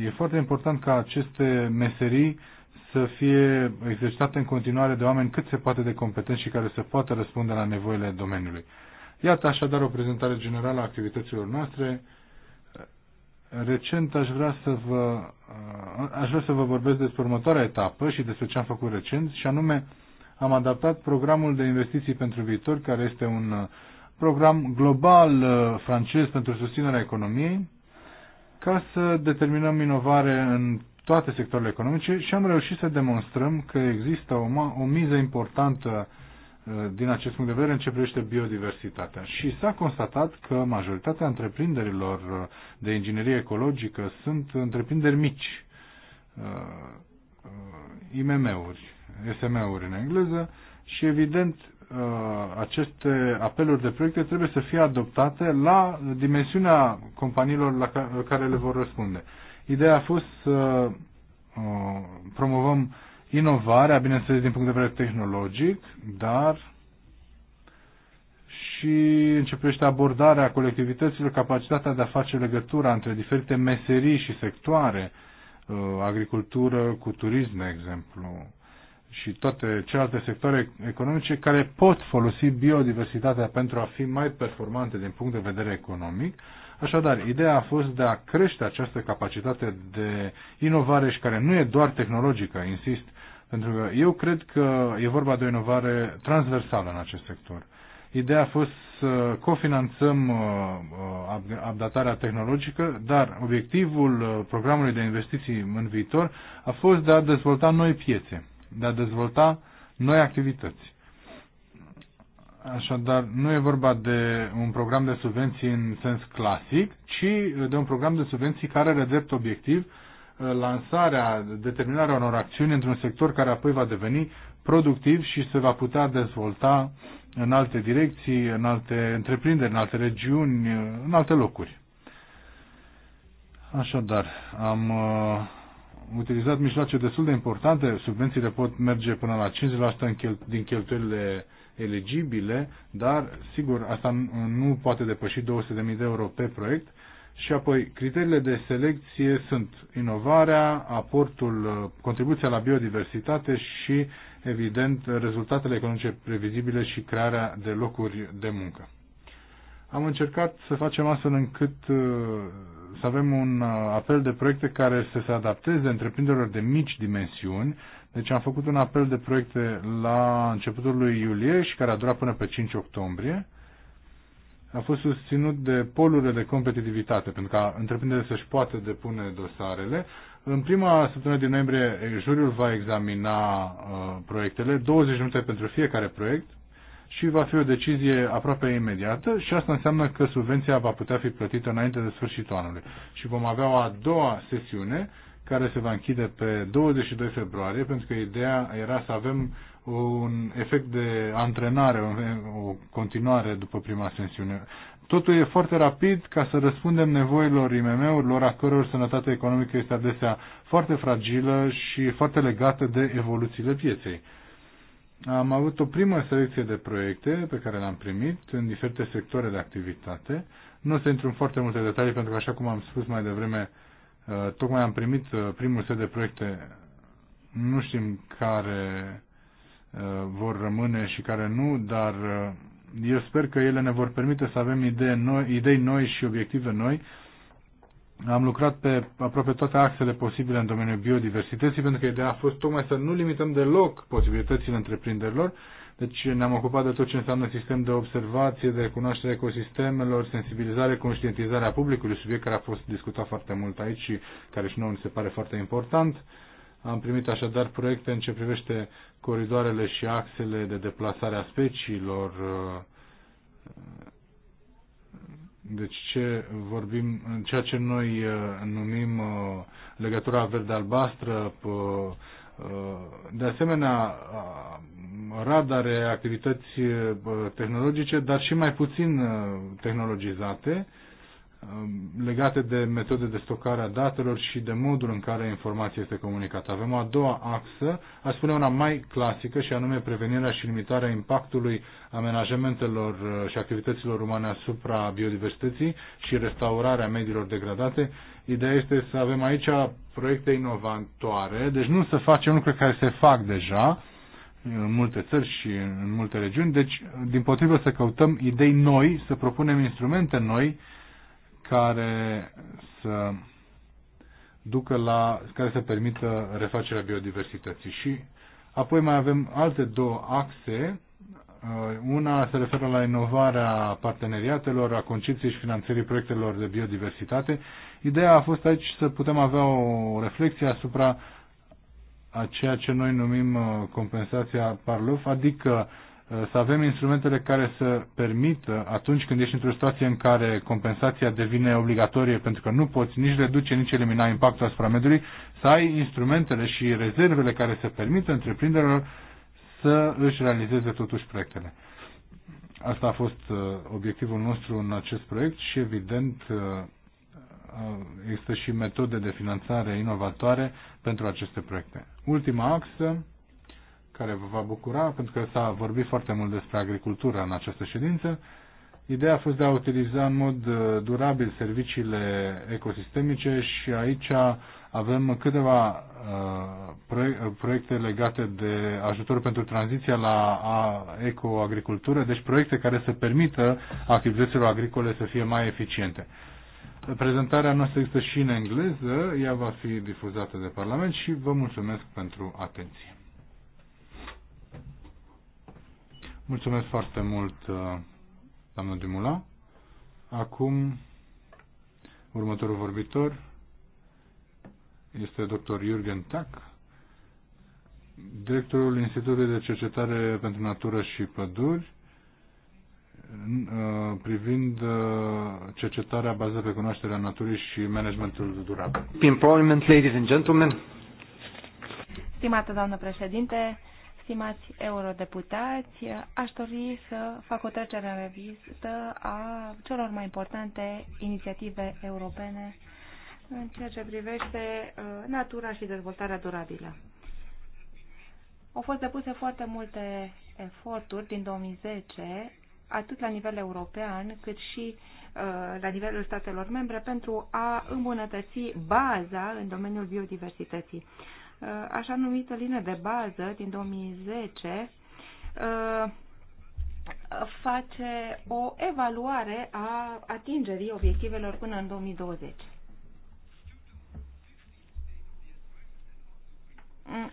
e foarte important ca aceste meserii să fie exercitate în continuare de oameni cât se poate de competenți și care să poată răspunde la nevoile domeniului. Iată așadar o prezentare generală a activităților noastre. Recent aș vrea să vă, aș vrea să vă vorbesc despre următoarea etapă și despre ce am făcut recent, și anume am adaptat programul de investiții pentru viitor, care este un program global uh, francez pentru susținerea economiei, ca să determinăm inovare în toate sectoarele economice și am reușit să demonstrăm că există o, o miză importantă uh, din acest punct de vedere în ce privește biodiversitatea. Și s-a constatat că majoritatea întreprinderilor uh, de inginerie ecologică sunt întreprinderi mici, uh, IMM-uri, SM-uri în engleză și evident aceste apeluri de proiecte trebuie să fie adoptate la dimensiunea companiilor la care le vor răspunde. Ideea a fost să uh, promovăm inovarea, bineînțeles, din punct de vedere tehnologic, dar și începește abordarea colectivităților, capacitatea de a face legătura între diferite meserii și sectoare, uh, agricultură cu turism, de exemplu, și toate celelalte sectoare economice care pot folosi biodiversitatea pentru a fi mai performante din punct de vedere economic Așadar, ideea a fost de a crește această capacitate de inovare și care nu e doar tehnologică, insist, pentru că eu cred că e vorba de o inovare transversală în acest sector. Ideea a fost să cofinanțăm uh, uh, updatarea tehnologică, dar obiectivul uh, programului de investiții în viitor a fost de a dezvolta noi piețe, de a dezvolta noi activități. Așadar, nu e vorba de un program de subvenții în sens clasic, ci de un program de subvenții care are drept obiectiv uh, lansarea, determinarea unor acțiuni într-un sector care apoi va deveni productiv și se va putea dezvolta în alte direcții, în alte întreprinderi, în alte regiuni, în alte locuri. Așadar, am uh, utilizat mijloace destul de importante, subvențiile pot merge până la 50% din cheltuielile uh, eligibile, dar, sigur, asta nu poate depăși 200.000 de euro pe proiect. Și apoi, criteriile de selecție sunt inovarea, aportul, uh, contribuția la biodiversitate și, evident, rezultatele economice previzibile și crearea de locuri de muncă. Am încercat să facem astfel încât uh, să avem un uh, apel de proiecte care să se adapteze întreprinderilor de mici dimensiuni, deci am făcut un apel de proiecte la începutul lui iulie și care a durat până pe 5 octombrie. A fost susținut de polurile de competitivitate, pentru ca întreprinderea să-și poată depune dosarele. În prima săptămână din noiembrie, juriul va examina uh, proiectele, 20 minute pentru fiecare proiect și va fi o decizie aproape imediată și asta înseamnă că subvenția va putea fi plătită înainte de sfârșitul anului. Și vom avea o a doua sesiune care se va închide pe 22 februarie, pentru că ideea era să avem un efect de antrenare, o continuare după prima sesiune. Totul e foarte rapid ca să răspundem nevoilor IMM-urilor, a căror sănătate economică este adesea foarte fragilă și foarte legată de evoluțiile pieței. Am avut o primă selecție de proiecte pe care le-am primit în diferite sectoare de activitate. Nu o să intru în foarte multe detalii pentru că, așa cum am spus mai devreme, Uh, tocmai am primit uh, primul set de proiecte, nu știm care uh, vor rămâne și care nu, dar eu sper că ele ne vor permite să avem idei noi, idei noi și obiective noi. Am lucrat pe aproape toate axele posibile în domeniul biodiversității, pentru că ideea a fost tocmai să nu limităm deloc posibilitățile întreprinderilor, deci ne-am ocupat de tot ce înseamnă sistem de observație, de cunoaștere ecosistemelor, sensibilizare, conștientizarea publicului, subiect care a fost discutat foarte mult aici și care și nouă ni se pare foarte important. Am primit așadar proiecte în ce privește coridoarele și axele de deplasare a speciilor, deci ce vorbim, ceea ce noi uh, numim uh, legătura verde-albastră, uh, de asemenea, radare, activități eh, tehnologice, dar și mai puțin eh, tehnologizate, eh, legate de metode de stocare a datelor și de modul în care informația este comunicată. Avem o a doua axă, aș spune una mai clasică, și anume prevenirea și limitarea impactului amenajamentelor și activităților umane asupra biodiversității și restaurarea mediilor degradate. Ideea este să avem aici proiecte inovatoare, deci nu să facem lucruri care se fac deja, în multe țări și în multe regiuni. Deci, din potrivă, să căutăm idei noi, să propunem instrumente noi care să ducă la, care să permită refacerea biodiversității. Și apoi mai avem alte două axe. Uh, una se referă la inovarea parteneriatelor, a concepției și finanțării proiectelor de biodiversitate. Ideea a fost aici să putem avea o reflexie asupra a ceea ce noi numim uh, compensația Parlov, adică uh, să avem instrumentele care să permită, atunci când ești într-o situație în care compensația devine obligatorie pentru că nu poți nici reduce, nici elimina impactul asupra mediului, să ai instrumentele și rezervele care să permită întreprinderilor să își realizeze totuși proiectele. Asta a fost uh, obiectivul nostru în acest proiect și, evident, există și metode de finanțare inovatoare pentru aceste proiecte. Ultima axă care vă va bucura, pentru că s-a vorbit foarte mult despre agricultură în această ședință, ideea a fost de a utiliza în mod uh, durabil serviciile ecosistemice și aici avem câteva uh, uh, proiecte legate de ajutor pentru tranziția la ecoagricultură, deci proiecte care să permită activităților agricole să fie mai eficiente. Prezentarea noastră există și în engleză, ea va fi difuzată de Parlament și vă mulțumesc pentru atenție. Mulțumesc foarte mult, uh, doamnă Dimula. Acum, următorul vorbitor este dr. Jürgen Tack, directorul Institutului de Cercetare pentru Natură și Păduri Uh, privind uh, cercetarea bazată pe cunoașterea naturii și managementul durabil. Employment, ladies and gentlemen. Stimată doamnă președinte, stimați eurodeputați, aș dori să fac o trecere în revistă a celor mai importante inițiative europene în ceea ce privește uh, natura și dezvoltarea durabilă. Au fost depuse foarte multe eforturi din 2010 atât la nivel european cât și uh, la nivelul statelor membre pentru a îmbunătăți baza în domeniul biodiversității. Uh, așa numită linie de bază din 2010 uh, face o evaluare a atingerii obiectivelor până în 2020.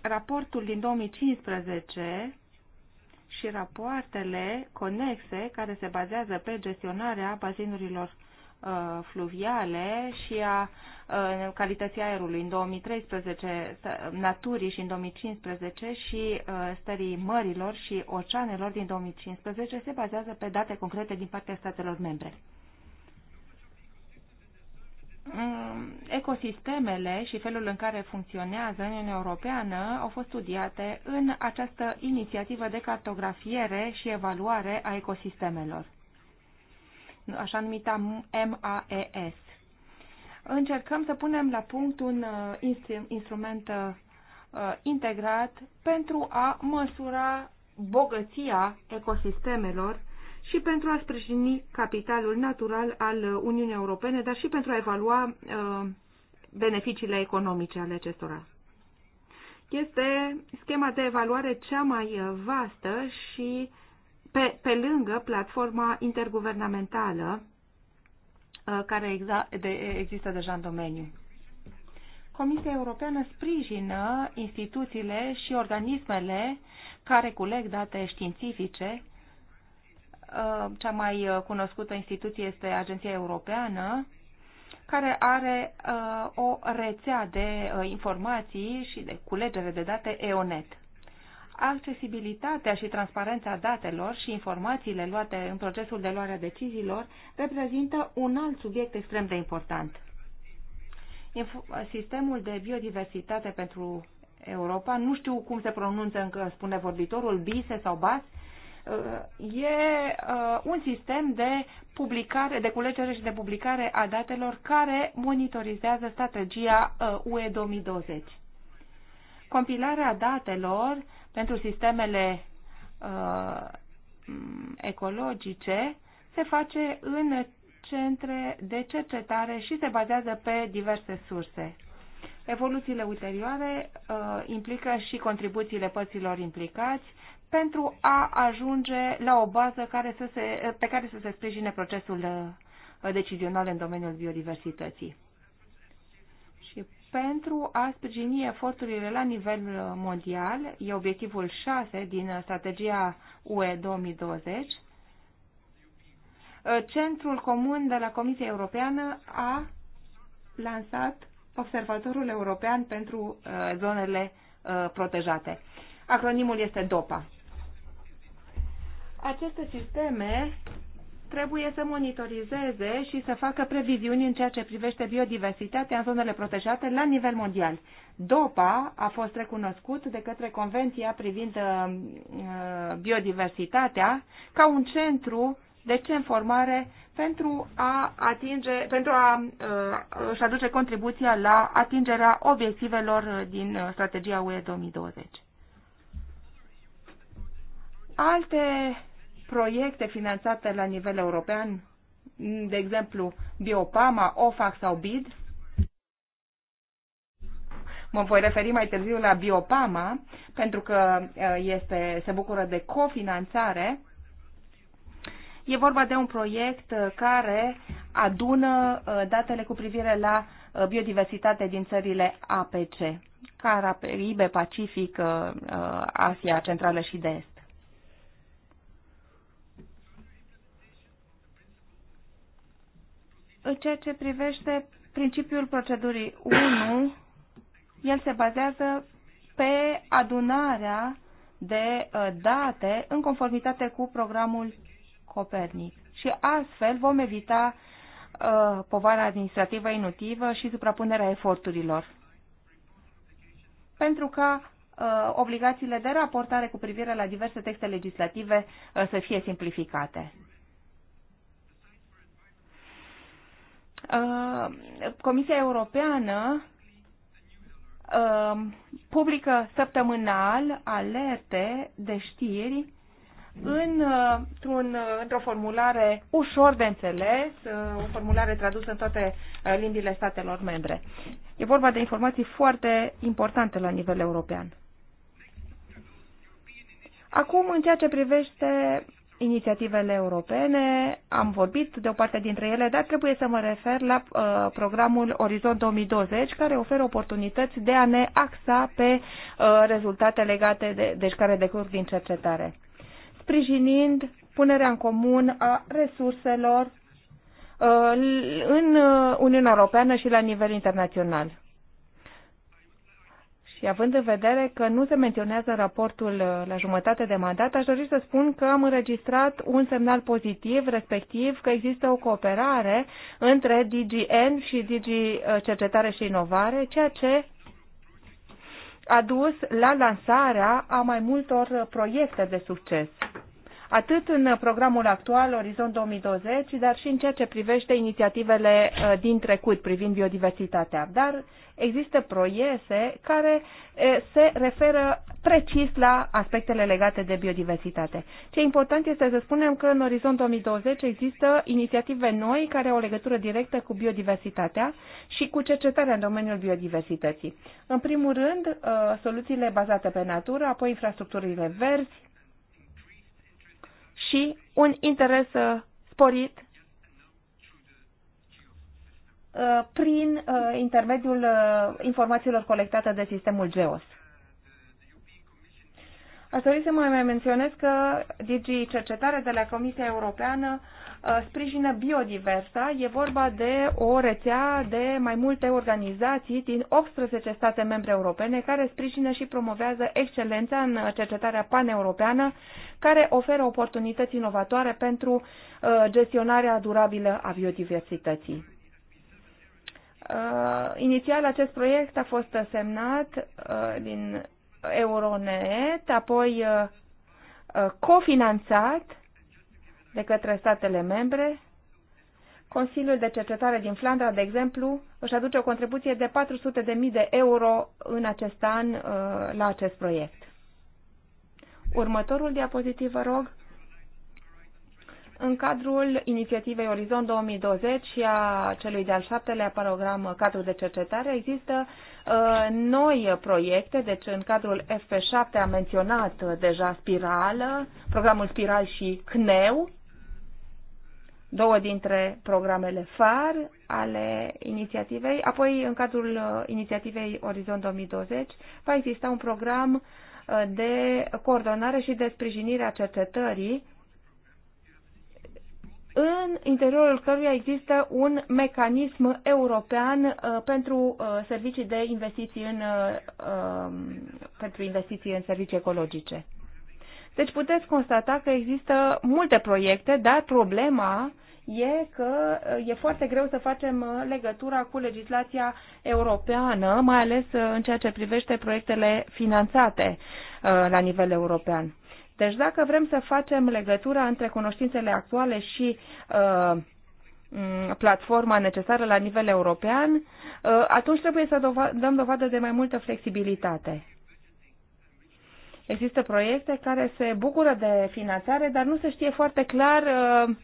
Raportul din 2015 și rapoartele conexe care se bazează pe gestionarea bazinurilor uh, fluviale și a uh, calității aerului în 2013, naturii și în 2015 și uh, stării mărilor și oceanelor din 2015 se bazează pe date concrete din partea statelor membre. Mm, ecosistemele și felul în care funcționează în Uniunea Europeană au fost studiate în această inițiativă de cartografiere și evaluare a ecosistemelor, așa numită MAES. Încercăm să punem la punct un uh, instrument uh, integrat pentru a măsura bogăția ecosistemelor și pentru a sprijini capitalul natural al Uniunii Europene, dar și pentru a evalua uh, beneficiile economice ale acestora. Este schema de evaluare cea mai uh, vastă și pe, pe lângă platforma interguvernamentală uh, care există deja în domeniu. Comisia Europeană sprijină instituțiile și organismele care culeg date științifice Uh, cea mai uh, cunoscută instituție este Agenția Europeană, care are uh, o rețea de informații și de culegere de date EONET. Accesibilitatea și transparența datelor și informațiile luate în procesul de luare a deciziilor reprezintă un alt subiect extrem de important. Sistemul de biodiversitate pentru Europa, nu știu cum se pronunță încă, spune vorbitorul, BISE sau BAS, e uh, un sistem de publicare, de culegere și de publicare a datelor care monitorizează strategia uh, UE 2020. Compilarea datelor pentru sistemele uh, ecologice se face în centre de cercetare și se bazează pe diverse surse. Evoluțiile ulterioare uh, implică și contribuțiile părților implicați, pentru a ajunge la o bază care să se, pe care să se sprijine procesul uh, decizional în domeniul biodiversității. Și pentru a sprijini eforturile la nivel uh, mondial, e obiectivul 6 din strategia UE 2020, uh, Centrul Comun de la Comisia Europeană a lansat Observatorul European pentru zonele protejate. Acronimul este DOPA. Aceste sisteme trebuie să monitorizeze și să facă previziuni în ceea ce privește biodiversitatea în zonele protejate la nivel mondial. DOPA a fost recunoscut de către Convenția privind uh, biodiversitatea ca un centru de ce informare pentru a atinge, pentru a uh, își aduce contribuția la atingerea obiectivelor din uh, strategia UE 2020. Alte proiecte finanțate la nivel european, de exemplu Biopama, OFAC sau BID. Mă voi referi mai târziu la Biopama, pentru că uh, este, se bucură de cofinanțare. E vorba de un proiect uh, care adună uh, datele cu privire la biodiversitate din țările APC, Caraibe, Pacific, Asia Centrală și de Est. În ceea ce privește principiul procedurii 1, el se bazează pe adunarea de uh, date în conformitate cu programul Copernic. Și astfel vom evita uh, povara administrativă inutivă și suprapunerea eforturilor. Pentru ca uh, obligațiile de raportare cu privire la diverse texte legislative uh, să fie simplificate. Uh, Comisia Europeană uh, publică săptămânal alerte de știri în, uh, într-un, într-o formulare ușor de înțeles, o formulare tradusă în toate limbile statelor membre. E vorba de informații foarte importante la nivel european. Acum, în ceea ce privește inițiativele europene. Am vorbit de o parte dintre ele, dar trebuie să mă refer la uh, programul Orizont 2020, care oferă oportunități de a ne axa pe uh, rezultate legate, de, deci care decurg din cercetare, sprijinind punerea în comun a resurselor uh, în uh, Uniunea Europeană și la nivel internațional. Și având în vedere că nu se menționează raportul uh, la jumătate de mandat, aș dori să spun că am înregistrat un semnal pozitiv, respectiv că există o cooperare între DGN și DG uh, Cercetare și Inovare, ceea ce a dus la lansarea a mai multor uh, proiecte de succes atât în programul actual, Orizont 2020, dar și în ceea ce privește inițiativele uh, din trecut privind biodiversitatea. Dar există proiese care uh, se referă precis la aspectele legate de biodiversitate. Ce important este să spunem că în Orizont 2020 există inițiative noi care au o legătură directă cu biodiversitatea și cu cercetarea în domeniul biodiversității. În primul rând, uh, soluțiile bazate pe natură, apoi infrastructurile verzi, și un interes uh, sporit uh, prin uh, intermediul informațiilor colectate de sistemul GEOS. Aș dori să mai menționez că DG Cercetare de la Comisia Europeană Uh, sprijină biodiversa. E vorba de o rețea de mai multe organizații din 18 state membre europene care sprijină și promovează excelența în cercetarea paneuropeană, care oferă oportunități inovatoare pentru uh, gestionarea durabilă a biodiversității. Uh, inițial acest proiect a fost semnat uh, din Euronet, apoi uh, uh cofinanțat de către statele membre. Consiliul de Cercetare din Flandra, de exemplu, își aduce o contribuție de 400.000 de euro în acest an uh, la acest proiect. Următorul diapozitiv, vă rog. În cadrul inițiativei Orizont 2020 și a celui de-al șaptelea program cadru de cercetare există uh, noi proiecte, deci în cadrul FP7 am menționat deja Spirală, programul Spiral și CNEU, două dintre programele FAR ale inițiativei. Apoi, în cadrul uh, inițiativei Orizont 2020, va exista un program uh, de coordonare și de sprijinire a cercetării în interiorul căruia există un mecanism european uh, pentru uh, servicii de investiții în, uh, um, pentru investiții în servicii ecologice. Deci puteți constata că există multe proiecte, dar problema e că uh, e foarte greu să facem uh, legătura cu legislația europeană, mai ales uh, în ceea ce privește proiectele finanțate la nivel european. Deci dacă vrem să facem legătura între cunoștințele actuale și mm, platforma necesară la nivel european, atunci trebuie să dăm dovadă de mai multă flexibilitate. Există proiecte care se bucură de finanțare, dar nu se știe foarte clar uh,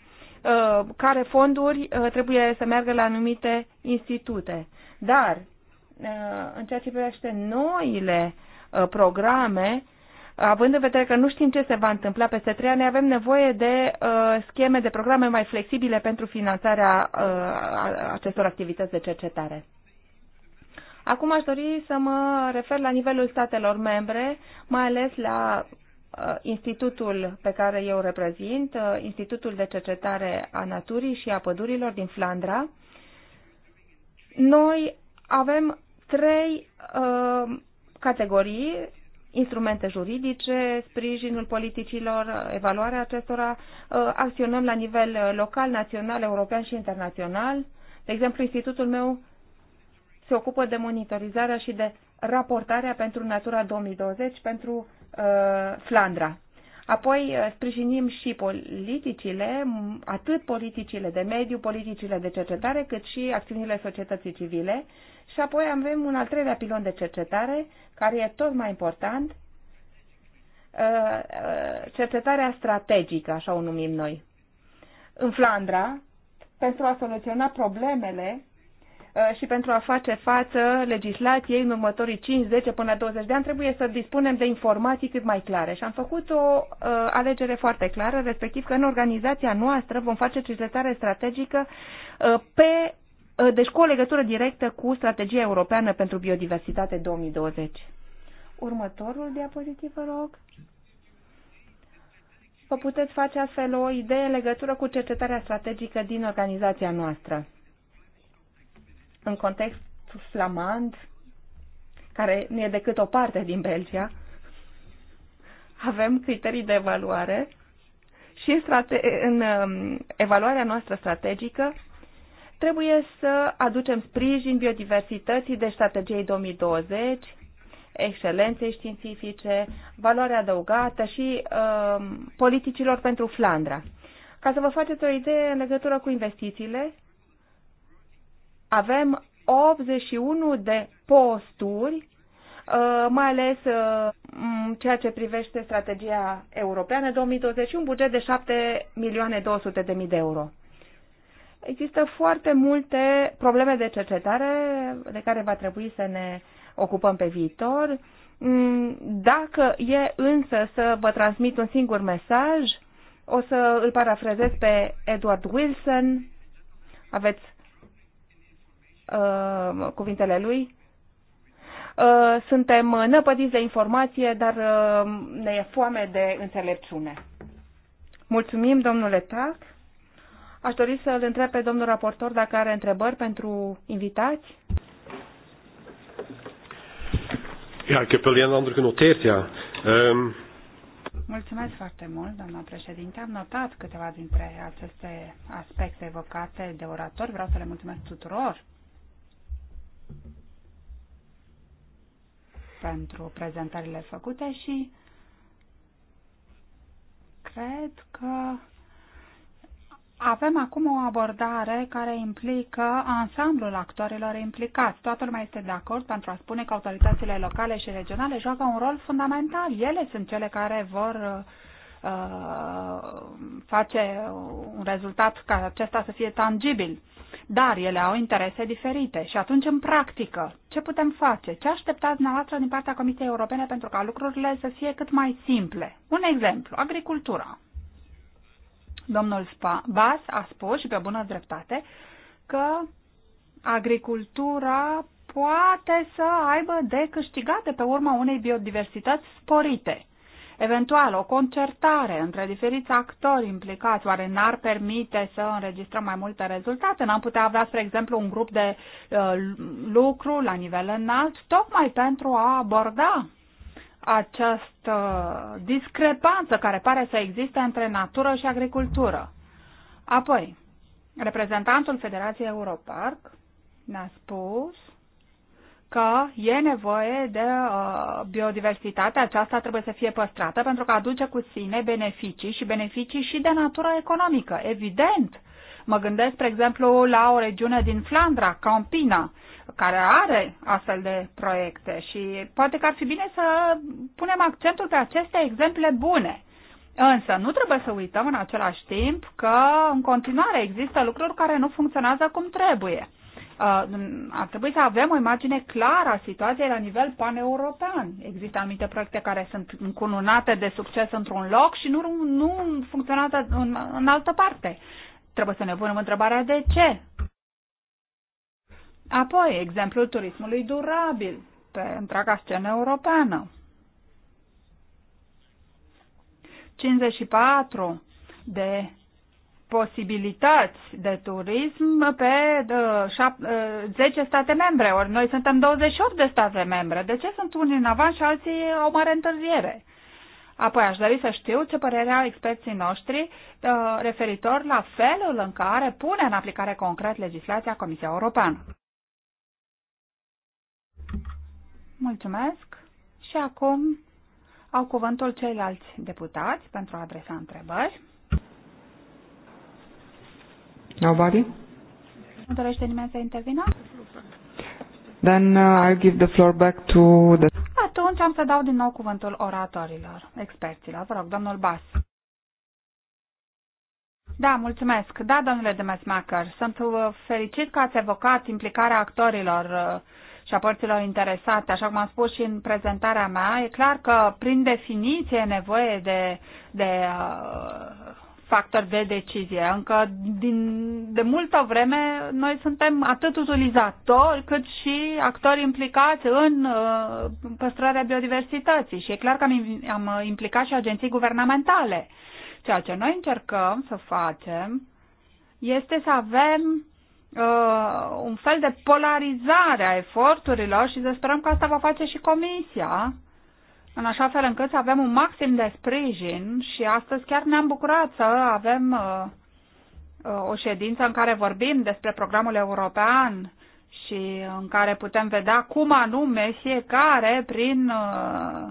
uh, care fonduri uh, trebuie să meargă la anumite institute. Dar, în ceea ce privește noile programe, având în vedere că nu știm ce se va întâmpla peste trei ani, avem nevoie de uh, scheme, de programe mai flexibile pentru finanțarea uh, acestor activități de cercetare. Acum aș dori să mă refer la nivelul statelor membre, mai ales la uh, institutul pe care eu reprezint, uh, Institutul de Cercetare a Naturii și a Pădurilor din Flandra. Noi avem trei uh, categorii, instrumente juridice, sprijinul politicilor, evaluarea acestora, uh, acționăm la nivel local, național, european și internațional. De exemplu, institutul meu se ocupă de monitorizarea și de raportarea pentru Natura 2020 pentru uh, Flandra. Apoi uh, sprijinim și politicile, atât politicile de mediu, politicile de cercetare, cât și acțiunile societății civile. Și apoi avem un al treilea pilon de cercetare, care e tot mai important, uh, uh, cercetarea strategică, așa o numim noi. În Flandra, pentru a soluționa problemele Uh, și pentru a face față legislației în următorii 5, 10 până la 20 de ani trebuie să dispunem de informații cât mai clare. Și am făcut o uh, alegere foarte clară, respectiv că în organizația noastră vom face cercetare strategică uh, pe deci cu o legătură directă cu strategia europeană pentru biodiversitate 2020. Următorul diapozitiv, vă rog. Vă puteți face astfel o idee în legătură cu cercetarea strategică din organizația noastră în context flamand, care nu e decât o parte din Belgia, avem criterii de evaluare și în um, evaluarea noastră strategică trebuie să aducem sprijin biodiversității de strategiei 2020, excelenței științifice, valoare adăugată și um, politicilor pentru Flandra. Ca să vă faceți o idee în legătură cu investițiile, avem 81 de posturi, uh, mai ales uh, ceea ce privește strategia europeană 2020, un buget de 7 milioane 200 de mii de euro. Există foarte multe probleme de cercetare de care va trebui să ne ocupăm pe viitor. Mm, dacă e însă să vă transmit un singur mesaj, o să îl parafrezez pe Edward Wilson. Aveți Uh, cuvintele lui, uh, suntem năpădiți de informație, dar uh, ne e foame de înțelepciune. Mulțumim, domnule Tac. Aș dori să-l întreb pe domnul raportor dacă are întrebări pentru invitați. Ja, ik heb wel een ander genoteerd, ja. Um... Mulțumesc foarte mult, doamna președinte. Am notat câteva dintre aceste aspecte evocate de orator. Vreau să le mulțumesc tuturor pentru prezentările făcute și cred că avem acum o abordare care implică ansamblul actorilor implicați. Toată lumea este de acord pentru a spune că autoritățile locale și regionale joacă un rol fundamental. Ele sunt cele care vor uh, Uh, face un rezultat ca acesta să fie tangibil. Dar ele au interese diferite și atunci, în practică, ce putem face? Ce așteptați dumneavoastră din partea Comisiei Europene pentru ca lucrurile să fie cât mai simple? Un exemplu, agricultura. Domnul Bas a spus și pe bună dreptate că agricultura poate să aibă de câștigat pe urma unei biodiversități sporite eventual o concertare între diferiți actori implicați, oare n-ar permite să înregistrăm mai multe rezultate? N-am putea avea, spre exemplu, un grup de uh, lucru la nivel înalt, tocmai pentru a aborda această uh, discrepanță care pare să existe între natură și agricultură. Apoi, reprezentantul Federației Europarc ne-a spus că e nevoie de uh, biodiversitate, aceasta trebuie să fie păstrată pentru că aduce cu sine beneficii și beneficii și de natură economică, evident. Mă gândesc, spre exemplu, la o regiune din Flandra, Campina, care are astfel de proiecte și poate că ar fi bine să punem accentul pe aceste exemple bune. Însă nu trebuie să uităm în același timp că în continuare există lucruri care nu funcționează cum trebuie. Uh, ar trebui să avem o imagine clară a situației la nivel paneuropean. Există anumite proiecte care sunt încununate de succes într-un loc și nu, nu funcționează în, în altă parte. Trebuie să ne punem întrebarea de ce. Apoi, exemplul turismului durabil pe întreaga scenă europeană. 54 de posibilități de turism pe de, 10 state membre, ori noi suntem 28 de state membre. De ce sunt unii în avans și alții o mare întârziere? Apoi aș dori să știu ce părere au experții noștri uh, referitor la felul în care pune în aplicare concret legislația Comisia Europeană. Mulțumesc și acum au cuvântul ceilalți deputați pentru a adresa întrebări. Nobody? Nu dorește nimeni să intervină? Then uh, I'll give the floor back to the... Atunci am să dau din nou cuvântul oratorilor, experților. Vă rog, domnul Bas. Da, mulțumesc. Da, domnule Demesmacher, sunt uh, fericit că ați evocat implicarea actorilor uh, și a părților interesate. Așa cum am spus și în prezentarea mea, e clar că prin definiție e nevoie de, de uh, factor de decizie. Încă din, de multă vreme noi suntem atât utilizatori cât și actori implicați în uh, păstrarea biodiversității și e clar că am, am implicat și agenții guvernamentale. Ceea ce noi încercăm să facem este să avem uh, un fel de polarizare a eforturilor și să sperăm că asta va face și Comisia în așa fel încât să avem un maxim de sprijin și astăzi chiar ne-am bucurat să avem uh, uh, o ședință în care vorbim despre programul european și în care putem vedea cum anume fiecare prin uh,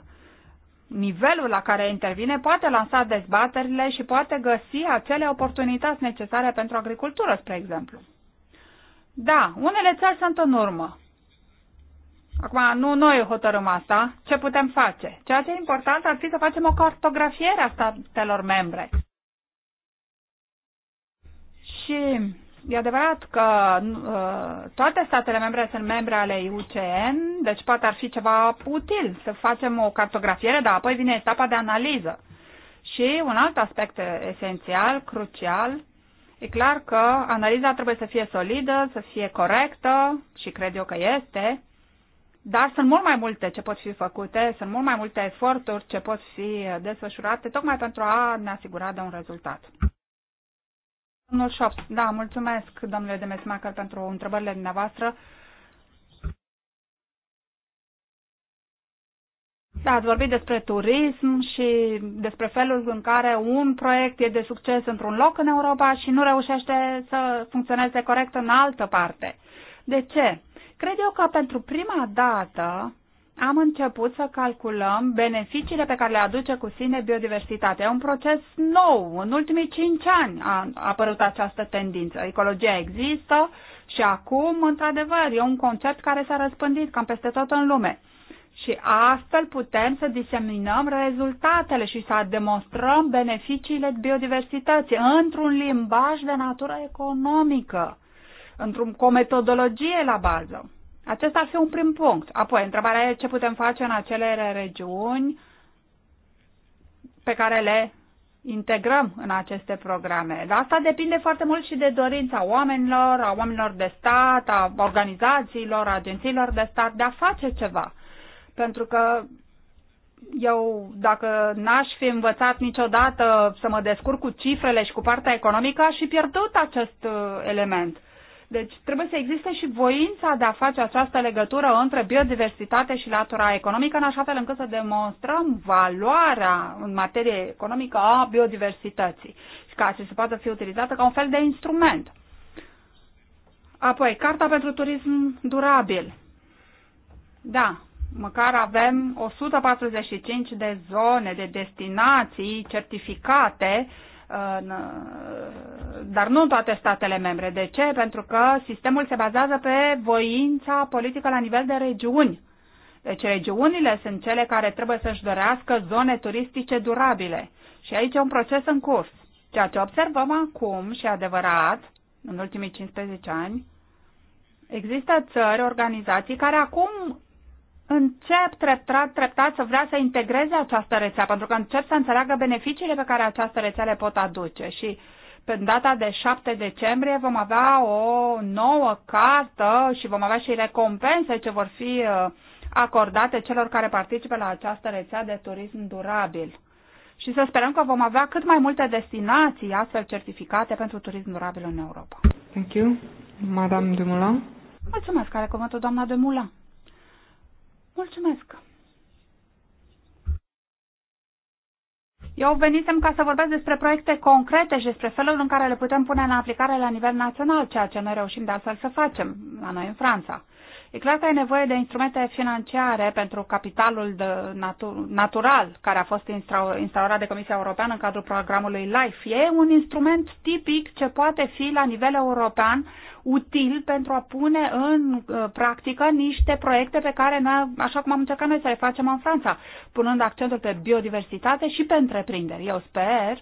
nivelul la care intervine poate lansa dezbaterile și poate găsi acele oportunități necesare pentru agricultură, spre exemplu. Da, unele țări sunt în urmă, Acum, nu noi hotărâm asta, ce putem face. Ceea ce e important ar fi să facem o cartografiere a statelor membre. Și e adevărat că uh, toate statele membre sunt membre ale UCN, deci poate ar fi ceva util să facem o cartografiere, dar apoi vine etapa de analiză. Și un alt aspect esențial, crucial, e clar că analiza trebuie să fie solidă, să fie corectă și cred eu că este, dar sunt mult mai multe ce pot fi făcute, sunt mult mai multe eforturi ce pot fi desfășurate, tocmai pentru a ne asigura de un rezultat. Domnul Șops, da, mulțumesc, domnule Demesmacher, pentru întrebările dumneavoastră. Da, ați vorbit despre turism și despre felul în care un proiect e de succes într-un loc în Europa și nu reușește să funcționeze corect în altă parte. De ce? Cred eu că pentru prima dată am început să calculăm beneficiile pe care le aduce cu sine biodiversitatea. E un proces nou. În ultimii cinci ani a apărut această tendință. Ecologia există și acum, într-adevăr, e un concept care s-a răspândit cam peste tot în lume. Și astfel putem să diseminăm rezultatele și să demonstrăm beneficiile biodiversității într-un limbaj de natură economică într-un, cu o metodologie la bază. Acesta ar fi un prim punct. Apoi, întrebarea e ce putem face în acele regiuni pe care le integrăm în aceste programe. Dar asta depinde foarte mult și de dorința oamenilor, a oamenilor de stat, a organizațiilor, a agențiilor de stat de a face ceva. Pentru că eu, dacă n-aș fi învățat niciodată să mă descurc cu cifrele și cu partea economică, aș fi pierdut acest uh, element. Deci trebuie să existe și voința de a face această legătură între biodiversitate și latura economică, în așa fel încât să demonstrăm valoarea în materie economică a biodiversității și ca să se poată fi utilizată ca un fel de instrument. Apoi, Carta pentru Turism Durabil. Da, măcar avem 145 de zone, de destinații certificate uh, dar nu în toate statele membre. De ce? Pentru că sistemul se bazează pe voința politică la nivel de regiuni. Deci regiunile sunt cele care trebuie să-și dorească zone turistice durabile. Și aici e un proces în curs. Ceea ce observăm acum și adevărat, în ultimii 15 ani, există țări, organizații care acum încep treptat, treptat să vrea să integreze această rețea, pentru că încep să înțeleagă beneficiile pe care această rețea le pot aduce și pe data de 7 decembrie vom avea o nouă cartă și vom avea și recompense ce vor fi uh, acordate celor care participă la această rețea de turism durabil. Și să sperăm că vom avea cât mai multe destinații astfel certificate pentru turism durabil în Europa. Thank you. Madame Dumoulin. Mulțumesc. Are cuvântul doamna Dumoulin. Mulțumesc! Eu venisem ca să vorbesc despre proiecte concrete și despre felul în care le putem pune în aplicare la nivel național, ceea ce noi reușim de altfel să facem la noi în Franța. E clar că e nevoie de instrumente financiare pentru capitalul de natu- natural care a fost instaurat de Comisia Europeană în cadrul programului LIFE. E un instrument tipic ce poate fi la nivel european util pentru a pune în uh, practică niște proiecte pe care, noi, așa cum am încercat noi să le facem în Franța, punând accentul pe biodiversitate și pe întreprinderi. Eu sper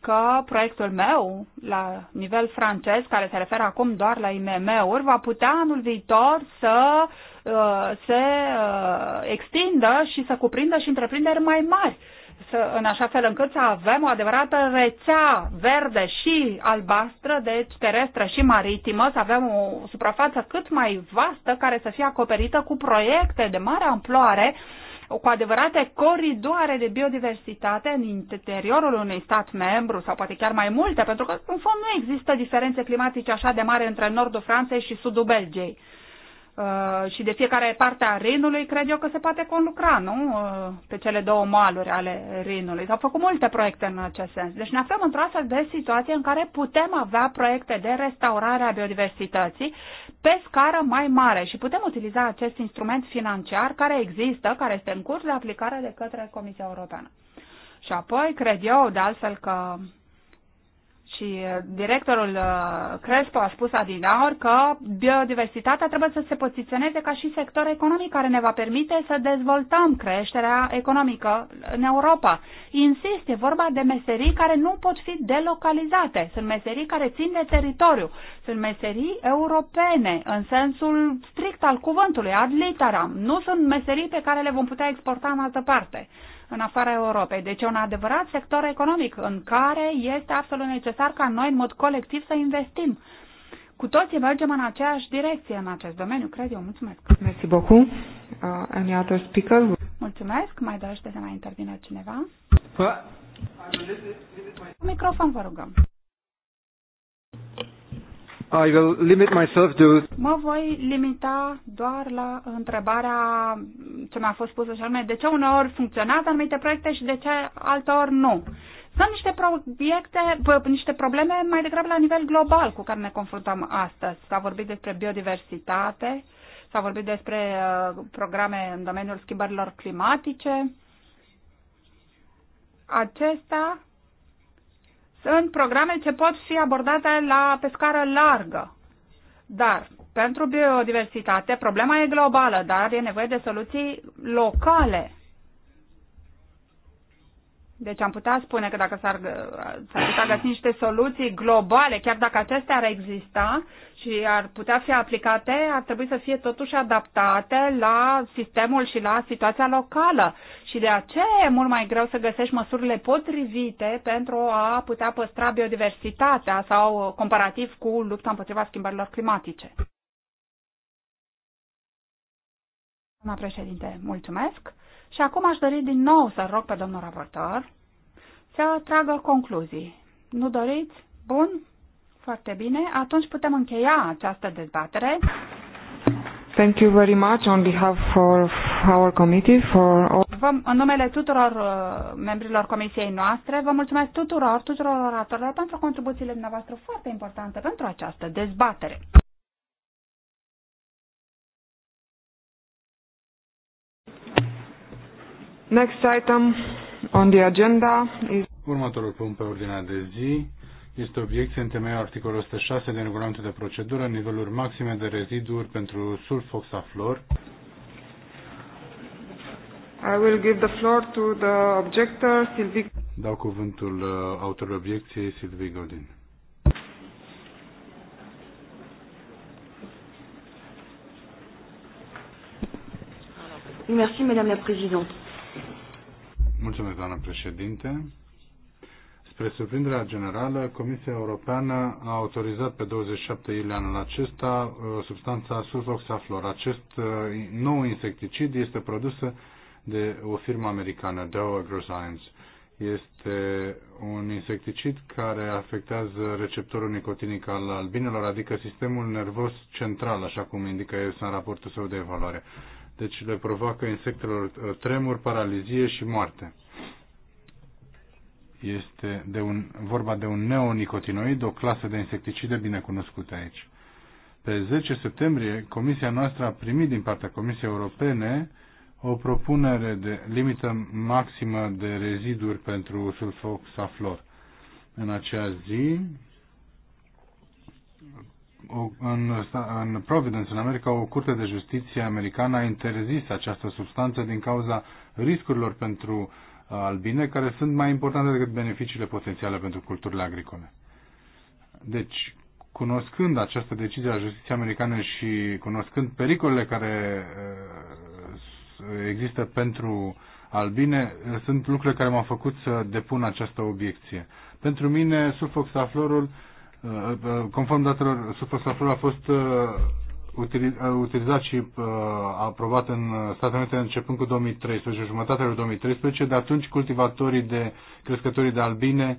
că proiectul meu, la nivel francez, care se referă acum doar la IMM-uri, va putea anul viitor să uh, se uh, extindă și să cuprindă și întreprinderi mai mari. Uh, să, în așa fel încât să avem o adevărată rețea verde și albastră, deci terestră și maritimă, să avem o suprafață cât mai vastă care să fie acoperită cu proiecte de mare amploare cu adevărate coridoare de biodiversitate în interiorul unui stat membru sau poate chiar mai multe, pentru că în fond nu există diferențe climatice așa de mari între nordul Franței și sudul Belgiei. Uh, și de fiecare parte a Rinului, cred eu că se poate conlucra, nu? Uh, pe cele două maluri ale Rinului. S-au făcut multe proiecte în acest sens. Deci ne aflăm într-o astfel de situație în care putem avea proiecte de restaurare a biodiversității pe scară mai mare și putem utiliza acest instrument financiar care există, care este în curs de aplicare de către Comisia Europeană. Și apoi, cred eu, de altfel că și directorul uh, Crespo a spus adinaur că biodiversitatea trebuie să se poziționeze ca și sector economic care ne va permite să dezvoltăm creșterea economică în Europa. Insist, e vorba de meserii care nu pot fi delocalizate. Sunt meserii care țin de teritoriu. Sunt meserii europene, în sensul strict al cuvântului, ad literam. Nu sunt meserii pe care le vom putea exporta în altă parte în afara Europei. Deci e un adevărat sector economic în care este absolut necesar ca noi în mod colectiv să investim. Cu toții mergem în aceeași direcție în acest domeniu, cred eu. Mulțumesc. Mulțumesc. beaucoup. Uh, any other speaker? Mulțumesc. Mai dorește să mai intervine cineva? Păi. Microfon, vă rugăm. I will limit myself to... Mă voi limita doar la întrebarea ce mi-a fost pusă și anume de ce uneori funcționează anumite proiecte și de ce alteori nu. Sunt niște, proiecte, niște probleme mai degrabă la nivel global cu care ne confruntăm astăzi. S-a vorbit despre biodiversitate, s-a vorbit despre uh, programe în domeniul schimbărilor climatice. Acestea sunt programe ce pot fi abordate la, pe scară largă. Dar pentru biodiversitate problema e globală, dar e nevoie de soluții locale deci am putea spune că dacă s-ar, s-ar putea găsi niște soluții globale, chiar dacă acestea ar exista și ar putea fi aplicate, ar trebui să fie totuși adaptate la sistemul și la situația locală. Și de aceea e mult mai greu să găsești măsurile potrivite pentru a putea păstra biodiversitatea sau comparativ cu lupta împotriva schimbărilor climatice. Doamna președinte, mulțumesc. Și acum aș dori din nou să rog pe domnul raportor să tragă concluzii. Nu doriți? Bun? Foarte bine. Atunci putem încheia această dezbatere. Thank you very much on behalf of our committee for all... Vă, în numele tuturor uh, membrilor comisiei noastre, vă mulțumesc tuturor, tuturor oratorilor pentru contribuțiile dumneavoastră foarte importante pentru această dezbatere. Next item on the agenda is... Următorul punct pe ordinea de zi este obiecție în temeiul articolul 106 din regulamentul de procedură, niveluri maxime de reziduri pentru sulfoxaflor. I will give the floor to the objector, Silvi. Dau cuvântul uh, autorului obiecției, Silvi Godin. Merci, Madame la Présidente. Mulțumesc, doamnă președinte. Spre surprinderea generală, Comisia Europeană a autorizat pe 27 iulie anul acesta uh, substanța sulfoxaflor. Acest uh, nou insecticid este produsă de o firmă americană, Dow AgroScience. Este un insecticid care afectează receptorul nicotinic al albinelor, adică sistemul nervos central, așa cum indică el în raportul său de evaluare. Deci le provoacă insectelor ă, tremur, paralizie și moarte. Este de un, vorba de un neonicotinoid, o clasă de insecticide binecunoscute aici. Pe 10 septembrie, Comisia noastră a primit din partea Comisiei Europene o propunere de limită maximă de reziduri pentru sulfoxaflor. În acea zi, în, în Providence, în America, o curte de justiție americană a interzis această substanță din cauza riscurilor pentru uh, albine, care sunt mai importante decât beneficiile potențiale pentru culturile agricole. Deci, cunoscând această decizie a justiției americane și cunoscând pericolele care uh, există pentru albine, sunt lucruri care m-au făcut să depun această obiecție. Pentru mine, sulfoxaflorul Uh, conform datelor, sulfosulafurul a fost uh, utilizat și uh, aprobat în Statele Unite începând cu 2013, jumătatea lui 2013. De atunci, cultivatorii de crescătorii de albine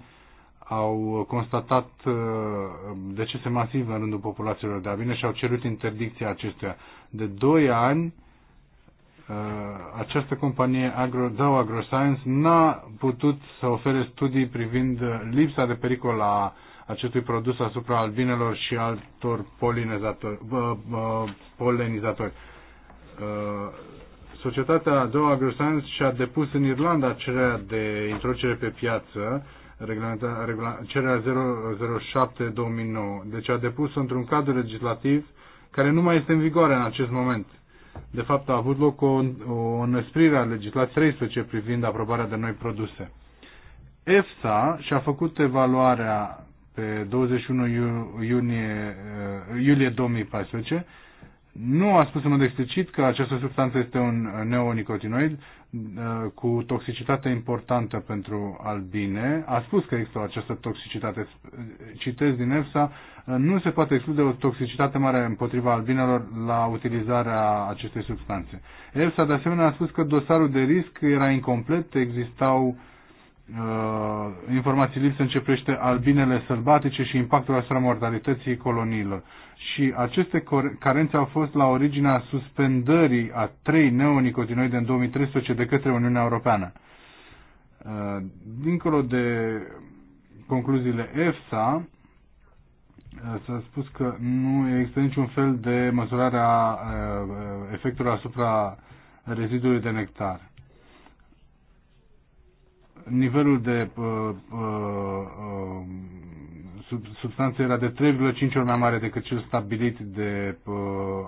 au constatat decese masive în rândul populațiilor de albine și au cerut interdicția acestuia. De 2 ani, această companie Agro, Dow AgroScience n-a putut să ofere studii privind lipsa de pericol a acestui produs asupra albinelor și altor polinizatori. polenizatori. Uh, societatea a doua AgroScience și-a depus în Irlanda cererea de introducere pe piață, cererea 007-2009. Deci a depus într-un cadru legislativ care nu mai este în vigoare în acest moment. De fapt, a avut loc o, o înăsprire a legislației 13 privind aprobarea de noi produse. EFSA și-a făcut evaluarea pe 21 iunie, uh, iulie 2014, nu a spus în mod explicit că această substanță este un neonicotinoid uh, cu toxicitate importantă pentru albine. A spus că există această toxicitate. Citez din EFSA, uh, nu se poate exclude o toxicitate mare împotriva albinelor la utilizarea acestei substanțe. EFSA de asemenea a spus că dosarul de risc era incomplet, existau Uh, informații lipsă începește albinele sălbatice și impactul asupra mortalității coloniilor. Și aceste carențe au fost la originea suspendării a trei neonicotinoide în 2013 de către Uniunea Europeană. Uh, dincolo de concluziile EFSA, uh, s-a spus că nu există niciun fel de măsurare a efectului asupra rezidului de nectar nivelul de uh, uh, sub, substanță era de 3,5 ori mai mare decât cel stabilit de uh,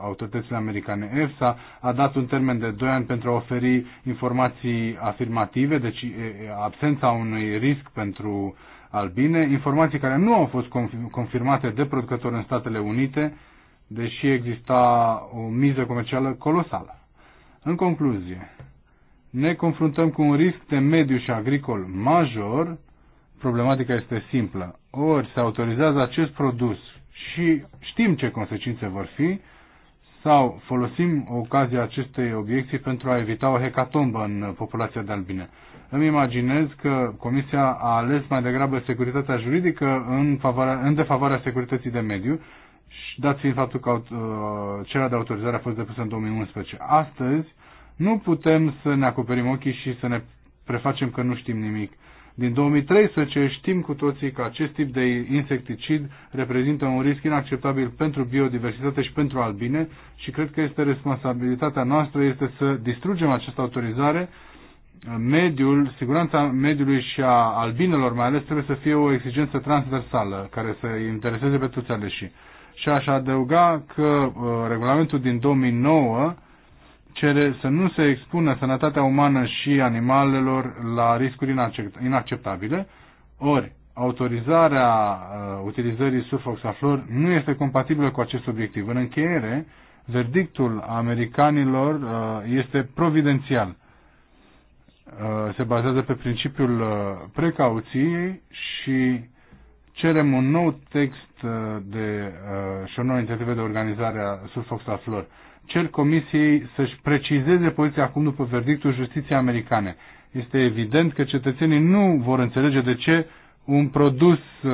autoritățile americane. EFSA a dat un termen de 2 ani pentru a oferi informații afirmative, deci absența unui risc pentru albine, informații care nu au fost confirmate de producători în Statele Unite, deși exista o miză comercială colosală. În concluzie, ne confruntăm cu un risc de mediu și agricol major, problematica este simplă. Ori se autorizează acest produs și știm ce consecințe vor fi, sau folosim ocazia acestei obiecții pentru a evita o hecatombă în populația de albine. Îmi imaginez că Comisia a ales mai degrabă securitatea juridică în, favoarea, în defavoarea securității de mediu, și dat fiind faptul că uh, cererea de autorizare a fost depusă în 2011. Astăzi, nu putem să ne acoperim ochii și să ne prefacem că nu știm nimic. Din 2013 știm cu toții că acest tip de insecticid reprezintă un risc inacceptabil pentru biodiversitate și pentru albine și cred că este responsabilitatea noastră este să distrugem această autorizare. Mediul, siguranța mediului și a albinelor mai ales trebuie să fie o exigență transversală care să îi intereseze pe toți aleșii. Și aș adăuga că uh, regulamentul din 2009 cere să nu se expună sănătatea umană și animalelor la riscuri inacceptabile, ori autorizarea uh, utilizării sulfoxaflor nu este compatibilă cu acest obiectiv. În încheiere, verdictul americanilor uh, este providențial. Uh, se bazează pe principiul uh, precauției și cerem un nou text uh, de, uh, și o nouă inițiativă de organizare a sulfoxaflor cer Comisiei să-și precizeze poziția acum după verdictul justiției americane. Este evident că cetățenii nu vor înțelege de ce un produs uh,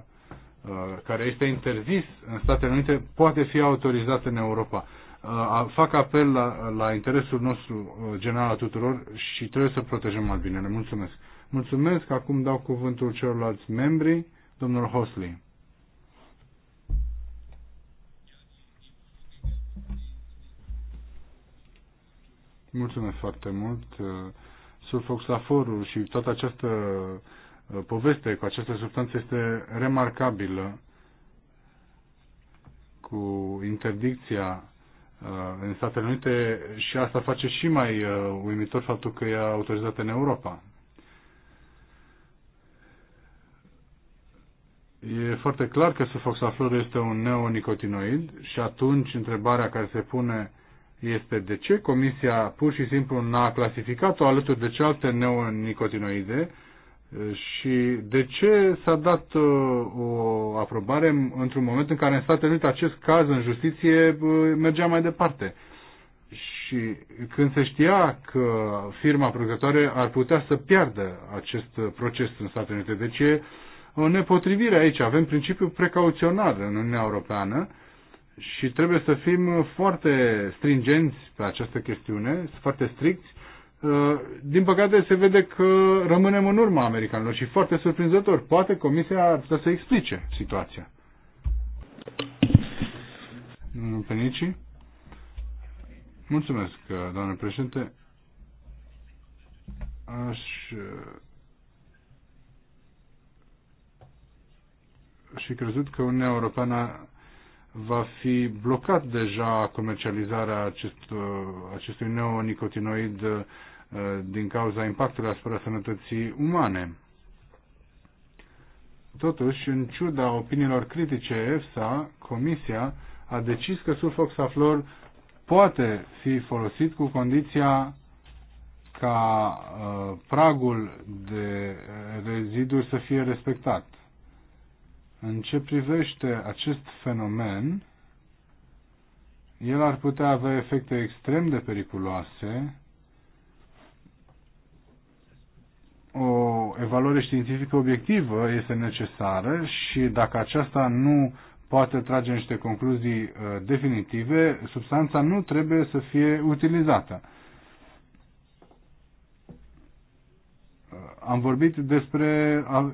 uh, care este interzis în Statele Unite poate fi autorizat în Europa. Uh, fac apel la, la interesul nostru uh, general a tuturor și trebuie să protejăm albinele. Mulțumesc! Mulțumesc! Acum dau cuvântul celorlalți membri, domnul Hosley. Mulțumesc foarte mult. Uh, sulfoxaforul și toată această uh, poveste cu această substanță este remarcabilă cu interdicția uh, în Statele Unite și asta face și mai uimitor faptul că e autorizată în Europa. E foarte clar că sulfoxaflorul este un neonicotinoid și atunci întrebarea care se pune este de ce Comisia pur și simplu n-a clasificat-o alături de cealaltă neonicotinoide și de ce s-a dat uh, o aprobare într-un moment în care în Statele Unite acest caz în justiție uh, mergea mai departe. Și când se știa că firma producătoare ar putea să piardă acest proces în Statele Unite, de deci ce o nepotrivire aici. Avem principiul precauțional în Uniunea Europeană și trebuie să fim foarte stringenți pe această chestiune, foarte stricți. Uh, din păcate se vede că rămânem în urma americanilor și foarte surprinzător. Poate Comisia ar putea să explice situația. Domnul Penici? Mulțumesc, uh, doamne președinte. Aș uh, și crezut că Uniunea Europeană va fi blocat deja comercializarea acest, uh, acestui neonicotinoid uh, din cauza impactului asupra sănătății umane. Totuși, în ciuda opiniilor critice EFSA, Comisia a decis că sulfoxaflor poate fi folosit cu condiția ca uh, pragul de reziduri să fie respectat. În ce privește acest fenomen, el ar putea avea efecte extrem de periculoase. O evaluare științifică obiectivă este necesară și dacă aceasta nu poate trage niște concluzii uh, definitive, substanța nu trebuie să fie utilizată. Uh, am vorbit despre uh,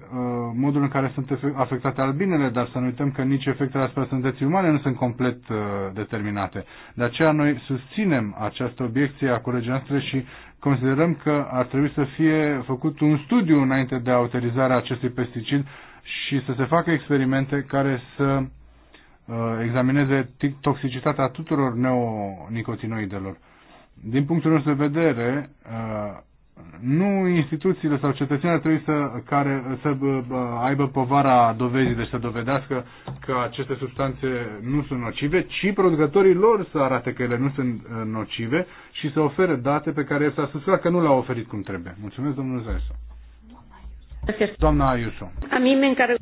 modul în care sunt afectate albinele, dar să nu uităm că nici efectele asupra sănătății umane nu sunt complet uh, determinate. De aceea noi susținem această obiecție a colegii noastre și considerăm că ar trebui să fie făcut un studiu înainte de autorizarea acestui pesticid și să se facă experimente care să examineze toxicitatea tuturor neonicotinoidelor. Din punctul nostru de vedere, nu instituțiile sau cetățenii ar trebui să, care, să aibă povara dovezii, deci să dovedească că aceste substanțe nu sunt nocive, ci producătorii lor să arate că ele nu sunt ă, nocive și să ofere date pe care s-a spus că nu le-au oferit cum trebuie. Mulțumesc, domnul Zaiso. Doamna Ayuso. A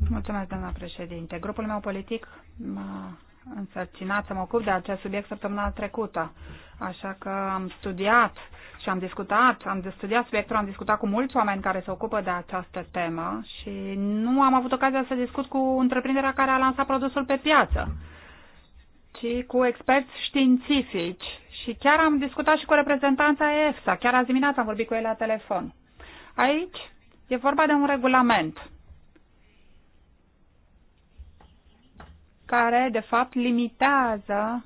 Mulțumesc, doamna președinte. Grupul meu politic m-a însărcinat să mă ocup de acest subiect săptămâna trecută. Așa că am studiat și am discutat, am studiat subiectul, am discutat cu mulți oameni care se ocupă de această temă și nu am avut ocazia să discut cu întreprinderea care a lansat produsul pe piață, ci cu experți științifici. Și chiar am discutat și cu reprezentanța EFSA, chiar azi dimineața am vorbit cu ei la telefon. Aici e vorba de un regulament care, de fapt, limitează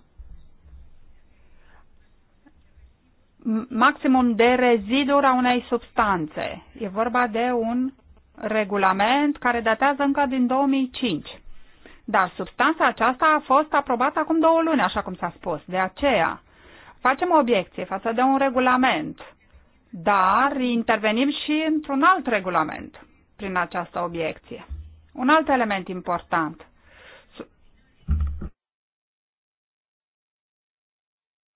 maximum de reziduri a unei substanțe. E vorba de un regulament care datează încă din 2005. Dar substanța aceasta a fost aprobată acum două luni, așa cum s-a spus. De aceea, facem obiecție față de un regulament, dar intervenim și într-un alt regulament prin această obiecție. Un alt element important.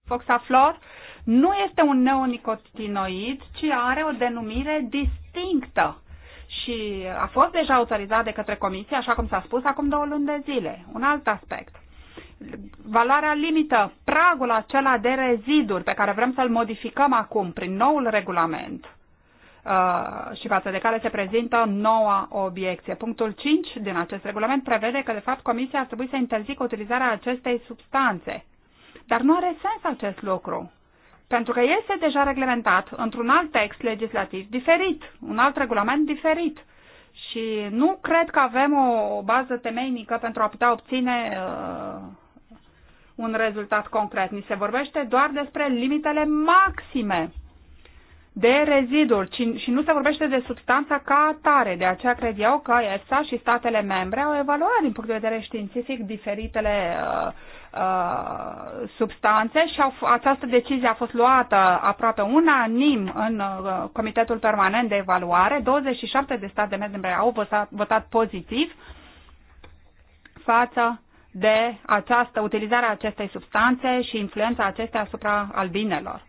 Foxaflor nu este un neonicotinoid, ci are o denumire distinctă și a fost deja autorizat de către comisie, așa cum s-a spus, acum două luni de zile. Un alt aspect. Valoarea limită, pragul acela de reziduri pe care vrem să-l modificăm acum prin noul regulament uh, și față de care se prezintă noua obiecție. Punctul 5 din acest regulament prevede că, de fapt, Comisia ar trebui să interzică utilizarea acestei substanțe dar nu are sens acest lucru, pentru că este deja reglementat într-un alt text legislativ diferit, un alt regulament diferit. Și nu cred că avem o bază temeinică pentru a putea obține uh, un rezultat concret. Ni se vorbește doar despre limitele maxime de reziduri ci, și nu se vorbește de substanța ca atare. De aceea cred eu că ESA și statele membre au evaluat din punct de vedere științific diferitele uh, Uh, substanțe și au, această decizie a fost luată aproape unanim în uh, Comitetul Permanent de Evaluare. 27 de state membre au votat, votat pozitiv față de această utilizare a acestei substanțe și influența acestea asupra albinelor.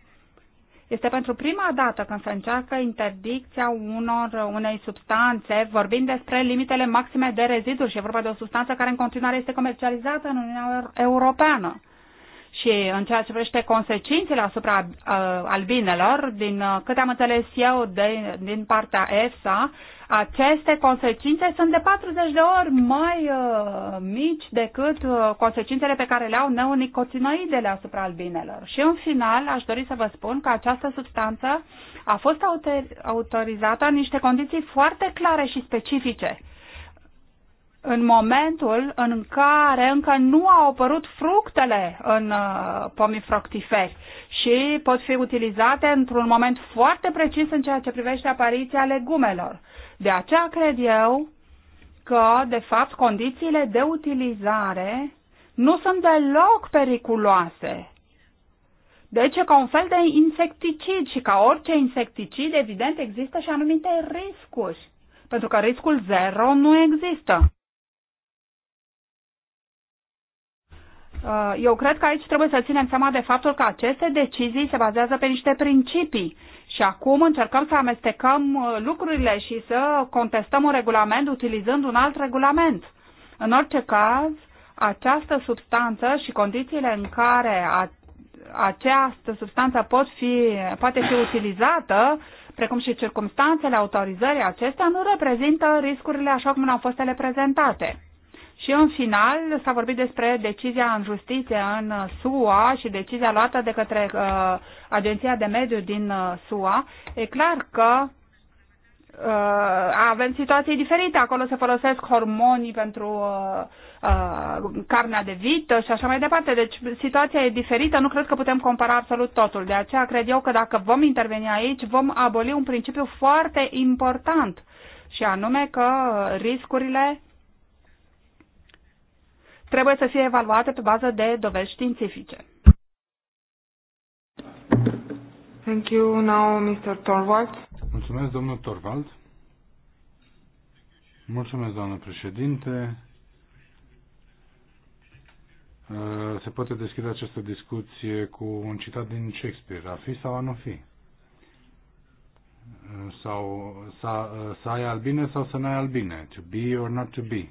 Este pentru prima dată când se încearcă interdicția unor, unei substanțe, vorbind despre limitele maxime de reziduri și e vorba de o substanță care în continuare este comercializată în Uniunea Europeană. Și în ceea ce privește consecințele asupra uh, albinelor, din uh, câte am înțeles eu de, din partea EFSA, aceste consecințe sunt de 40 de ori mai uh, mici decât uh, consecințele pe care le au neonicotinoidele asupra albinelor. Și în final aș dori să vă spun că această substanță a fost autorizată în niște condiții foarte clare și specifice în momentul în care încă nu au apărut fructele în uh, pomii fructiferi și pot fi utilizate într-un moment foarte precis în ceea ce privește apariția legumelor. De aceea cred eu că, de fapt, condițiile de utilizare nu sunt deloc periculoase. Deci ca un fel de insecticid și ca orice insecticid, evident, există și anumite riscuri. Pentru că riscul zero nu există. Uh, eu cred că aici trebuie să ținem seama de faptul că aceste decizii se bazează pe niște principii și acum încercăm să amestecăm uh, lucrurile și să contestăm un regulament utilizând un alt regulament. În orice caz, această substanță și condițiile în care a, această substanță pot fi, poate fi utilizată, precum și circumstanțele autorizării acestea, nu reprezintă riscurile așa cum au fost ele prezentate. Și în final s-a vorbit despre decizia în justiție în SUA și decizia luată de către uh, Agenția de Mediu din uh, SUA. E clar că uh, avem situații diferite. Acolo se folosesc hormonii pentru uh, uh, carnea de vită și așa mai departe. Deci situația e diferită, nu cred că putem compara absolut totul. De aceea cred eu că dacă vom interveni aici, vom aboli un principiu foarte important și anume că riscurile trebuie să fie evaluate pe bază de dovezi științifice. Thank you. Now, Mr. Torvald. Mulțumesc, domnul Torvald. Mulțumesc, doamnă președinte. Uh, se poate deschide această discuție cu un citat din Shakespeare, a fi sau a nu fi? Uh, sau să, uh, să ai albine sau să n-ai albine, to be or not to be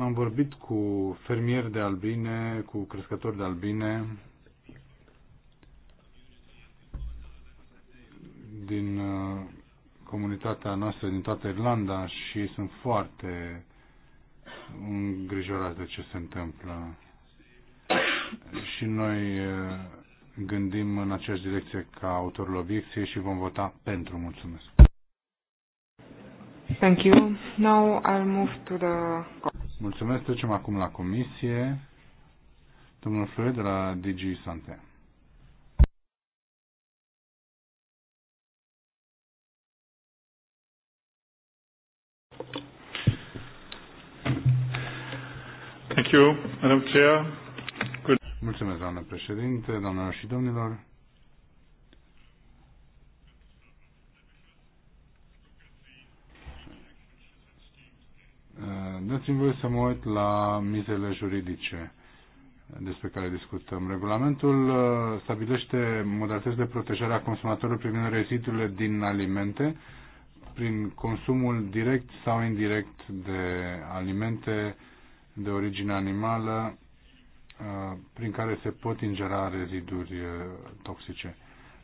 am vorbit cu fermieri de albine, cu crescători de albine din uh, comunitatea noastră din toată Irlanda și sunt foarte îngrijorați de ce se întâmplă. Și noi uh, gândim în aceeași direcție ca autorul obiecției și vom vota pentru. Mulțumesc. Thank you. Now I'll move to the... Mulțumesc. Trecem acum la comisie. Domnul Floyd de la DG Sante. Thank you, Madam Chair. Good. Mulțumesc, doamnă președinte, doamnelor și domnilor. Eh, dați-mi voi să mă uit la mizele juridice despre care discutăm. Regulamentul eh, stabilește modalități de protejare a consumatorului privind rezidurile din alimente prin consumul direct sau indirect de alimente de origine animală eh, prin care se pot ingera reziduri toxice.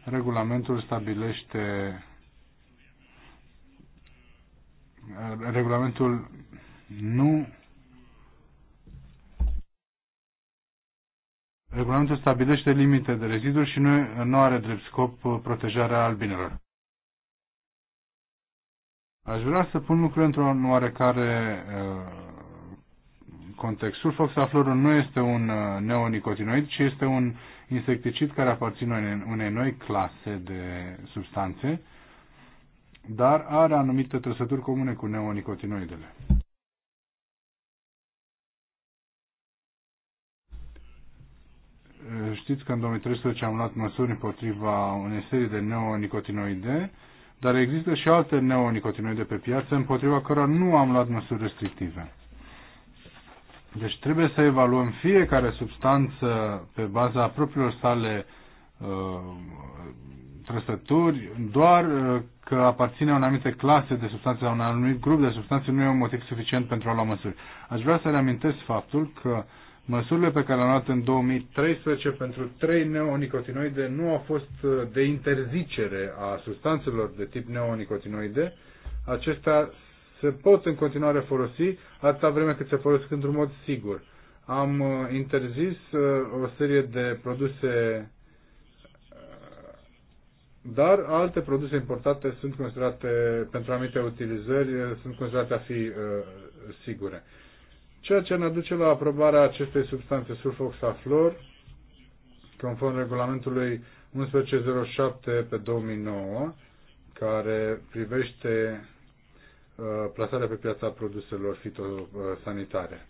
Regulamentul stabilește regulamentul nu Regulamentul stabilește limite de reziduri și nu, nu are drept scop uh, protejarea albinelor. Aș vrea să pun lucrurile într-un oarecare uh, context. Sulfoxaflorul nu este un uh, neonicotinoid, ci este un insecticid care aparține unei noi clase de substanțe dar are anumite trăsături comune cu neonicotinoidele. Știți că în 2013 am luat măsuri împotriva unei serii de neonicotinoide, dar există și alte neonicotinoide pe piață împotriva cărora nu am luat măsuri restrictive. Deci trebuie să evaluăm fiecare substanță pe baza propriilor sale uh, trăsături, doar uh, că aparține un anumite clase de substanțe sau un anumit grup de substanțe nu e un motiv suficient pentru a lua măsuri. Aș vrea să reamintesc faptul că măsurile pe care le-am luat în 2013 pentru trei neonicotinoide nu au fost uh, de interzicere a substanțelor de tip neonicotinoide. Acestea se pot în continuare folosi atâta vreme cât se folosesc într-un mod sigur. Am uh, interzis o serie de produse dar alte produse importate sunt considerate, pentru anumite utilizări, eh, sunt considerate a fi uh, sigure. Ceea ce ne aduce la aprobarea acestei substanțe sulfoxaflor, conform regulamentului 1107 pe 2009, care privește uh, plasarea pe piața produselor fitosanitare.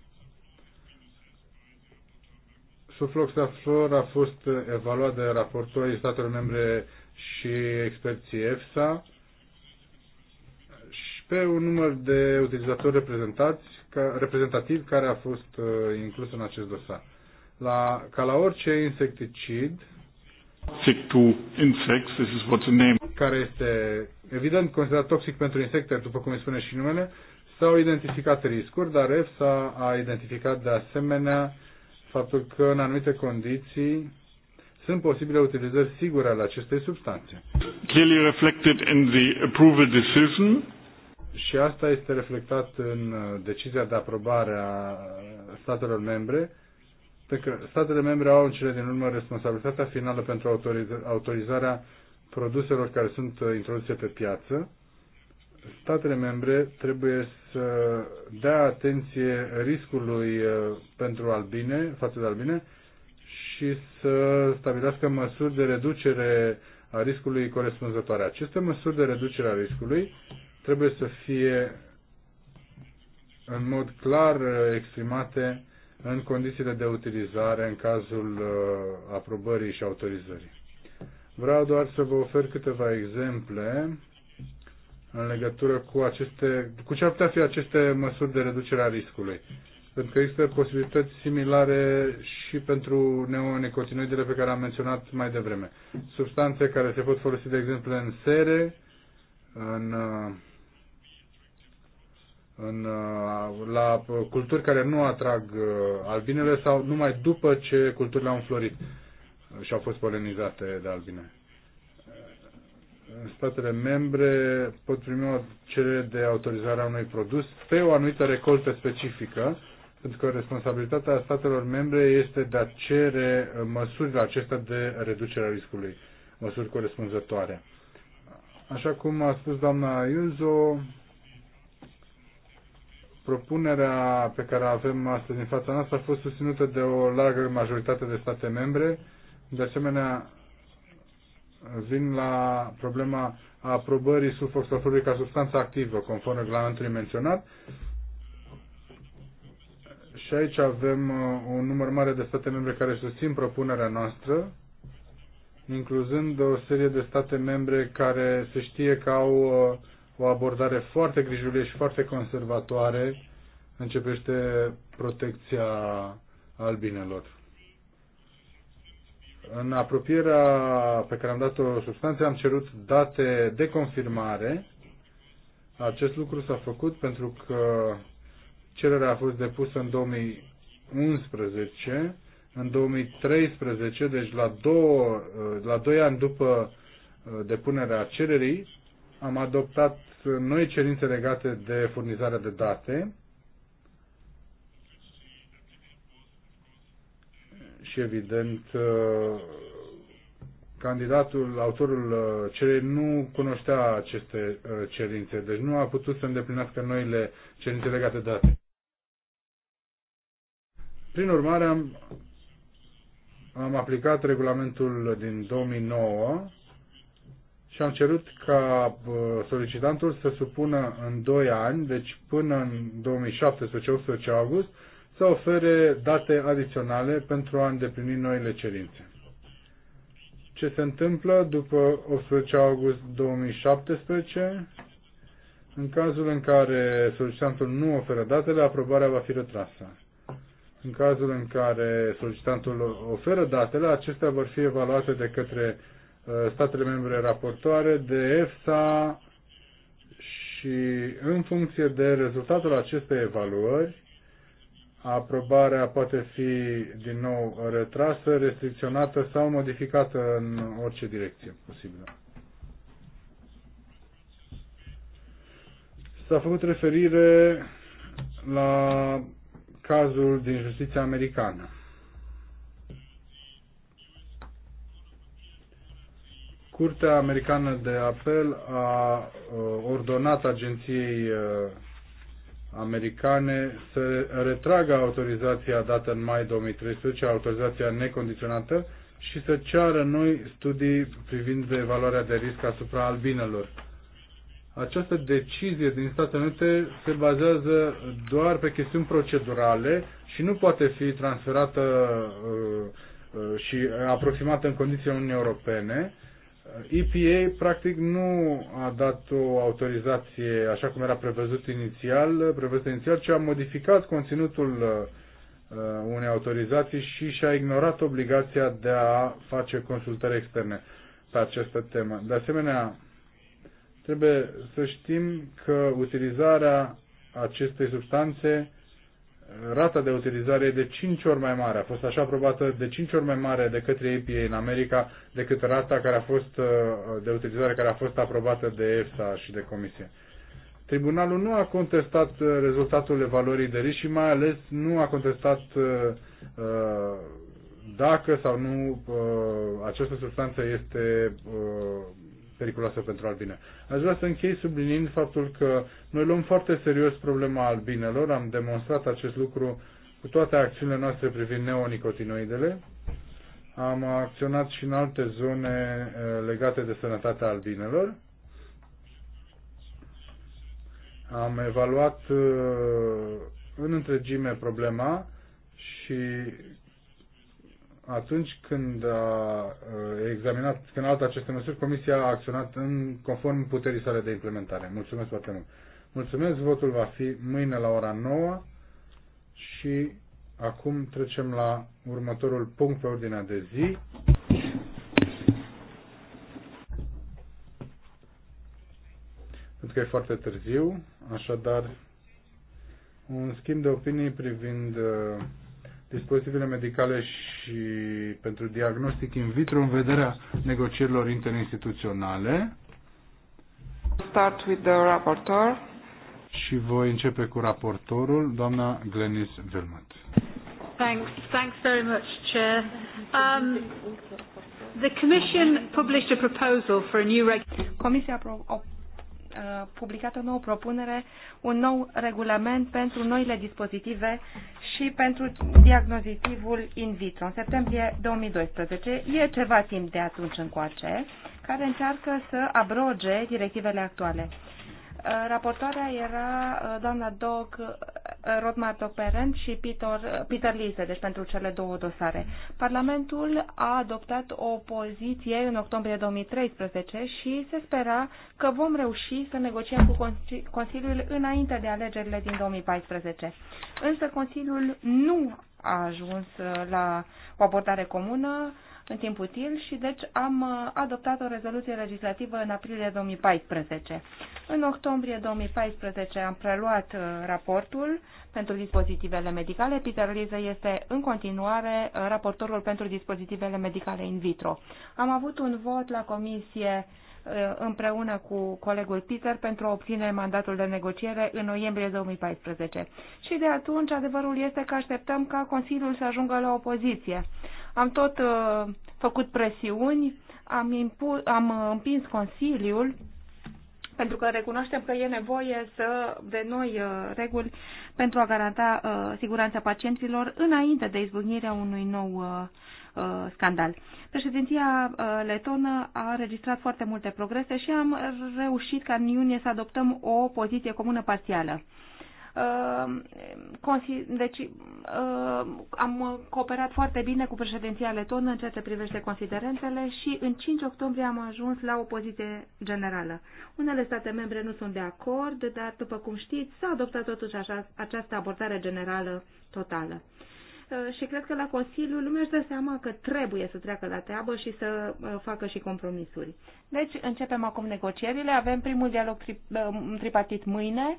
Sulfoxaflor a fost evaluat de raportorii statelor membre și experții EFSA și pe un număr de utilizatori reprezentați, reprezentativ care a fost uh, inclus în acest dosar. La, ca la orice insecticid, toxic to insects, this is what's the name. care este evident considerat toxic pentru insecte, după cum îi spune și numele, s-au identificat riscuri, dar EFSA a identificat de asemenea faptul că în anumite condiții sunt posibile utilizări sigure ale acestei substanțe. Clearly reflected in the approval decision. Și asta este reflectat în uh, decizia de aprobare a uh, statelor membre, pentru că statele membre au în cele din urmă responsabilitatea finală pentru autorizarea produselor care sunt uh, introduse pe piață. Statele membre trebuie să dea atenție riscului pentru albine, față de albine, și să stabilească măsuri de reducere a riscului corespunzătoare. Aceste măsuri de reducere a riscului trebuie să fie în mod clar exprimate în condițiile de utilizare în cazul uh, aprobării și autorizării. Vreau doar să vă ofer câteva exemple în legătură cu aceste, cu ce ar putea fi aceste măsuri de reducere a riscului pentru că există posibilități similare și pentru neonicotinoidele pe care am menționat mai devreme. Substanțe care se pot folosi, de exemplu, în sere, în, în, la culturi care nu atrag uh, albinele sau numai după ce culturile au înflorit și au fost polenizate de albine. În statele membre pot primi o cerere de autorizare a unui produs pe o anumită recoltă specifică, pentru că responsabilitatea statelor membre este de a cere măsurile acestea de reducere a riscului, măsuri corespunzătoare. Așa cum a spus doamna Iuzo, propunerea pe care avem astăzi în fața noastră a fost susținută de o largă majoritate de state membre. De asemenea, vin la problema aprobării sulfoxaflorului ca substanță activă, conform regulamentului menționat, și aici avem uh, un număr mare de state membre care susțin propunerea noastră, incluzând o serie de state membre care se știe că au uh, o abordare foarte grijulie și foarte conservatoare începește protecția albinelor. În apropierea pe care am dat-o substanței am cerut date de confirmare. Acest lucru s-a făcut pentru că Cererea a fost depusă în 2011, în 2013, deci la, două, uh, la doi ani după uh, depunerea cererii, am adoptat uh, noi cerințe legate de furnizarea de date și evident candidatul, autorul cererii nu cunoștea aceste cerințe, deci nu a putut să îndeplinească noile cerințe legate de date. Prin urmare, am, am aplicat regulamentul din 2009 și am cerut ca solicitantul să supună în 2 ani, deci până în 2017-18 august, să ofere date adiționale pentru a îndeplini noile cerințe. Ce se întâmplă după 18 august 2017? În cazul în care solicitantul nu oferă datele, aprobarea va fi retrasă. În cazul în care solicitantul oferă datele, acestea vor fi evaluate de către uh, statele membre raportoare, de EFSA și în funcție de rezultatul acestei evaluări, aprobarea poate fi din nou retrasă, restricționată sau modificată în orice direcție posibilă. S-a făcut referire la cazul din justiția americană. Curtea Americană de Apel a uh, ordonat agenției uh, americane să retragă autorizația dată în mai 2013, autorizația necondiționată, și să ceară noi studii privind evaluarea de risc asupra albinelor această decizie din Statele Unite se bazează doar pe chestiuni procedurale și nu poate fi transferată uh, uh, și aproximată în condițiile Uniunii Europene. EPA practic nu a dat o autorizație așa cum era prevăzut inițial, prevăzut inițial, ci a modificat conținutul uh, unei autorizații și și-a ignorat obligația de a face consultări externe pe această temă. De asemenea, Trebuie să știm că utilizarea acestei substanțe, rata de utilizare e de 5 ori mai mare. A fost așa aprobată de 5 ori mai mare de către EPA în America decât rata care a fost, de utilizare care a fost aprobată de EFSA și de Comisie. Tribunalul nu a contestat uh, rezultatul evaluării de risc și mai ales nu a contestat uh, uh, dacă sau nu această substanță este periculoasă pentru albine. Aș vrea să închei subliniind faptul că noi luăm foarte serios problema albinelor, am demonstrat acest lucru cu toate acțiunile noastre privind neonicotinoidele. Am acționat și în alte zone eh, legate de sănătatea albinelor. Am evaluat eh, în întregime problema și atunci când a examinat, când a luat aceste măsuri, Comisia a acționat în conform puterii sale de implementare. Mulțumesc foarte mult. Mulțumesc, votul va fi mâine la ora 9 și acum trecem la următorul punct pe ordinea de zi. Pentru că e foarte târziu, așadar un schimb de opinii privind uh, dispozitivele medicale și pentru diagnostic in vitro în vederea negocierilor interinstituționale. Start with the rapporteur. Și voi începe cu raportorul, doamna Glenis Vilmut. Thanks, thanks very much, Chair. Um, the Commission published a proposal for a new Comisia a uh, publicat o nouă propunere, un nou regulament pentru noile dispozitive și pentru diagnozitivul in vitro în septembrie 2012. E ceva timp de atunci încoace care încearcă să abroge directivele actuale. Eh, raportoarea era eh, doamna Dog, eh, Rodmar Perent și Peter, Peter Lise, deci pentru cele două dosare. Parlamentul a adoptat o poziție în octombrie 2013 și se spera că vom reuși să negociem cu Consiliul înainte de alegerile din 2014. Însă Consiliul nu a ajuns la o abordare comună, în timp util și deci am uh, adoptat o rezoluție legislativă în aprilie 2014. În octombrie 2014 am preluat uh, raportul pentru dispozitivele medicale. Peter Lise este în continuare uh, raportorul pentru dispozitivele medicale in vitro. Am avut un vot la comisie împreună cu colegul Peter pentru a obține mandatul de negociere în noiembrie 2014. Și de atunci adevărul este că așteptăm ca Consiliul să ajungă la opoziție am tot uh, făcut presiuni, am, impu- am uh, împins Consiliul pentru că recunoaștem că e nevoie să de noi uh, reguli pentru a garanta uh, siguranța pacienților înainte de izbucnirea unui nou uh, uh scandal. Președinția uh, letonă a registrat foarte multe progrese și am reușit ca în iunie să adoptăm o poziție comună parțială. Ehm, deci, ehm, am cooperat foarte bine cu președinția letonă în ceea ce privește considerentele și în 5 octombrie am ajuns la o poziție generală. Unele state membre nu sunt de acord, dar, după cum știți, s-a adoptat totuși așa, această abordare generală totală. Ehm, și cred că la Consiliu lumea își dă seama că trebuie să treacă la treabă și să facă și compromisuri. Deci începem acum negocierile. Avem primul dialog tri, tripartit mâine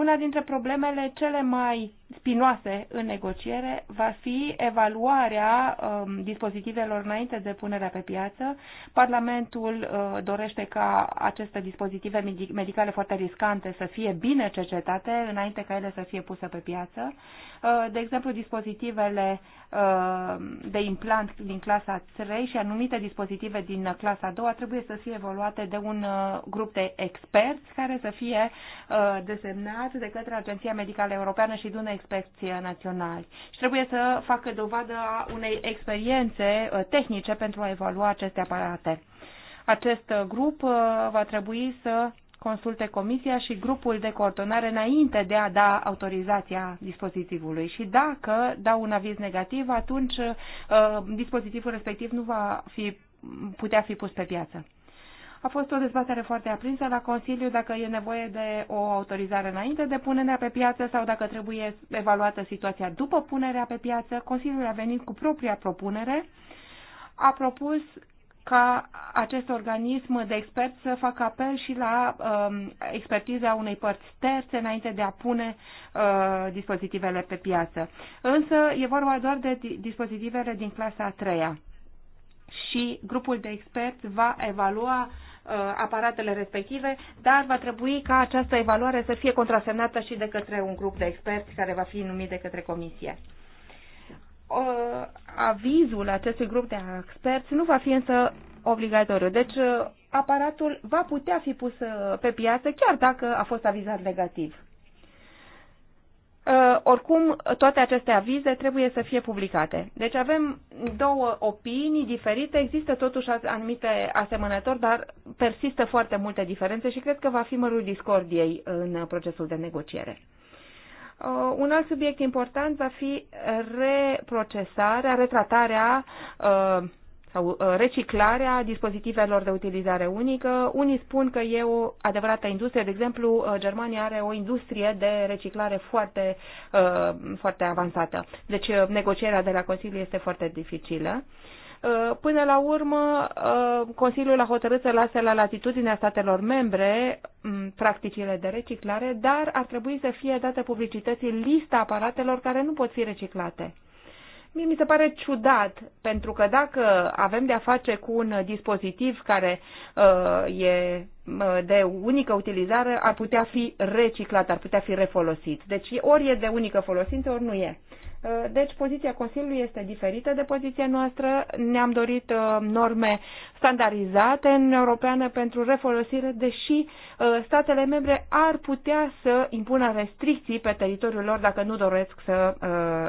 una dintre problemele cele mai spinoase în negociere va fi evaluarea um, dispozitivelor înainte de punerea pe piață. Parlamentul uh, dorește ca aceste dispozitive medicale foarte riscante să fie bine cercetate înainte ca ele să fie puse pe piață. Uh, de exemplu, dispozitivele uh, de implant din clasa 3 și anumite dispozitive din clasa 2 trebuie să fie evaluate de un uh, grup de experți care să fie uh, desemnat de către Agenția Medicală Europeană și de experți naționali și trebuie să facă dovadă a unei experiențe uh, tehnice pentru a evalua aceste aparate. Acest uh, grup uh, va trebui să consulte comisia și grupul de coordonare înainte de a da autorizația dispozitivului și dacă dau un aviz negativ, atunci dispozitivul respectiv nu va fi, putea fi pus pe piață. A fost o dezbatere foarte aprinsă la Consiliu dacă e nevoie de o autorizare înainte de punerea pe piață sau dacă trebuie evaluată situația după punerea pe piață. Consiliul a venit cu propria propunere, a propus ca acest organism de expert să facă apel și la um, expertiza unei părți terțe înainte de a pune uh, dispozitivele pe piață. Însă e vorba doar de dispozitivele din clasa a treia și grupul de experți va evalua Uh, aparatele respective, dar va trebui ca această evaluare să fie contrasemnată și de către un grup de experți care va fi numit de către comisie uh, avizul acestui grup de experți nu va fi însă obligatoriu. Deci uh, aparatul va putea fi pus pe piață chiar dacă a fost avizat negativ. Uh, oricum, toate aceste avize trebuie să fie publicate. Deci avem două opinii diferite, există totuși anumite asemănători, dar persistă foarte multe diferențe și cred că va fi mărul discordiei în procesul de negociere. Uh, un alt subiect important va fi reprocesarea, retratarea uh, sau uh, reciclarea dispozitivelor de utilizare unică. Unii spun că e o adevărată industrie. De exemplu, uh, Germania are o industrie de reciclare foarte, uh, foarte avansată. Deci negocierea de la Consiliu este foarte dificilă. Până la urmă, Consiliul a hotărât să lase la latitudinea statelor membre um, practicile de reciclare, dar ar trebui să fie dată publicității lista aparatelor care nu pot fi reciclate. Mie mi se pare ciudat, pentru că dacă avem de-a face cu un dispozitiv care uh, e uh, de unică utilizare, ar putea fi reciclat, ar putea fi refolosit. Deci ori e de unică folosință, ori nu e. Uh, deci poziția Consiliului este diferită de poziția noastră. Ne-am dorit uh, norme standardizate în Europeană pentru refolosire, deși uh, statele membre ar putea să impună restricții pe teritoriul lor dacă nu doresc să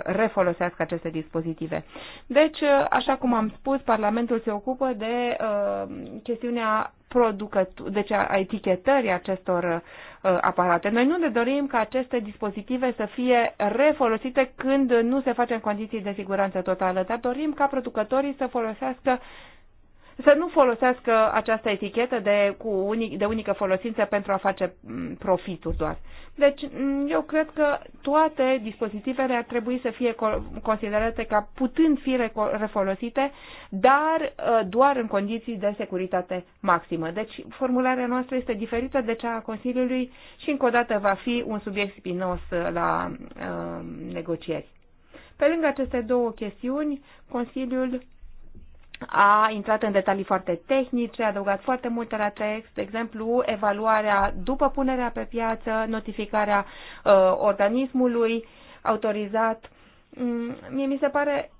refolosească aceste dispozitive. Deci, așa cum am spus, Parlamentul se ocupă de chestiunea deci a etichetării acestor uh, aparate. Noi nu ne dorim ca aceste dispozitive să fie refolosite când nu se face în condiții de siguranță totală, dar dorim ca producătorii să folosească să nu folosească această etichetă de, cu unic, de unică folosință pentru a face mm, profituri doar. Deci, mm, eu cred că toate dispozitivele ar trebui să fie considerate ca putând fi refolosite, dar uh, doar în condiții de securitate maximă. Deci, formularea noastră este diferită de cea a Consiliului și, încă o dată, va fi un subiect spinos uh, la uh, negocieri. Pe lângă aceste două chestiuni, Consiliul a intrat în detalii foarte tehnice, a adăugat foarte multe la text, de exemplu, evaluarea după punerea pe piață, notificarea uh, organismului autorizat. Mm, mie mi se pare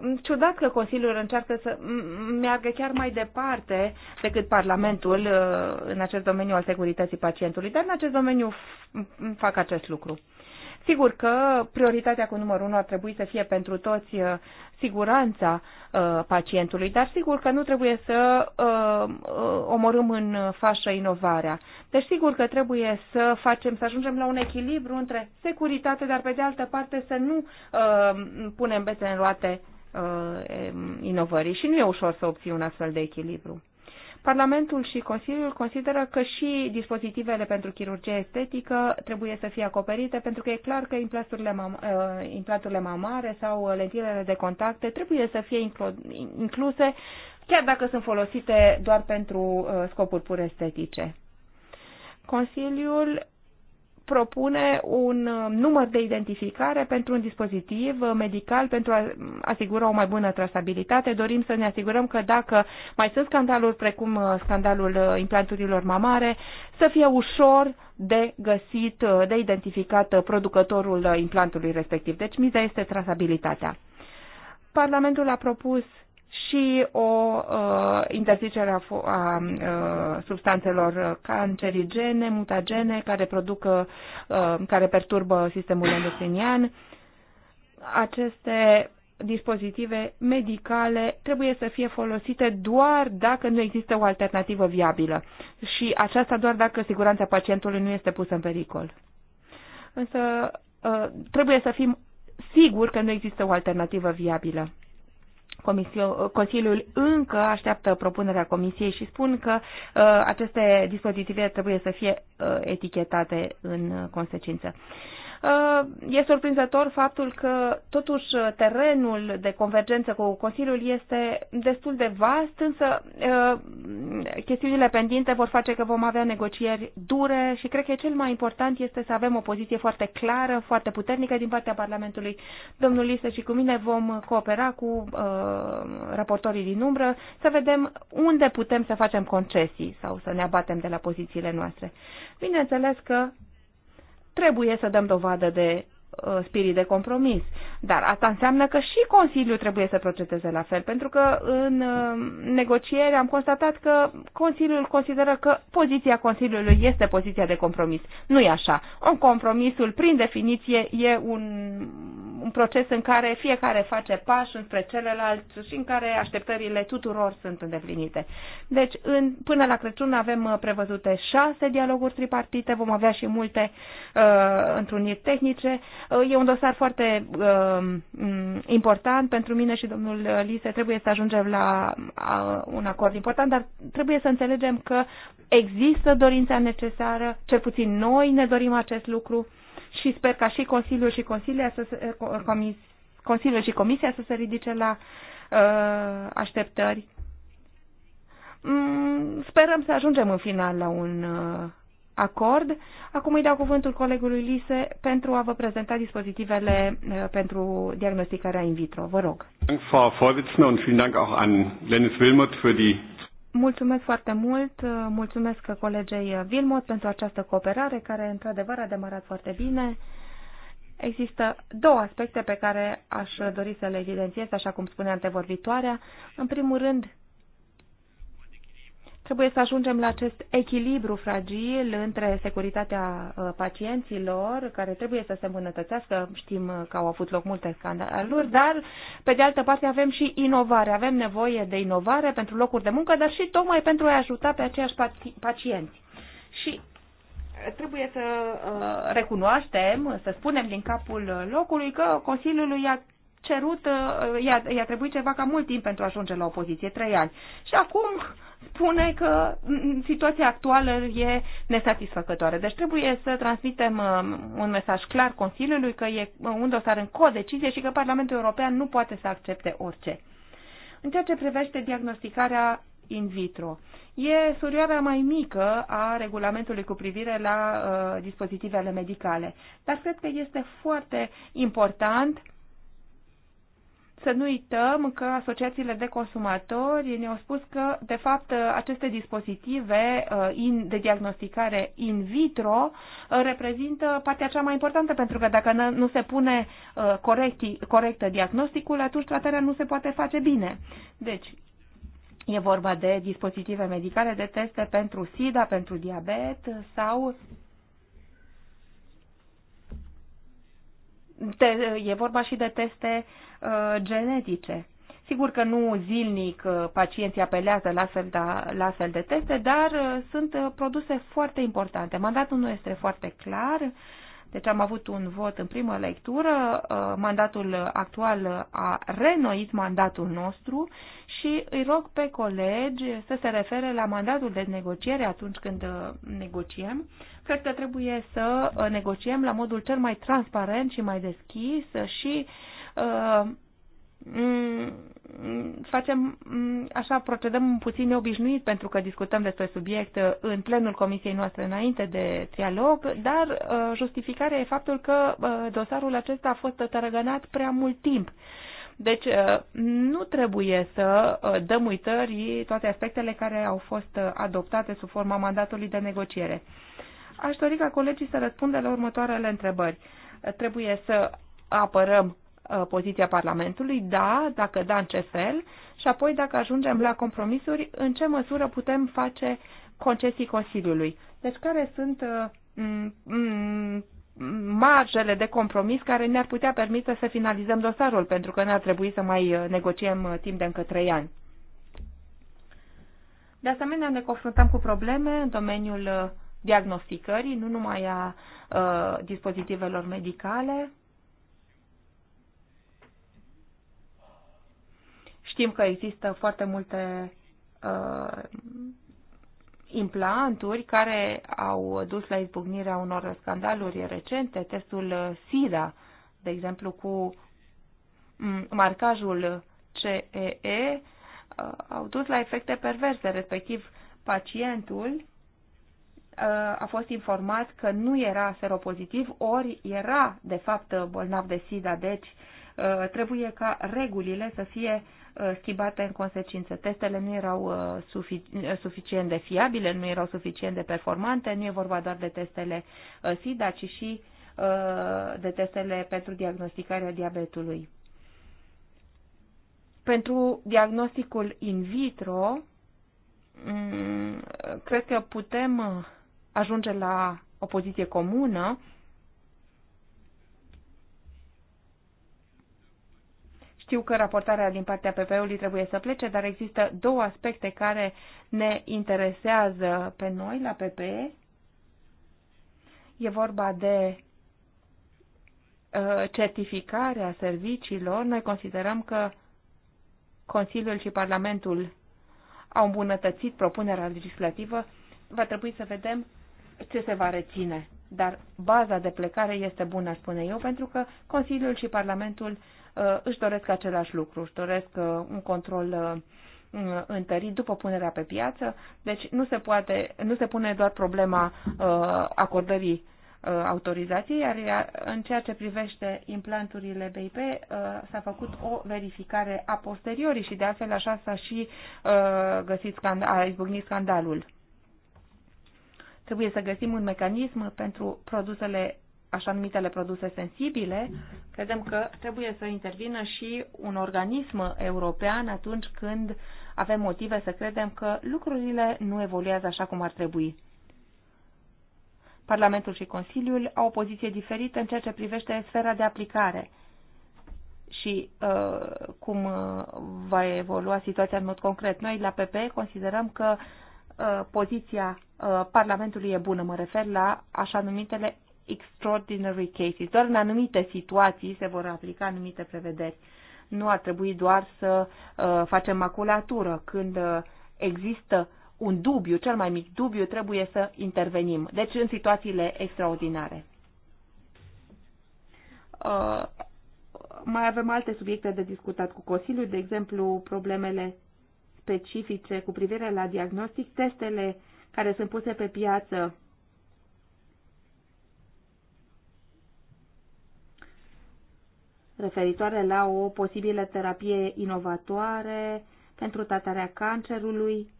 mm, ciudat că Consiliul încearcă să meargă chiar mai departe decât Parlamentul uh, în acest domeniu al securității pacientului, dar în acest domeniu fac acest lucru. Sigur că prioritatea cu numărul 1 ar trebui să fie pentru toți uh, siguranța uh, pacientului, dar sigur că nu trebuie să uh, omorâm în fașă inovarea. Deci sigur că trebuie să facem, să ajungem la un echilibru între securitate, dar pe de altă parte să nu punem bețe în roate inovării și nu e ușor să obții un astfel de echilibru. Parlamentul și Consiliul consideră că și dispozitivele pentru chirurgie estetică trebuie să fie acoperite, pentru că e clar că implanturile, mam ă, implanturile mamare sau lentilele de contacte trebuie să fie incluse, chiar dacă sunt folosite doar pentru ă, scopuri pur estetice. Consiliul propune un um, număr de identificare pentru un dispozitiv uh, medical pentru a um, asigura o mai bună trasabilitate. Dorim să ne asigurăm că dacă mai sunt scandaluri precum uh, scandalul uh, implanturilor mamare, să fie ușor de găsit, de identificat producătorul implantului respectiv. Deci miza este trasabilitatea. Parlamentul a propus și o uh, interzicere a, a uh, substanțelor cancerigene, mutagene, care produc, uh, care perturbă sistemul endocrinian. Aceste dispozitive medicale trebuie să fie folosite doar dacă nu există o alternativă viabilă și aceasta doar dacă siguranța pacientului nu este pusă în pericol. Însă uh, trebuie să fim siguri că nu există o alternativă viabilă. Consiliul încă așteaptă propunerea Comisiei și spun că uh, aceste dispozitive trebuie să fie uh, etichetate în uh, consecință. Uh, e surprinzător faptul că totuși terenul de convergență cu Consiliul este destul de vast, însă uh, chestiunile pendinte vor face că vom avea negocieri dure și cred că cel mai important este să avem o poziție foarte clară, foarte puternică din partea Parlamentului. Domnul Lise și cu mine vom coopera cu uh, raportorii din umbră să vedem unde putem să facem concesii sau să ne abatem de la pozițiile noastre. Bineînțeles că trebuie să dăm dovadă de Uh, spirit de compromis. Dar asta înseamnă că și Consiliul trebuie să procedeze la fel, pentru că în uh, negociere am constatat că Consiliul consideră că poziția Consiliului este poziția de compromis. Nu e așa. Un compromisul, prin definiție, e un, un proces în care fiecare face pași înspre celălalt și în care așteptările tuturor sunt îndeplinite. Deci, în, până la Crăciun avem uh, prevăzute șase dialoguri tripartite, vom avea și multe uh, întruniri tehnice, Uh, e un dosar foarte uh, mm, important pentru mine și domnul Lise. Trebuie să ajungem la uh, un acord important, dar trebuie să înțelegem că există dorința necesară, cel puțin noi ne dorim acest lucru și sper ca și Consiliul și Consilia să se, uh, comis, Consiliul și Comisia să se ridice la uh, așteptări. Mm, sperăm să ajungem în final la un uh, acord. Acum îi dau cuvântul colegului Lise pentru a vă prezenta dispozitivele eh, pentru diagnosticarea in vitro. Vă rog. Mulțumesc foarte mult, eh, mulțumesc colegei Vilmot pentru această cooperare care într-adevăr a demarat foarte bine. Există două aspecte pe care aș dori să le evidențiez, așa cum spunea antevorbitoarea. În primul rând, Trebuie să ajungem la acest echilibru fragil între securitatea uh, pacienților, care trebuie să se îmbunătățească, știm că au avut loc multe scandaluri, dar pe de altă parte avem și inovare, avem nevoie de inovare pentru locuri de muncă, dar și tocmai pentru a ajuta pe aceiași pacienți. Și uh, trebuie să uh, recunoaștem, să spunem din capul locului că Consiliul i-a cerut, i-a, i-a trebuit ceva ca mult timp pentru a ajunge la o poziție, trei ani. Și acum spune că situația actuală e nesatisfăcătoare. Deci trebuie să transmitem uh, un mesaj clar Consiliului că e un dosar în codecizie și că Parlamentul European nu poate să accepte orice. În ceea ce privește diagnosticarea in vitro. E surioara mai mică a regulamentului cu privire la uh, dispozitivele medicale, dar cred că este foarte important să nu uităm că asociațiile de consumatori ne-au spus că, de fapt, aceste dispozitive uh, de diagnosticare in vitro uh, reprezintă partea cea mai importantă, pentru că dacă nu se pune uh, corect corectă diagnosticul, atunci tratarea nu se poate face bine. Deci, e vorba de dispozitive medicale de teste pentru SIDA, pentru diabet sau te, e vorba și de teste uh, genetice. Sigur că nu zilnic uh, pacienții apelează la astfel, de, da, la astfel de teste, dar uh, sunt uh, produse foarte importante. Mandatul nu este foarte clar deci am avut un vot în primă lectură, uh, mandatul actual a renoit mandatul nostru și îi rog pe colegi să se refere la mandatul de negociere atunci când uh, negociem. Cred că trebuie să uh, negociem la modul cel mai transparent și mai deschis și Mm, mm, facem, mm, așa procedăm puțin neobișnuit pentru că discutăm despre subiect uh, în plenul comisiei noastre înainte de trialog, dar uh, justificarea e faptul că uh, dosarul acesta a fost tărăgănat prea mult timp. Deci nu trebuie să dăm uitări toate aspectele care au fost adoptate sub forma mandatului de negociere. Aș dori ca colegii să răspundă la următoarele întrebări. Trebuie să apărăm Uh, poziția Parlamentului, da, dacă da, în ce fel, și apoi dacă ajungem la compromisuri, în ce măsură putem face concesii Consiliului. Deci care sunt uh, marjele de compromis care ne-ar putea permite să finalizăm dosarul, pentru că n-ar trebui să mai uh, negociem timp de încă trei ani. De asemenea, ne confruntăm cu probleme în domeniul diagnosticării, nu numai a, a dispozitivelor medicale. Știm că există foarte multe uh, implanturi care au dus la izbucnirea unor scandaluri recente, testul SIDA, de exemplu, cu mm, marcajul CEE, uh, au dus la efecte perverse, respectiv pacientul uh, a fost informat că nu era seropozitiv, ori era de fapt bolnav de SIDA, deci uh, trebuie ca regulile să fie uh, Uh, schimbate în consecință. Testele nu erau uh, sufic- uh, suficient de fiabile, nu erau suficient de performante, nu e vorba doar de testele SIDA, ci și de testele pentru diagnosticarea diabetului. Pentru diagnosticul in vitro, mm, cred că putem ajunge la o poziție comună Știu că raportarea din partea PP-ului trebuie să plece, dar există două aspecte care ne interesează pe noi la PP. E vorba de uh, certificarea serviciilor. Noi considerăm că Consiliul și Parlamentul au îmbunătățit propunerea legislativă. Va trebui să vedem ce se va reține dar baza de plecare este bună, spune eu, pentru că Consiliul și Parlamentul uh, își doresc același lucru, își doresc uh, un control uh, uh, întărit după punerea pe piață, deci nu se, poate, nu se pune doar problema uh, acordării uh, autorizației, iar în ceea ce privește implanturile BIP uh, s-a făcut o verificare a posteriori și de altfel așa s-a și uh, găsit scandal, a izbucnit scandalul. Trebuie să găsim un mecanism pentru produsele, așa numitele produse sensibile. Credem că trebuie să intervină și un organism european atunci când avem motive să credem că lucrurile nu evoluează așa cum ar trebui. Parlamentul și Consiliul au o poziție diferită în ceea ce privește sfera de aplicare și uh, cum uh, va evolua situația în mod concret. Noi la PP considerăm că uh, poziția Uh, Parlamentului e bună. Mă refer la așa numitele extraordinary cases. Doar în anumite situații se vor aplica anumite prevederi. Nu ar trebui doar să uh, facem maculatură. Când uh, există un dubiu, cel mai mic dubiu, trebuie să intervenim. Deci în situațiile extraordinare. Uh, mai avem alte subiecte de discutat cu Consiliul, de exemplu problemele specifice cu privire la diagnostic, testele uh, care sunt puse pe piață referitoare la o posibilă terapie inovatoare pentru tratarea cancerului.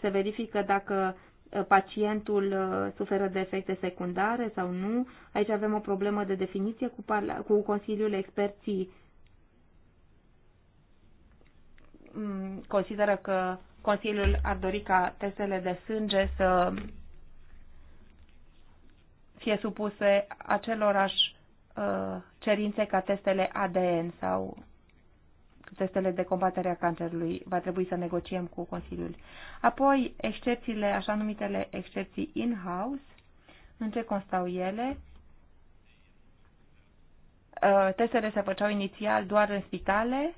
Se verifică dacă uh, pacientul uh, suferă de efecte secundare sau nu. Aici avem o problemă de definiție cu, cu Consiliul Experții. Mm, consideră că Consiliul ar dori ca testele de sânge să fie supuse acelorași uh, cerințe ca testele ADN sau testele de combatere a cancerului. Va trebui să negociem cu Consiliul. Apoi, excepțiile, așa numitele excepții in-house, în ce constau ele? Uh, testele se făceau inițial doar în spitale,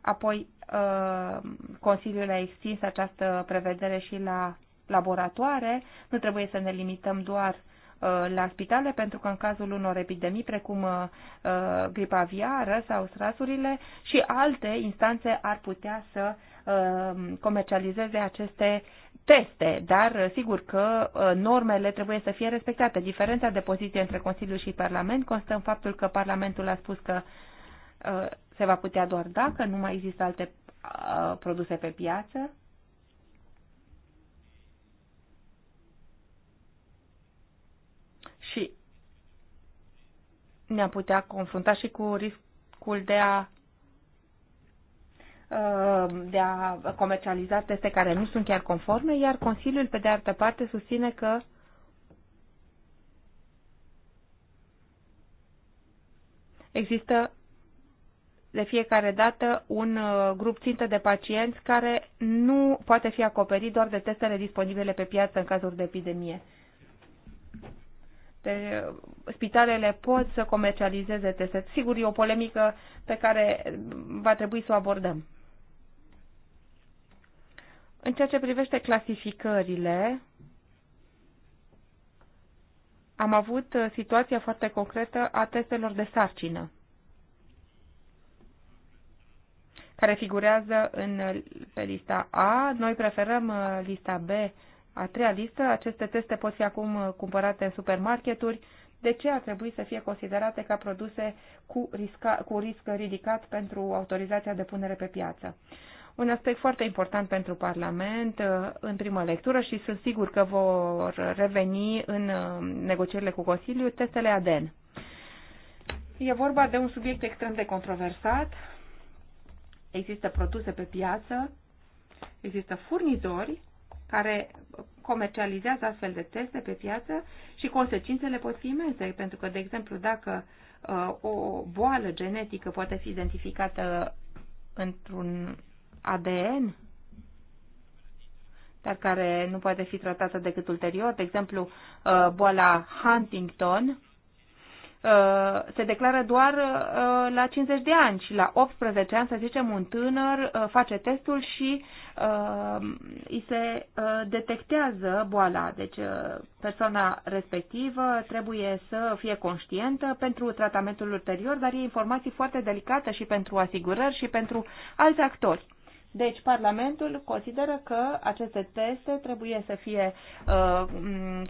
apoi Uh, Consiliul a extins această prevedere și la laboratoare. Nu trebuie să ne limităm doar uh, la spitale, pentru că în cazul unor epidemii, precum uh, gripa aviară sau strasurile, și alte instanțe ar putea să comercializeze aceste teste, dar sigur că normele trebuie să fie respectate. Diferența de poziție între Consiliu și Parlament constă în faptul că Parlamentul a spus că se va putea doar dacă nu mai există alte uh, produse pe piață. Și ne-am putea confrunta și cu riscul de a de a comercializa teste care nu sunt chiar conforme, iar Consiliul, pe de altă parte, susține că există de fiecare dată un uh, grup țintă de pacienți care nu poate fi acoperit doar de testele disponibile pe piață în cazuri de epidemie. De, uh, spitalele pot să comercializeze teste. Sigur, e o polemică pe care va trebui să o abordăm. În ceea ce privește clasificările, am avut uh, situația foarte concretă a testelor de sarcină. care figurează în, pe lista A. Noi preferăm uh, lista B, a treia listă. Aceste teste pot fi acum uh, cumpărate în supermarketuri. De ce ar trebui să fie considerate ca produse cu, risca, cu risc ridicat pentru autorizația de punere pe piață? un aspect foarte important pentru Parlament uh, în primă lectură și sunt sigur că vor reveni în negocierile cu Consiliu testele ADN. E vorba de un subiect extrem de controversat Există produse pe piață, există furnizori care comercializează astfel de teste pe piață și consecințele pot fi imense, pentru că, de exemplu, dacă uh, o boală genetică poate fi identificată într-un ADN, dar care nu poate fi tratată decât ulterior, de exemplu, uh, boala Huntington, Uh, se declară doar uh, la 50 de ani și la 18 ani, să zicem, un tânăr uh, face testul și îi se detectează boala. Deci persoana respectivă trebuie să fie conștientă pentru tratamentul ulterior, dar e informații foarte delicată și pentru asigurări și pentru alți actori. Deci, Parlamentul consideră că aceste teste trebuie să fie uh,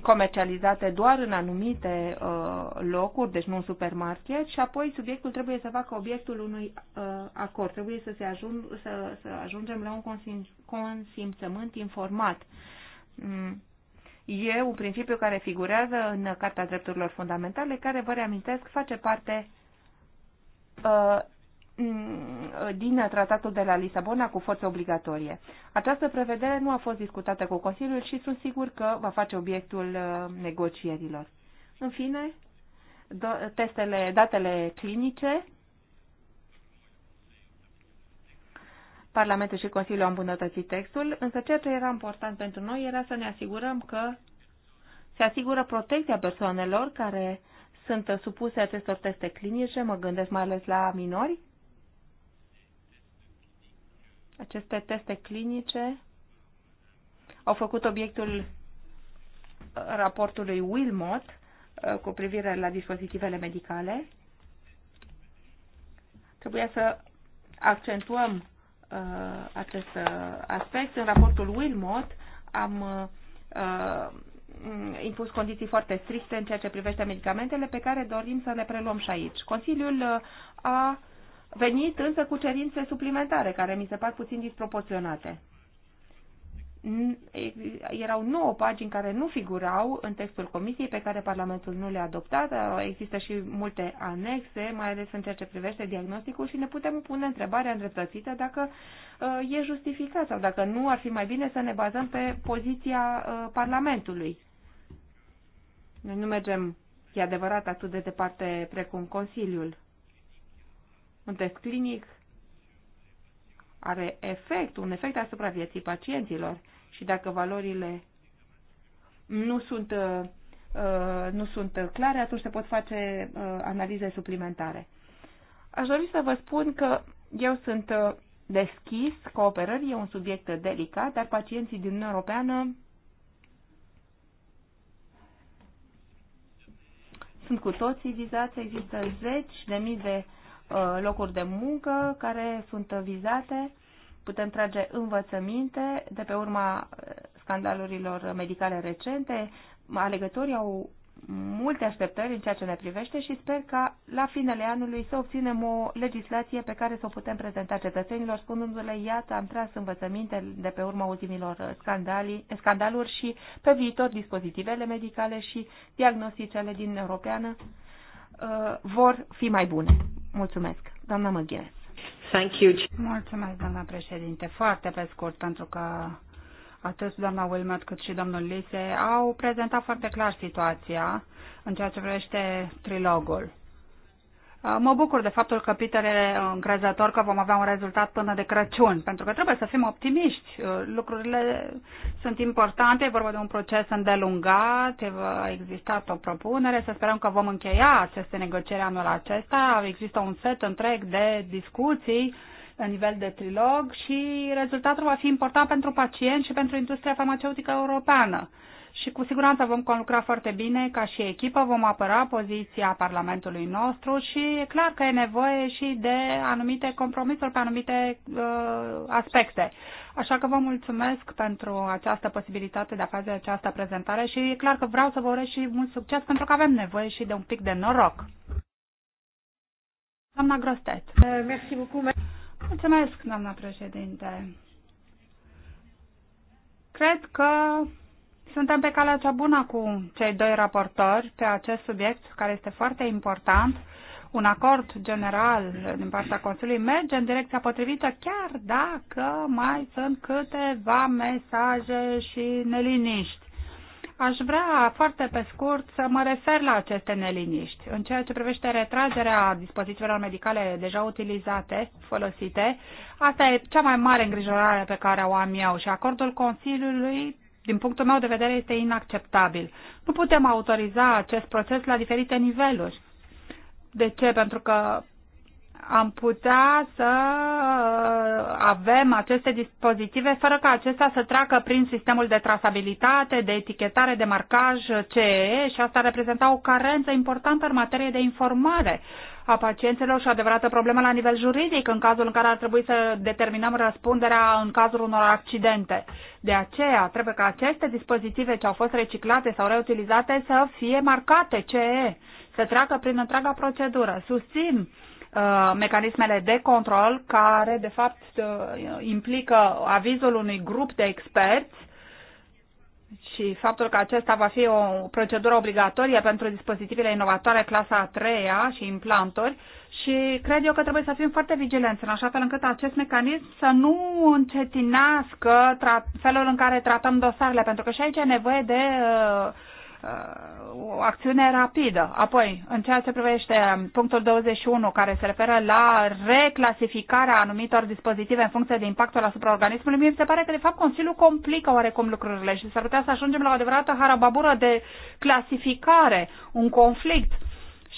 comercializate doar în anumite uh, locuri, deci nu în supermarket, și apoi subiectul trebuie să facă obiectul unui uh, acord. Trebuie să, se ajung, să, să ajungem la un consim, consimțământ informat. Mm. E un principiu care figurează în Carta Drepturilor Fundamentale, care, vă reamintesc, face parte uh, Mm, din tratatul de la Lisabona cu forță obligatorie. Această prevedere nu a fost discutată cu Consiliul și sunt sigur că va face obiectul uh, negocierilor. În fine, testele, datele clinice. Parlamentul și Consiliul au îmbunătățit textul, însă ceea ce era important pentru noi era să ne asigurăm că se asigură protecția persoanelor care sunt supuse acestor teste clinice, mă gândesc mai ales la minori, aceste teste clinice au făcut obiectul raportului Wilmot uh, cu privire la dispozitivele medicale. Trebuie să accentuăm uh, acest uh, aspect. În raportul Wilmot am impus condiții foarte stricte în ceea ce privește medicamentele pe care dorim să le preluăm și aici. Consiliul a venit însă cu cerințe suplimentare, care mi se par puțin disproporționate. Erau nouă pagini care nu figurau în textul comisiei pe care Parlamentul nu le-a adoptat. Există și multe anexe, mai ales în ceea ce privește diagnosticul și ne putem pune întrebarea îndreptățită dacă uh, e justificat sau dacă nu ar fi mai bine să ne bazăm pe poziția uh, Parlamentului. Noi nu mergem, e adevărat, atât de departe precum Consiliul un test clinic are efect, un efect asupra vieții pacienților și dacă valorile nu sunt, uh, uh, nu sunt clare, atunci se pot face uh, analize suplimentare. Aș dori să vă spun că eu sunt deschis cooperării, e un subiect delicat, dar pacienții din Uniunea Europeană sunt cu toții vizați, există zeci de mii de Uh, locuri de muncă care sunt vizate. Putem trage învățăminte de pe urma uh, scandalurilor medicale recente. Alegătorii au multe așteptări în ceea ce ne privește și sper ca la finele anului să obținem o legislație pe care să o putem prezenta cetățenilor, spunându-le, iată, am tras învățăminte de pe urma ultimilor scandaluri și pe viitor dispozitivele medicale și diagnosticele din Europeană Uh, vor fi mai bune. Mulțumesc, doamna Măghies. Thank you. Mulțumesc, doamna președinte. Foarte pe scurt, pentru că atât doamna Wilmot cât și domnul Lise au prezentat foarte clar situația în ceea ce privește trilogul. Uh, mă bucur de faptul că Peter e încrezător că vom avea un rezultat până de Crăciun, pentru că trebuie să fim optimiști. Uh, lucrurile sunt importante, e vorba de un proces îndelungat, a existat o propunere, să sperăm că vom încheia aceste negocieri anul acesta. Există un set întreg de discuții la nivel de trilog și rezultatul va fi important pentru pacienți și pentru industria farmaceutică europeană și cu siguranță vom conlucra foarte bine ca și echipă, vom apăra poziția Parlamentului nostru și e clar că e nevoie și de anumite compromisuri pe anumite uh, aspecte. Așa că vă mulțumesc pentru această posibilitate de a face această prezentare și e clar că vreau să vă urez și mult succes pentru că avem nevoie și de un pic de noroc. Doamna Grostet. Eh, mulțumesc, doamna președinte. Cred că suntem pe calea cea bună cu cei doi raportori pe acest subiect care este foarte important. Un acord general din partea Consiliului merge în direcția potrivită, chiar dacă mai sunt câteva mesaje și neliniști. Aș vrea foarte pe scurt să mă refer la aceste neliniști. În ceea ce privește retragerea dispozițiilor medicale deja utilizate, folosite, asta e cea mai mare îngrijorare pe care o am eu și acordul Consiliului din punctul meu de vedere, este inacceptabil. Nu putem autoriza acest proces la diferite niveluri. De ce? Pentru că am putea să uh, avem aceste dispozitive fără ca acestea să treacă prin sistemul de trasabilitate, de etichetare, de marcaj CE și asta reprezenta o carență importantă în materie de informare a pacienților și adevărată problemă la nivel juridic în cazul în care ar trebui să determinăm răspunderea în cazul unor accidente. De aceea trebuie ca aceste dispozitive ce au fost reciclate sau reutilizate să fie marcate CE, să treacă prin întreaga procedură. Susțin uh, mecanismele de control care, de fapt, uh, implică avizul unui grup de experți și faptul că acesta va fi o procedură obligatorie pentru dispozitivele inovatoare clasa a treia și implanturi și cred eu că trebuie să fim foarte vigilenți în așa fel încât acest mecanism să nu încetinească felul în care tratăm dosarele, pentru că și aici e nevoie de uh, Uh, o acțiune rapidă. Apoi, în ceea ce privește um, punctul 21, care se referă la reclasificarea anumitor dispozitive în funcție de impactul asupra organismului, mie mi se pare că, de fapt, Consiliul complică oarecum lucrurile și s-ar putea să ajungem la o adevărată harababură de clasificare, un conflict.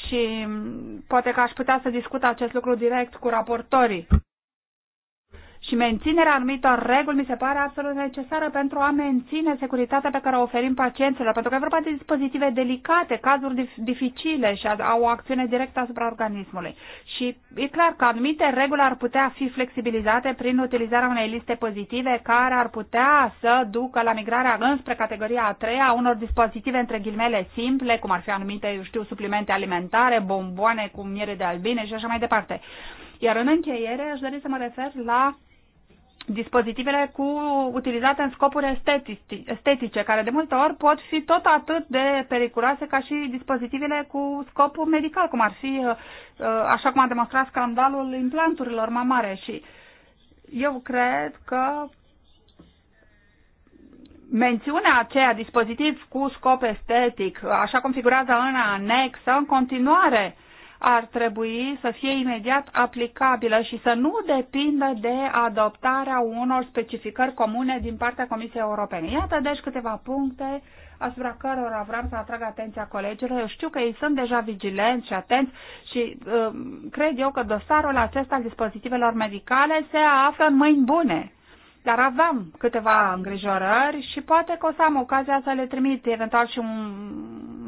Și um, poate că aș putea să discut acest lucru direct cu raportorii. Și menținerea anumitor reguli mi se pare absolut necesară pentru a menține securitatea pe care o oferim pacienților, pentru că e vorba de dispozitive delicate, cazuri dificile și au o acțiune directă asupra organismului. Și e clar că anumite reguli ar putea fi flexibilizate prin utilizarea unei liste pozitive care ar putea să ducă la migrarea înspre categoria a treia a unor dispozitive între ghilmele simple, cum ar fi anumite, eu știu, suplimente alimentare, bomboane cu miere de albine și așa mai departe. Iar în încheiere aș dori să mă refer la dispozitivele cu, utilizate în scopuri estetice, care de multe ori pot fi tot atât de periculoase ca și dispozitivele cu scop medical, cum ar fi, uh, uh, așa cum a demonstrat scandalul implanturilor mamare. Și eu cred că mențiunea aceea, dispozitiv cu scop estetic, așa cum figurează în anexă, în continuare uh, ar trebui să fie imediat aplicabilă și să nu depindă de adoptarea unor specificări comune din partea Comisiei Europene. Iată deci câteva puncte asupra cărora vreau să atrag atenția colegilor. Eu știu că ei sunt deja vigilenți și atenți și um, cred eu că dosarul acesta al dispozitivelor medicale se află în mâini bune dar aveam câteva îngrijorări și poate că o să am ocazia să le trimit eventual și un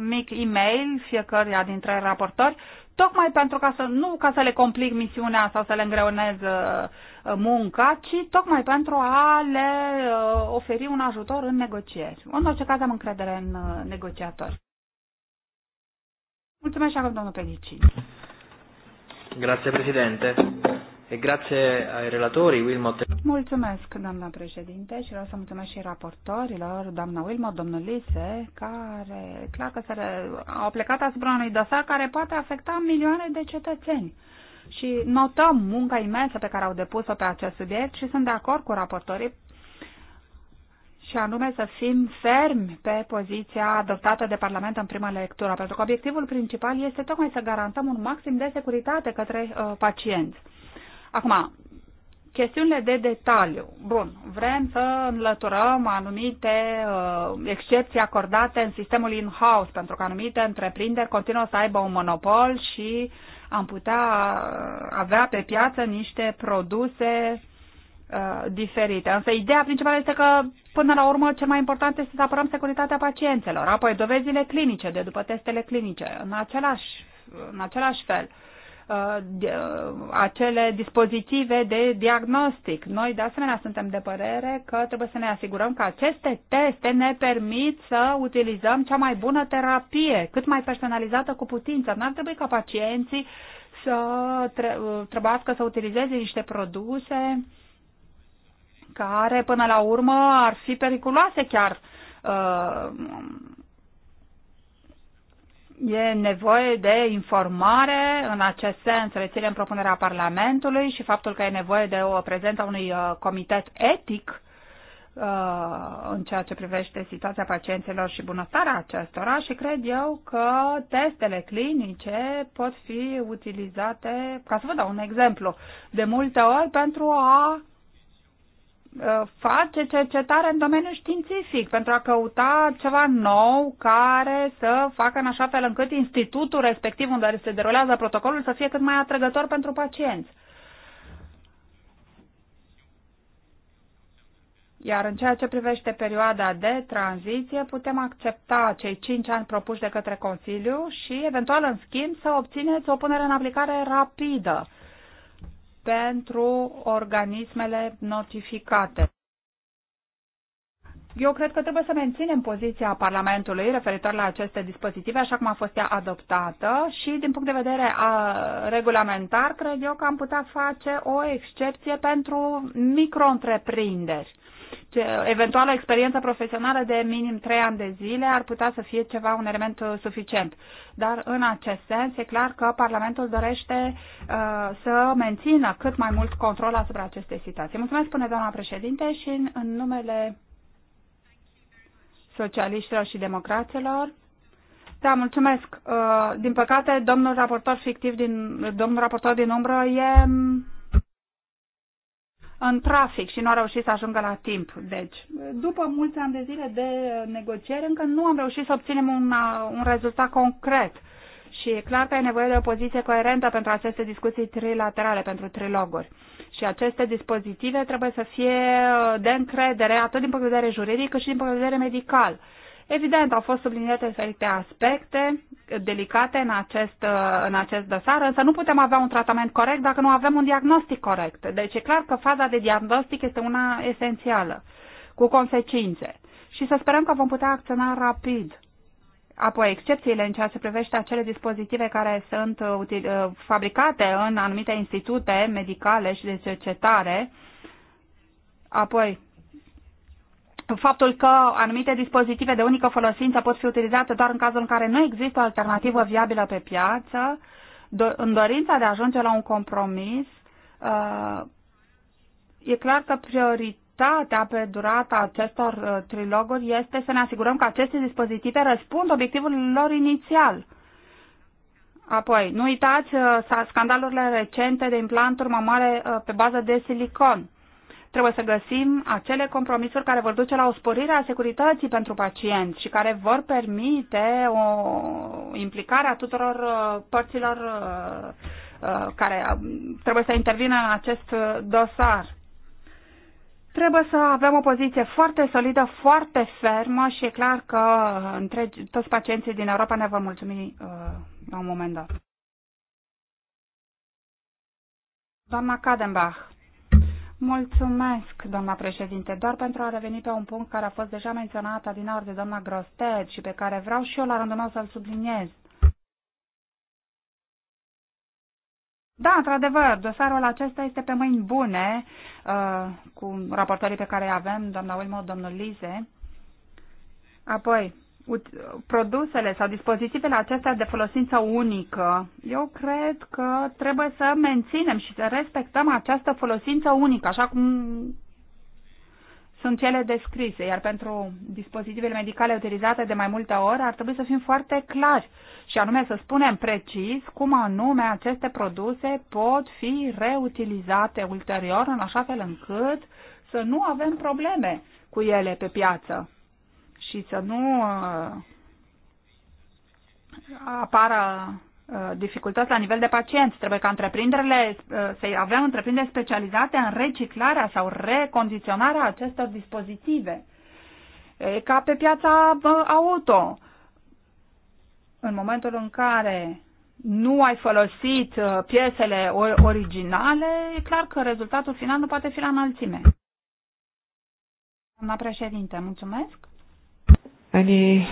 mic e-mail fiecăruia dintre raportori tocmai pentru ca să, nu ca să le complic misiunea sau să le îngreunez uh, uh, munca, ci tocmai pentru a le uh, oferi un ajutor în negocieri. În orice caz am încredere în negociatori. Mulțumesc și acum, domnul Pedicini. Grazie, Presidente grazie ai relatori, Wilmot. Mulțumesc, doamna președinte, și vreau să mulțumesc și raportorilor, doamna Wilmot, domnul Lise, care clar că se au plecat asupra unui dosar care poate afecta milioane de cetățeni. Și notăm munca imensă pe care au depus-o pe acest subiect și sunt de acord cu raportorii și anume să fim fermi pe poziția adoptată de Parlament în prima lectură, pentru că obiectivul principal este tocmai să garantăm un maxim de securitate către uh, pacienți. Acum, chestiunile de detaliu. Bun, vrem să înlăturăm anumite uh, excepții acordate în sistemul in-house, pentru că anumite întreprinderi continuă să aibă un monopol și am putea uh, avea pe piață niște produse uh, diferite. Însă ideea principală este că, până la urmă, cel mai important este să apărăm securitatea pacienților, apoi dovezile clinice de după testele clinice, în același, în același fel. Uh, Uh, uh, acele dispozitive de diagnostic. Noi, de asemenea, suntem de părere că trebuie să ne asigurăm că aceste teste ne permit să utilizăm cea mai bună terapie, cât mai personalizată cu putință. N-ar trebui ca pacienții să uh, trebuiască să utilizeze niște produse care, până la urmă, ar fi periculoase chiar E nevoie de informare, în acest sens reținem propunerea Parlamentului și faptul că e nevoie de o prezență unui uh, comitet etic uh, în ceea ce privește situația pacienților și bunăstarea acestora și cred eu că testele clinice pot fi utilizate, ca să vă dau un exemplu, de multe ori pentru a Uh, face cercetare în domeniul științific pentru a căuta ceva nou care să facă în așa fel încât institutul respectiv unde se derulează protocolul să fie cât mai atrăgător pentru pacienți. Iar în ceea ce privește perioada de tranziție, putem accepta cei 5 ani propuși de către Consiliu și, eventual, în schimb, să obțineți o punere în aplicare rapidă pentru organismele notificate. Eu cred că trebuie să menținem poziția Parlamentului referitor la aceste dispozitive, așa cum a fost ea adoptată și din punct de vedere a regulamentar, cred eu că am putea face o excepție pentru micro-întreprinderi eventuală experiență profesională de minim 3 ani de zile ar putea să fie ceva, un element uh, suficient. Dar în acest sens e clar că Parlamentul dorește uh, să mențină cât mai mult control asupra acestei situații. Mulțumesc, spune doamna președinte, și în, în numele socialiștilor și democraților. Da, mulțumesc. Uh, din păcate, domnul raportor fictiv, din, domnul raportor din umbră e în trafic și nu au reușit să ajungă la timp. Deci, după mulți ani de zile de negociere, încă nu am reușit să obținem un, uh, un rezultat concret. Și e clar că e nevoie de o poziție coerentă pentru aceste discuții trilaterale, pentru triloguri. Și aceste dispozitive trebuie să fie uh, de încredere, atât din punct de vedere juridic, cât și din punct de vedere medical. Evident, au fost subliniate diferite aspecte delicate în acest, în acest dosar, însă nu putem avea un tratament corect dacă nu avem un diagnostic corect. Deci e clar că faza de diagnostic este una esențială, cu consecințe. Și să sperăm că vom putea acționa rapid. Apoi, excepțiile în ceea ce privește acele dispozitive care sunt uh, util, uh, fabricate în anumite institute medicale și de cercetare. Apoi, faptul că anumite dispozitive de unică folosință pot fi utilizate doar în cazul în care nu există o alternativă viabilă pe piață, do- în dorința de a ajunge la un compromis, uh, e clar că prioritatea pe durata acestor uh, triloguri este să ne asigurăm că aceste dispozitive răspund obiectivul lor inițial. Apoi, nu uitați uh, scandalurile recente de implanturi mamare uh, pe bază de silicon Trebuie să găsim acele compromisuri care vor duce la o sporire a securității pentru pacienți și care vor permite o implicare a tuturor uh, părților uh, uh, care trebuie să intervină în acest dosar. Trebuie să avem o poziție foarte solidă, foarte fermă și e clar că întregi, toți pacienții din Europa ne vor mulțumi uh, la un moment dat. Doamna Kadenbach. Mulțumesc, doamna președinte. Doar pentru a reveni pe un punct care a fost deja menționat adinaur de doamna Grosted și pe care vreau și eu la rândul meu să-l subliniez. Da, într-adevăr, dosarul acesta este pe mâini bune uh, cu raportorii pe care îi avem, doamna Wilmot, domnul Lize. Apoi, produsele sau dispozitivele acestea de folosință unică, eu cred că trebuie să menținem și să respectăm această folosință unică, așa cum sunt cele descrise, iar pentru dispozitivele medicale utilizate de mai multe ori ar trebui să fim foarte clari și anume să spunem precis cum anume aceste produse pot fi reutilizate ulterior în așa fel încât să nu avem probleme cu ele pe piață și să nu uh, apară uh, dificultăți la nivel de pacienți. Trebuie ca întreprinderile uh, să avem întreprinderi specializate în reciclarea sau recondiționarea acestor dispozitive. Ca pe piața auto. În momentul în care nu ai folosit piesele originale, e clar că rezultatul final nu poate fi la înălțime. Doamna președinte, mulțumesc. Any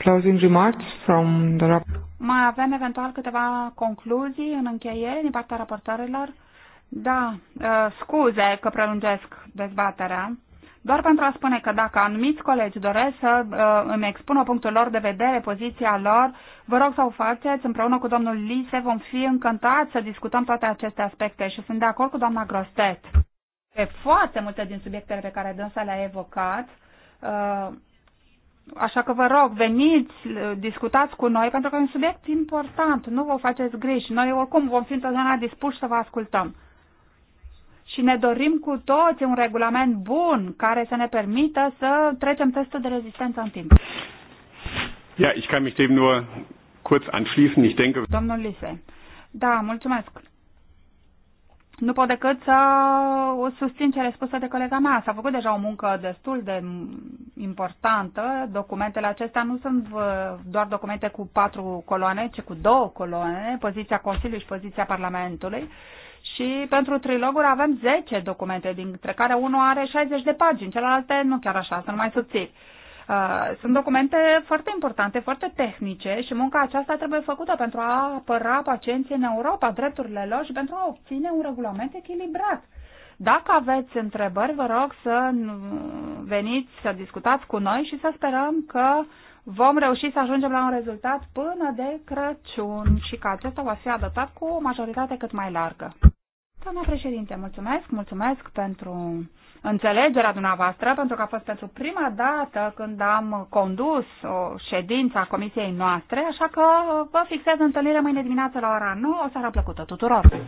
closing remarks from the Mai avem eventual câteva concluzii în încheiere din partea raportorilor? Da, uh, scuze că prelungesc dezbaterea. Doar pentru a spune că dacă anumiți colegi doresc să uh, îmi expună punctul lor de vedere, poziția lor, vă rog să o faceți împreună cu domnul Lise, vom fi încântați să discutăm toate aceste aspecte și sunt de acord cu doamna Grostet. Pe foarte multe din subiectele pe care dânsa le-a evocat, uh, Așa că vă rog, veniți, discutați cu noi, pentru că e un subiect important, nu vă faceți griji. Noi oricum vom fi întotdeauna dispuși să vă ascultăm. Și ne dorim cu toți un regulament bun care să ne permită să trecem testul de rezistență în timp. Ja, ich kann mich dem nur kurz anschließen. Ich denke... Domnul Lise. Da, mulțumesc nu pot decât să o susțin cele spuse de colega mea. S-a făcut deja o muncă destul de importantă. Documentele acestea nu sunt doar documente cu patru coloane, ci cu două coloane, poziția Consiliului și poziția Parlamentului. Și pentru triloguri avem 10 documente, dintre care unul are 60 de pagini, celelalte nu chiar așa, sunt mai subțiri. Uh, sunt documente foarte importante, foarte tehnice și munca aceasta trebuie făcută pentru a apăra pacienții în Europa, drepturile lor și pentru a obține un regulament echilibrat. Dacă aveți întrebări, vă rog să veniți să discutați cu noi și să sperăm că vom reuși să ajungem la un rezultat până de Crăciun și că acesta va fi adoptat cu o majoritate cât mai largă. Doamna președinte, mulțumesc, mulțumesc pentru înțelegerea dumneavoastră, pentru că a fost pentru prima dată când am condus o ședință a comisiei noastre, așa că vă fixez întâlnirea mâine dimineață la ora 9, o seară plăcută tuturor!